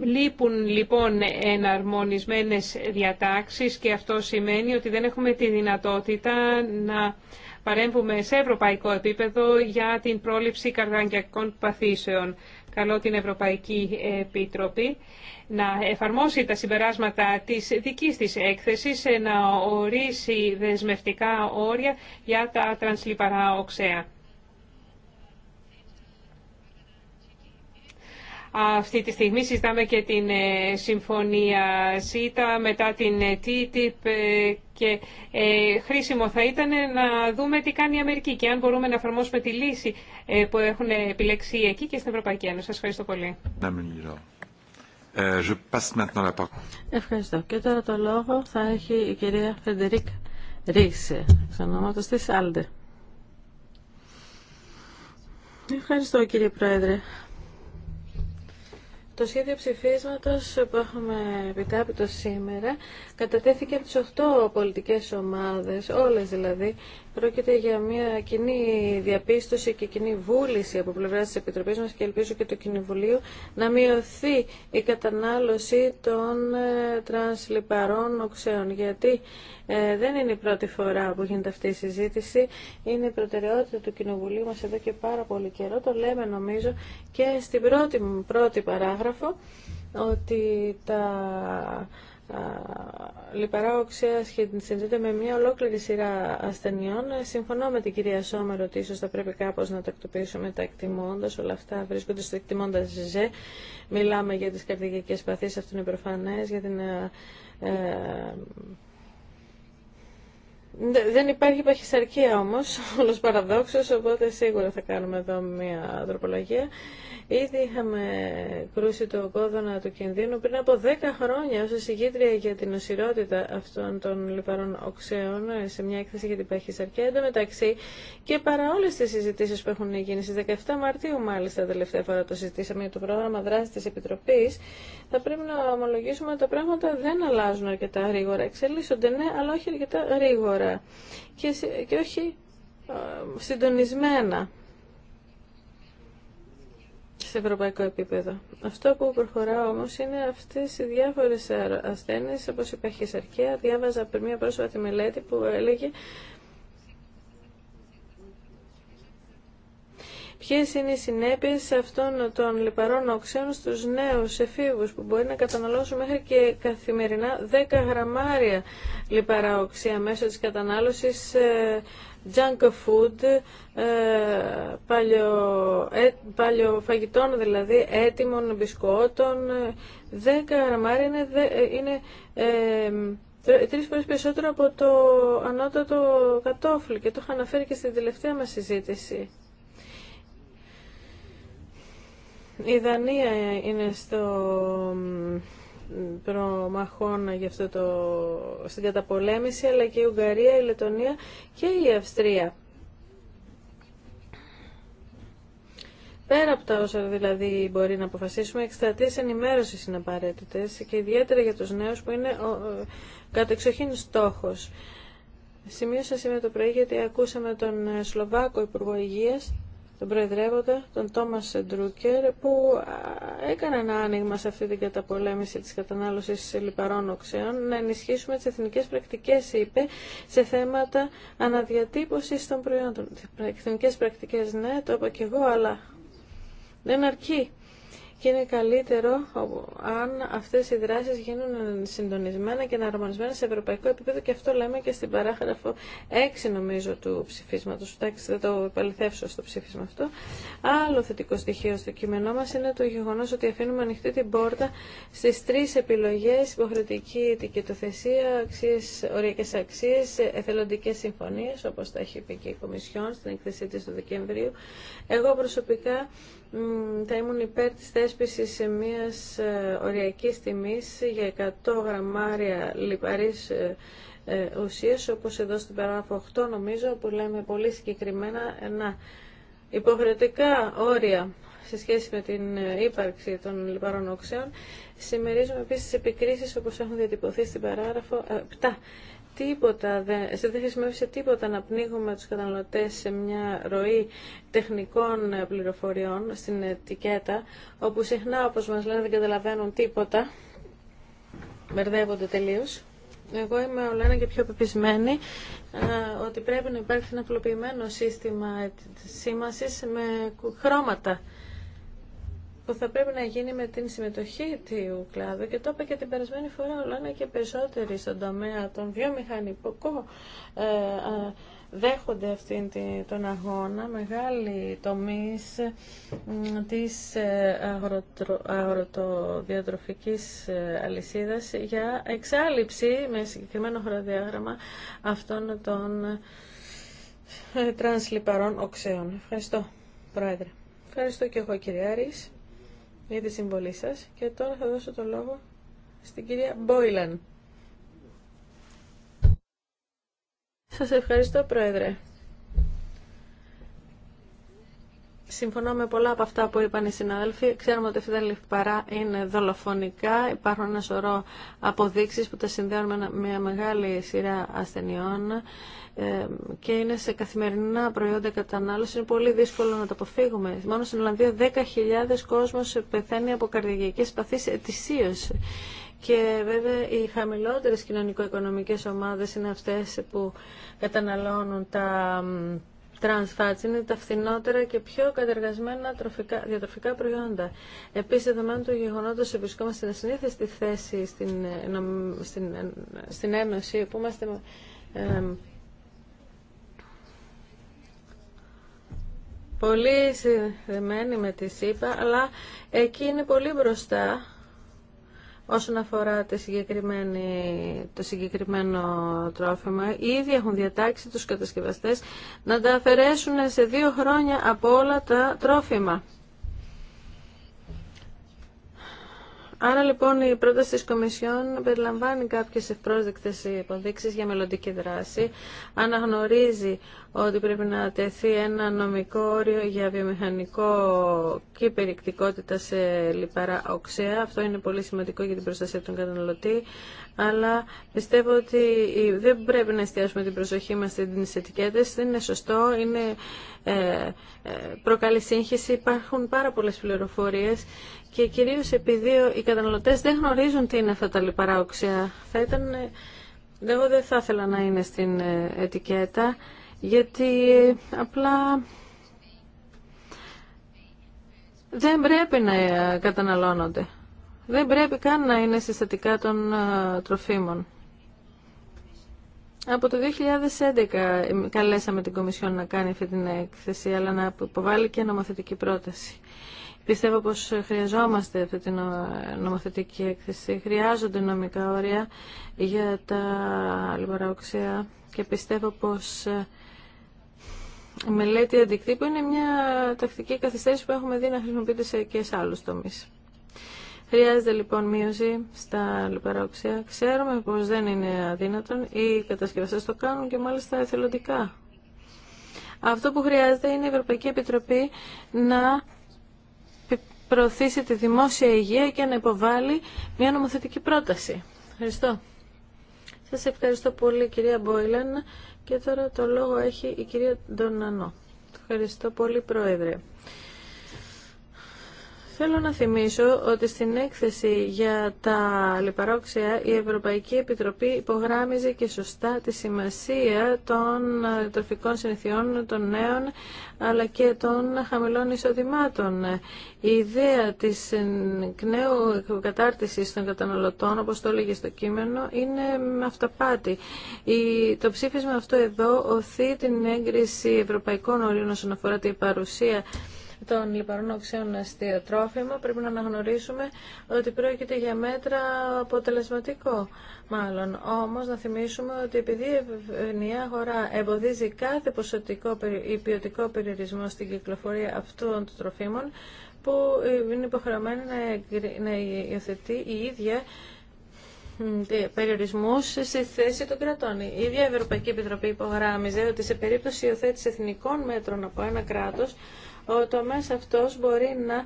Λείπουν λοιπόν εναρμονισμένες διατάξεις και αυτό σημαίνει ότι δεν έχουμε τη δυνατότητα να παρέμβουμε σε ευρωπαϊκό επίπεδο για την πρόληψη καρδιακών παθήσεων. Καλώ την Ευρωπαϊκή Επιτροπή να εφαρμόσει τα συμπεράσματα της δικής της έκθεσης, να ορίσει δεσμευτικά όρια για τα τρανσλιπαρά οξέα. Αυτή τη στιγμή συζητάμε και την ε, συμφωνία ΣΥΤΑ μετά την ε, TTIP ε, και χρήσιμο θα ήταν να δούμε τι κάνει η Αμερική και αν μπορούμε να εφαρμόσουμε τη λύση που έχουν επιλέξει εκεί και στην Ευρωπαϊκή Ένωση. Σας ευχαριστώ πολύ. Ευχαριστώ. Και τώρα το λόγο θα έχει η κυρία Φεντερίκ Ρίξε, ξανόματος της Άλντε. Ευχαριστώ κύριε Πρόεδρε. Το σχέδιο ψηφίσματος που έχουμε επιτάπητο σήμερα κατατέθηκε από τις 8 πολιτικές ομάδες, όλες δηλαδή, Πρόκειται για μια κοινή διαπίστωση και κοινή βούληση από πλευρά τη Επιτροπή μα και ελπίζω και του Κοινοβουλίου να μειωθεί η κατανάλωση των ε, τρανσλιπαρών οξέων. Γιατί ε, δεν είναι η πρώτη φορά που γίνεται αυτή η συζήτηση. Είναι η προτεραιότητα του Κοινοβουλίου μα εδώ και πάρα πολύ καιρό. Το λέμε νομίζω και στην πρώτη, πρώτη παράγραφο ότι τα λιπαρά οξέα συνδέεται με μια ολόκληρη σειρά ασθενειών. Ε, συμφωνώ με την κυρία Σόμερ ότι ίσω θα πρέπει κάπω να τακτοποιήσουμε τα εκτιμώντα. Όλα αυτά βρίσκονται στο εκτιμώντα ΖΕ. Μιλάμε για τι καρδιακέ παθήσει, αυτό είναι προφανέ, για την ε, ε δεν υπάρχει παχυσαρκία όμως, όλος παραδόξος, οπότε σίγουρα θα κάνουμε εδώ μια δροπολογία. Ήδη είχαμε κρούσει το κόδωνα του κινδύνου πριν από 10 χρόνια ως εισηγήτρια για την οσιρότητα αυτών των λιπαρών οξέων σε μια έκθεση για την παχυσαρκία. Εν τω μεταξύ και παρά όλες τις συζητήσεις που έχουν γίνει στις 17 Μαρτίου μάλιστα τελευταία φορά το συζητήσαμε για το πρόγραμμα δράση της Επιτροπής θα πρέπει να ομολογήσουμε ότι τα πράγματα δεν αλλάζουν αρκετά γρήγορα. Εξελίσσονται ναι, αλλά όχι αρκετά γρήγορα και, όχι συντονισμένα σε ευρωπαϊκό επίπεδο. Αυτό που προχωρά όμως είναι αυτές οι διάφορες ασθένειες όπως η παχυσαρκία. Διάβαζα πριν μια πρόσφατη μελέτη που έλεγε Ποιες είναι οι συνέπειες αυτών των λιπαρών οξέων στους νέους εφήβους που μπορεί να καταναλώσουν μέχρι και καθημερινά 10 γραμμάρια λιπαρά οξέα μέσω της κατανάλωσης ε, junk food, ε, παλιο, ε, παλιοφαγητών δηλαδή, έτοιμων μπισκότων. 10 γραμμάρια είναι, είναι τρεις φορές περισσότερο από το ανώτατο κατόφλι και το είχα αναφέρει και στην τελευταία μας συζήτηση. Η Δανία είναι στο προμαχών για αυτό το, στην καταπολέμηση, αλλά και η Ουγγαρία, η Λετωνία και η Αυστρία. Πέρα από τα όσα δηλαδή μπορεί να αποφασίσουμε, εκστρατείες ενημέρωση είναι απαραίτητε και ιδιαίτερα για τους νέους που είναι ο, κατεξοχήν στόχος. Σημείωσα σήμερα το πρωί γιατί ακούσαμε τον ε, Σλοβάκο Υπουργό Υγείας τον προεδρεύοντα, τον Τόμας Ντρούκερ, που έκανε ένα άνοιγμα σε αυτή την καταπολέμηση της κατανάλωσης λιπαρών οξέων, να ενισχύσουμε τις εθνικές πρακτικές, είπε, σε θέματα αναδιατύπωσης των προϊόντων. Εθνικές πρακτικές, ναι, το είπα και εγώ, αλλά δεν αρκεί και είναι καλύτερο αν αυτές οι δράσεις γίνουν συντονισμένα και εναρμονισμένα σε ευρωπαϊκό επίπεδο και αυτό λέμε και στην παράγραφο 6 νομίζω του ψηφίσματος. Εντάξει, δεν το επαληθεύσω στο ψήφισμα αυτό. Άλλο θετικό στοιχείο στο κείμενό μας είναι το γεγονός ότι αφήνουμε ανοιχτή την πόρτα στις τρεις επιλογές, υποχρεωτική ετικετοθεσία, αξίες, οριακές αξίες, εθελοντικές συμφωνίες, όπως τα έχει πει και η Κομισιόν στην εκθεσή της του Δεκεμβρίου. Εγώ προσωπικά θα ήμουν υπέρ της θέσπισης μιας ε, οριακής τιμής για 100 γραμμάρια λιπαρής ε, ε, ουσίας, όπως εδώ στην παράγραφο 8 νομίζω, που λέμε πολύ συγκεκριμένα να υποχρεωτικά όρια σε σχέση με την ύπαρξη των λιπαρών οξέων. Συμμερίζουμε επίσης επικρίσεις όπως έχουν διατυπωθεί στην παράγραφο 7 τίποτα, δεν, δεν χρησιμεύει σε τίποτα να πνίγουμε τους καταναλωτές σε μια ροή τεχνικών πληροφοριών στην ετικέτα, όπου συχνά, όπως μας λένε, δεν καταλαβαίνουν τίποτα, μπερδεύονται τελείως. Εγώ είμαι ολένα και πιο πεπισμένη ότι πρέπει να υπάρχει ένα απλοποιημένο σύστημα ε, σήμασης με χρώματα που θα πρέπει να γίνει με την συμμετοχή του κλάδου και το είπα και την περασμένη φορά όλα είναι και περισσότεροι στον τομέα των βιομηχανικών ε, δέχονται αυτήν τον αγώνα μεγάλη τομείς της ε, αγροτρο, αγροτοδιατροφικής ε, αλυσίδας για εξάλληψη με συγκεκριμένο χρονοδιάγραμμα αυτών των τρανσλιπαρών οξέων. Ευχαριστώ, Πρόεδρε. Ευχαριστώ και εγώ, κύριε Άρης για τη συμβολή σας και τώρα θα δώσω το λόγο στην κυρία Μπόιλαν. Σας ευχαριστώ, Πρόεδρε. Συμφωνώ με πολλά από αυτά που είπαν οι συνάδελφοι. Ξέρουμε ότι αυτά τα λιφπαρά είναι δολοφονικά. Υπάρχουν ένα σωρό αποδείξει που τα συνδέουν με μια μεγάλη σειρά ασθενειών ε, και είναι σε καθημερινά προϊόντα κατανάλωση. Είναι πολύ δύσκολο να τα αποφύγουμε. Μόνο στην Ολλανδία 10.000 κόσμος πεθαίνει από καρδιακέ παθήσεις ετησίω. Και βέβαια οι χαμηλότερες κοινωνικο-οικονομικές ομάδες είναι αυτές που καταναλώνουν τα trans είναι τα φθηνότερα και πιο κατεργασμένα τροφικά, διατροφικά προϊόντα. Επίση, δεδομένου του γεγονότο ότι βρισκόμαστε στην ασυνήθιστη θέση στην, ε, στην, ε, στην Ένωση, που είμαστε... Ε, πολύ συνδεμένοι με τη ΣΥΠΑ, αλλά εκεί είναι πολύ μπροστά Όσον αφορά το, το συγκεκριμένο τρόφιμα, ήδη έχουν διατάξει τους κατασκευαστές να τα αφαιρέσουν σε δύο χρόνια από όλα τα τρόφιμα. Άρα λοιπόν η πρόταση της Κομισιόν περιλαμβάνει κάποιες ευπρόσδεκτες υποδείξεις για μελλοντική δράση, αναγνωρίζει ότι πρέπει να τεθεί ένα νομικό όριο για βιομηχανικό και περιεκτικότητα σε λιπαρά οξέα. Αυτό είναι πολύ σημαντικό για την προστασία των καταναλωτή, αλλά πιστεύω ότι δεν πρέπει να εστιάσουμε την προσοχή μας στις ετικέτες. Δεν είναι σωστό, είναι, ε, ε, προκαλεί σύγχυση, υπάρχουν πάρα πολλές πληροφορίες και κυρίως επειδή οι καταναλωτές δεν γνωρίζουν τι είναι αυτά τα λιπαρά οξέα. Θα ήταν, ε, εγώ δεν θα ήθελα να είναι στην ε, ετικέτα, γιατί ε, απλά δεν πρέπει να καταναλώνονται. Δεν πρέπει καν να είναι συστατικά των τροφίμων. Από το 2011 καλέσαμε την Κομισιόν να κάνει αυτή την έκθεση, αλλά να υποβάλει και νομοθετική πρόταση. Πιστεύω πως χρειαζόμαστε αυτή την ε, νομοθετική έκθεση. Χρειάζονται νομικά όρια για τα οξεία και πιστεύω πως ε, η μελέτη αντικτύπου είναι μια τακτική καθυστέρηση που έχουμε δει να χρησιμοποιείται και σε άλλους τομείς. Χρειάζεται λοιπόν μείωση στα λιπαρόξια. Ξέρουμε πως δεν είναι αδύνατον. Οι κατασκευαστές το κάνουν και μάλιστα εθελοντικά. Αυτό που χρειάζεται είναι η Ευρωπαϊκή Επιτροπή να προωθήσει τη δημόσια υγεία και να υποβάλει μια νομοθετική πρόταση. Ευχαριστώ. Σας ευχαριστώ πολύ κυρία Μπόιλαν και τώρα το λόγο έχει η κυρία Ντονανό. Ευχαριστώ πολύ Πρόεδρε. Θέλω να θυμίσω ότι στην έκθεση για τα λιπαρόξια η Ευρωπαϊκή Επιτροπή υπογράμμιζε και σωστά τη σημασία των ε, τροφικών συνηθιών των νέων αλλά και των χαμηλών εισοδημάτων. Η ιδέα της ε, νέου κατάρτισης των καταναλωτών, όπως το έλεγε στο κείμενο, είναι με αυταπάτη. Το ψήφισμα αυτό εδώ οθεί την έγκριση ευρωπαϊκών ορίων όσον αφορά την παρουσία των λιπαρών οξέων αστείο τρόφιμα, πρέπει να αναγνωρίσουμε ότι πρόκειται για μέτρα αποτελεσματικό. Μάλλον, όμως να θυμίσουμε ότι επειδή η ευνοία αγορά εμποδίζει κάθε ποσοτικό ή ποιοτικό περιορισμό στην κυκλοφορία αυτών των τροφίμων, που είναι υποχρεωμένη να υιοθετεί η ίδια περιορισμούς στη θέση των κρατών. Η ιδια περιορισμού στη Ευρωπαϊκή Επιτροπή υπογράμμιζε ότι σε περίπτωση υιοθέτηση εθνικών μέτρων από ένα κράτος, ο τομέας αυτός μπορεί να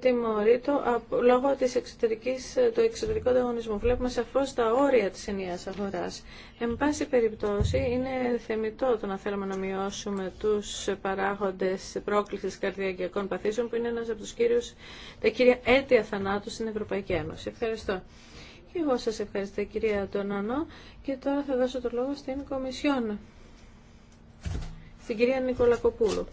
τιμωρεί το λόγω της εξωτερικής, του εξωτερικού ανταγωνισμού. Βλέπουμε σαφώς τα όρια της ενιαίας αγοράς. Εν πάση περιπτώσει, είναι θεμητό το να θέλουμε να μειώσουμε τους παράγοντες πρόκλησης καρδιακιακών παθήσεων, που είναι ένας από τους κύριους, τα κύρια αίτια θανάτου στην Ευρωπαϊκή Ένωση. Ευχαριστώ. εγώ σας ευχαριστώ κυρία Αντωνανό και τώρα θα δώσω το λόγο στην Κομισιόν, στην κυρία Νικολακοπούλου.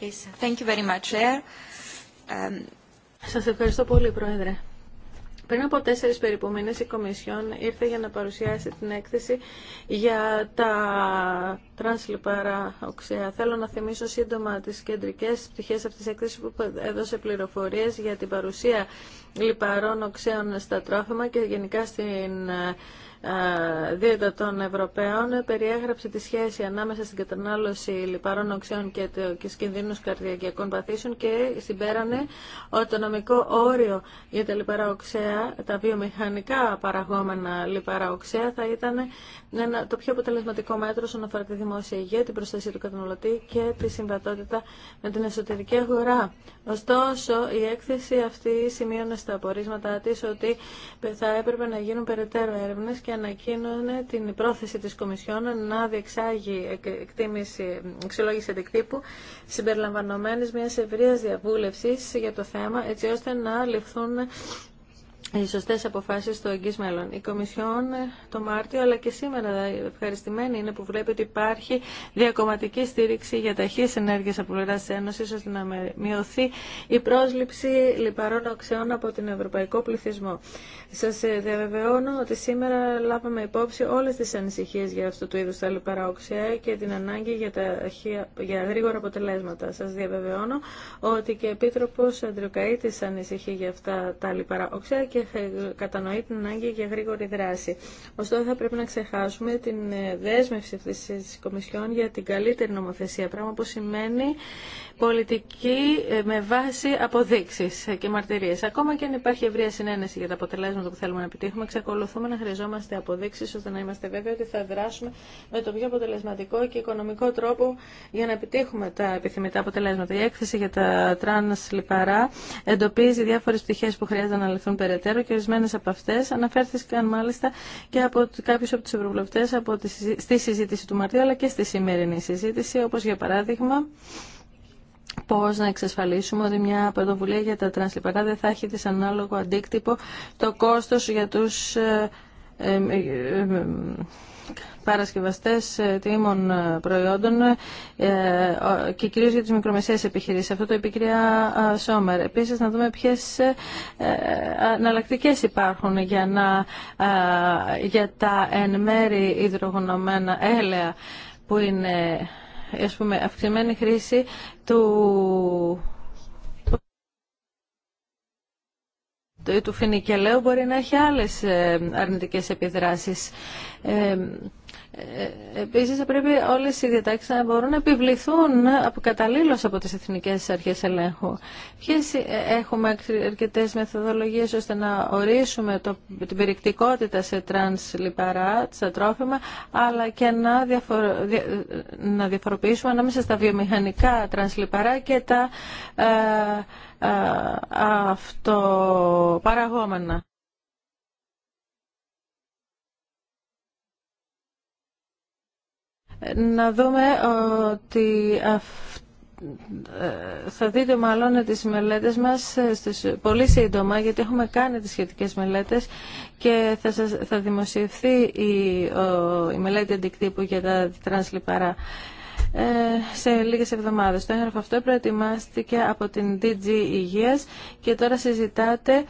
Yes, um, Σας ευχαριστώ πολύ, Πρόεδρε. Πριν από τέσσερις περίπου μήνες η Κομισιόν ήρθε για να παρουσιάσει την έκθεση για τα τρανσλιπαρά οξέα. Θέλω να θυμίσω σύντομα τις κεντρικές πτυχές αυτής της έκθεσης που έδωσε πληροφορίες για την παρουσία λιπαρών οξέων στα τρόφιμα και γενικά στην δίαιτα των Ευρωπαίων περιέγραψε τη σχέση ανάμεσα στην κατανάλωση λιπαρών οξέων και τους κινδύνους καρδιακών παθήσεων και συμπέρανε ότι το νομικό όριο για τα λιπαρά οξέα, τα βιομηχανικά παραγόμενα λιπαρά οξέα θα ήταν ένα, το πιο αποτελεσματικό μέτρο όσον αφορά τη δημόσια υγεία, την προστασία του καταναλωτή και τη συμβατότητα με την εσωτερική αγορά. Ωστόσο, η έκθεση αυτή σημείωνε στα απορίσματά της ότι θα έπρεπε να γίνουν περαιτέρω έρευνες και ανακοίνωνε την πρόθεση της Κομισιόν να διεξάγει εκτίμηση, εξολόγηση αντικτύπου συμπεριλαμβανομένης μιας ευρείας διαβούλευσης για το θέμα έτσι ώστε να ληφθούν οι σωστές αποφάσεις στο εγγύς μέλλον. Η Κομισιόν ε, το Μάρτιο αλλά και σήμερα ε, ευχαριστημένη είναι που βλέπει ότι υπάρχει διακομματική στήριξη για ταχύες ενέργειες από πλευρά της Ένωσης ώστε να μειωθεί η πρόσληψη λιπαρών οξεών από τον ευρωπαϊκό πληθυσμό. Σας ε, διαβεβαιώνω ότι σήμερα λάβαμε υπόψη όλες τις ανησυχίες για αυτού του είδους τα λιπαρά οξέα και την ανάγκη για, τα, για γρήγορα αποτελέσματα. Σας διαβεβαιώνω ότι και Επίτροπος Αντριοκαΐτης ανησυχεί για αυτά τα λιπαρά οξέα ε, κατανοεί την ανάγκη για γρήγορη δράση. Ωστόσο, θα πρέπει να ξεχάσουμε την ε, δέσμευση αυτή τη Κομισιόν για την καλύτερη νομοθεσία, πράγμα που σημαίνει πολιτική ε, με βάση αποδείξει και μαρτυρίε. Ακόμα και αν υπάρχει ευρεία συνένεση για τα αποτελέσματα που θέλουμε να επιτύχουμε, εξακολουθούμε να χρειαζόμαστε αποδείξει, ώστε να είμαστε βέβαιοι ότι θα δράσουμε με το πιο αποτελεσματικό και οικονομικό τρόπο για να επιτύχουμε τα επιθυμητά αποτελέσματα. Η έκθεση για τα τραν λιπαρά εντοπίζει διάφορε πτυχέ που χρειάζεται να ληφθούν περαιτέρω ξέρω και ορισμένε από αυτέ αναφέρθηκαν μάλιστα και από κάποιου από του ευρωβουλευτέ στη συζήτηση του Μαρτίου αλλά και στη σημερινή συζήτηση, όπω για παράδειγμα πώς να εξασφαλίσουμε ότι μια πρωτοβουλία για τα τρανσλιπαρά δεν θα έχει δυσανάλογο αντίκτυπο το κόστος για τους ε, ε, ε, Παρασκευαστέ ε, τιμών ε, προϊόντων ε, και κυρίω για τι μικρομεσαίες επιχειρήσει, Αυτό το είπε η κυρία Σόμερ. Επίσης να δούμε ποιε αναλλακτικέ υπάρχουν για, να, για τα εν μέρη υδρογονωμένα έλαια που είναι ας πούμε, αυξημένη χρήση του του φινικελαίου μπορεί να έχει άλλες ε, αρνητικές επιδράσεις. Ε, ε, επίσης πρέπει όλες οι διατάξεις να μπορούν να επιβληθούν από καταλήλως από τις εθνικές αρχές ελέγχου. Ποιες ε, έχουμε αρκετές μεθοδολογίες ώστε να ορίσουμε το, την περιεκτικότητα σε τρανς λιπαρά, τρόφιμα, αλλά και να, να διαφοροποιήσουμε ανάμεσα στα βιομηχανικά τρανς λιπαρά και τα ε, αυτοπαραγόμενα. να δούμε ε, ότι ε, θα δείτε μάλλον τις μελέτες μας ε, στις, πολύ σύντομα γιατί έχουμε κάνει τις σχετικές μελέτες και θα, δημοσιευθεί η, η μελέτη αντικτύπου για τα τρανσλιπαρά ε, σε λίγες εβδομάδες. Το έγγραφο αυτό προετοιμάστηκε από την DG Υγείας και τώρα συζητάτε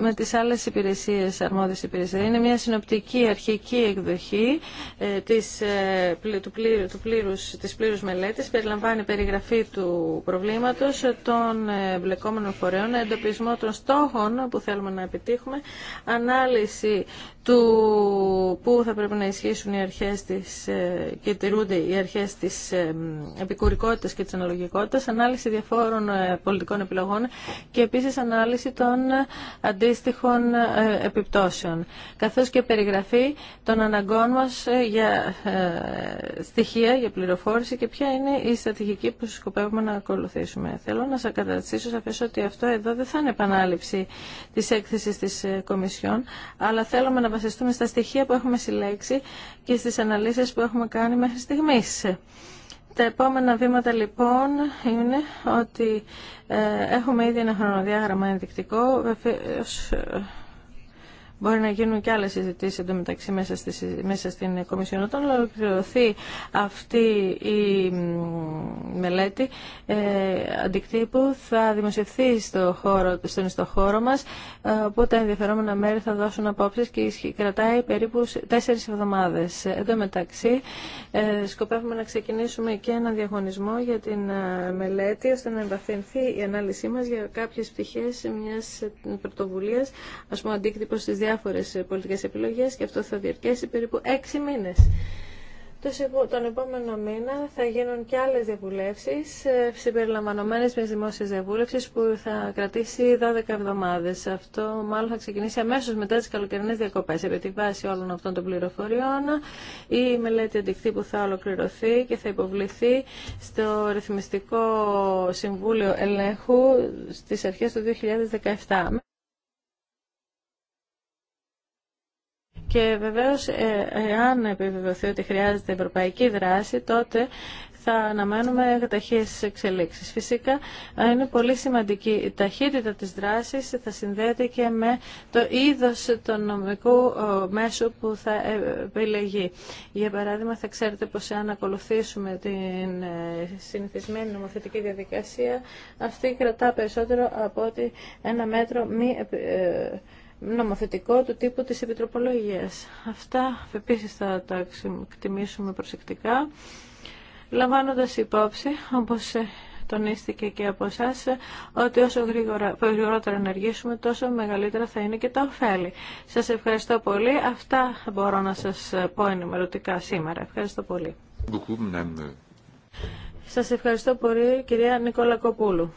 με τις άλλες υπηρεσίες, αρμόδιες υπηρεσίες. Είναι μια συνοπτική αρχική εκδοχή ε, της, ε, του πλήρου, του πλήρους, της πλήρους μελέτης. Περιλαμβάνει περιγραφή του προβλήματος των μπλεκόμενων φορέων, εντοπισμό των στόχων που θέλουμε να επιτύχουμε, ανάλυση του πού θα πρέπει να ισχύσουν οι αρχές της, ε, και τηρούνται οι αρχές της ε, επικουρικότητας και της αναλογικότητας, ανάλυση διαφόρων ε, πολιτικών επιλογών και επίσης ανάλυση των αντίστοιχων επιπτώσεων, καθώς και περιγραφή των αναγκών μας για στοιχεία, για πληροφόρηση και ποια είναι η στρατηγική που σκοπεύουμε να ακολουθήσουμε. Θέλω να σας καταστήσω σαφές ότι αυτό εδώ δεν θα είναι επανάληψη της έκθεσης της Κομισιόν, αλλά θέλουμε να βασιστούμε στα στοιχεία που έχουμε συλλέξει και στις αναλύσεις που έχουμε κάνει μέχρι στιγμής. Τα επόμενα βήματα λοιπόν είναι ότι ε, έχουμε ήδη ένα χρονοδιάγραμμα ενδεικτικό. Ε, Μπορεί να γίνουν και άλλε συζητήσει εντωμεταξύ μέσα, στη, μέσα στην Κομισιόν. Όταν ολοκληρωθεί αυτή η μελέτη ε, αντικτύπου θα δημοσιευθεί στο χώρο, στον ιστοχώρο μας, ε, οπότε ενδιαφερόμενα μέρη θα δώσουν απόψει και κρατάει περίπου τέσσερι εβδομάδες. Εντωμεταξύ ε, σκοπεύουμε να ξεκινήσουμε και ένα διαγωνισμό για την ε, μελέτη, ώστε να εμβαθυνθεί η ανάλυση μας για κάποιες πτυχές μια πρωτοβουλίας, ας πούμε αντίκτυπος της διάφορες πολιτικές επιλογές και αυτό θα διαρκέσει περίπου έξι μήνες. Τον επόμενο μήνα θα γίνουν και άλλες διαβουλεύσεις, ε, συμπεριλαμβανομένες μιας δημόσια διαβούλευση που θα κρατήσει 12 εβδομάδες. Αυτό μάλλον θα ξεκινήσει αμέσως μετά τις καλοκαιρινές διακοπές. Επί τη βάση όλων αυτών των πληροφοριών, η μελέτη που θα ολοκληρωθεί και θα υποβληθεί στο Ρυθμιστικό Συμβούλιο Ελέγχου στις αρχές του 2017. Και βεβαίως, ε, εάν επιβεβαιωθεί ότι χρειάζεται ευρωπαϊκή δράση, τότε θα αναμένουμε ταχύες εξελίξεις. Φυσικά, ε, είναι πολύ σημαντική η ταχύτητα της δράσης, θα συνδέεται και με το είδος των νομικού ε, μέσου που θα επιλεγεί. Για παράδειγμα, θα ξέρετε πως αν ακολουθήσουμε την συνηθισμένη νομοθετική διαδικασία, αυτή κρατά περισσότερο από ότι ένα μέτρο μη νομοθετικό του τύπου της επιτροπολογίας. Αυτά επίσης θα τα εκτιμήσουμε προσεκτικά, λαμβάνοντας υπόψη, όπως ε, τονίστηκε και από εσά ότι όσο γρήγορα, ενεργήσουμε τόσο μεγαλύτερα θα είναι και τα ωφέλη. Σας ευχαριστώ πολύ. Αυτά μπορώ να σας πω ενημερωτικά σήμερα. Ευχαριστώ πολύ. Σας ευχαριστώ πολύ κυρία Νικόλα Κοπούλου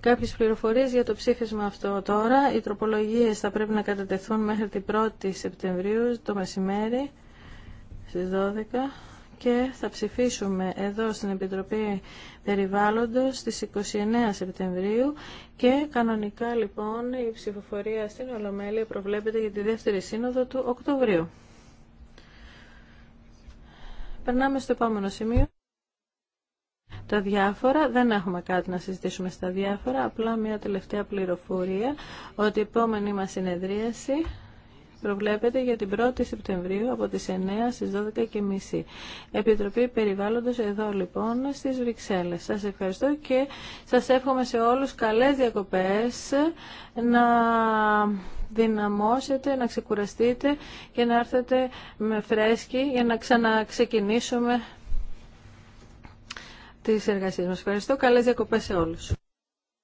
κάποιες πληροφορίες για το ψήφισμα αυτό τώρα. Οι τροπολογίες θα πρέπει να κατατεθούν μέχρι την 1η Σεπτεμβρίου το μεσημέρι στις 12 και θα ψηφίσουμε εδώ στην Επιτροπή Περιβάλλοντος στις 29 Σεπτεμβρίου και κανονικά λοιπόν η ψηφοφορία στην Ολομέλεια προβλέπεται για τη δεύτερη σύνοδο του Οκτωβρίου. Περνάμε στο επόμενο σημείο τα διάφορα. Δεν έχουμε κάτι να συζητήσουμε στα διάφορα. Απλά μια τελευταία πληροφορία ότι η επόμενη μας συνεδρίαση προβλέπεται για την 1η Σεπτεμβρίου από τις 9 στις 12.30. Επιτροπή Περιβάλλοντος εδώ λοιπόν στις Βρυξέλλες. Σας ευχαριστώ και σας εύχομαι σε όλους καλές διακοπές να δυναμώσετε, να ξεκουραστείτε και να έρθετε με φρέσκι για να ξαναξεκινήσουμε της εργασίας μας. Ευχαριστώ. Καλές διακοπές σε όλους.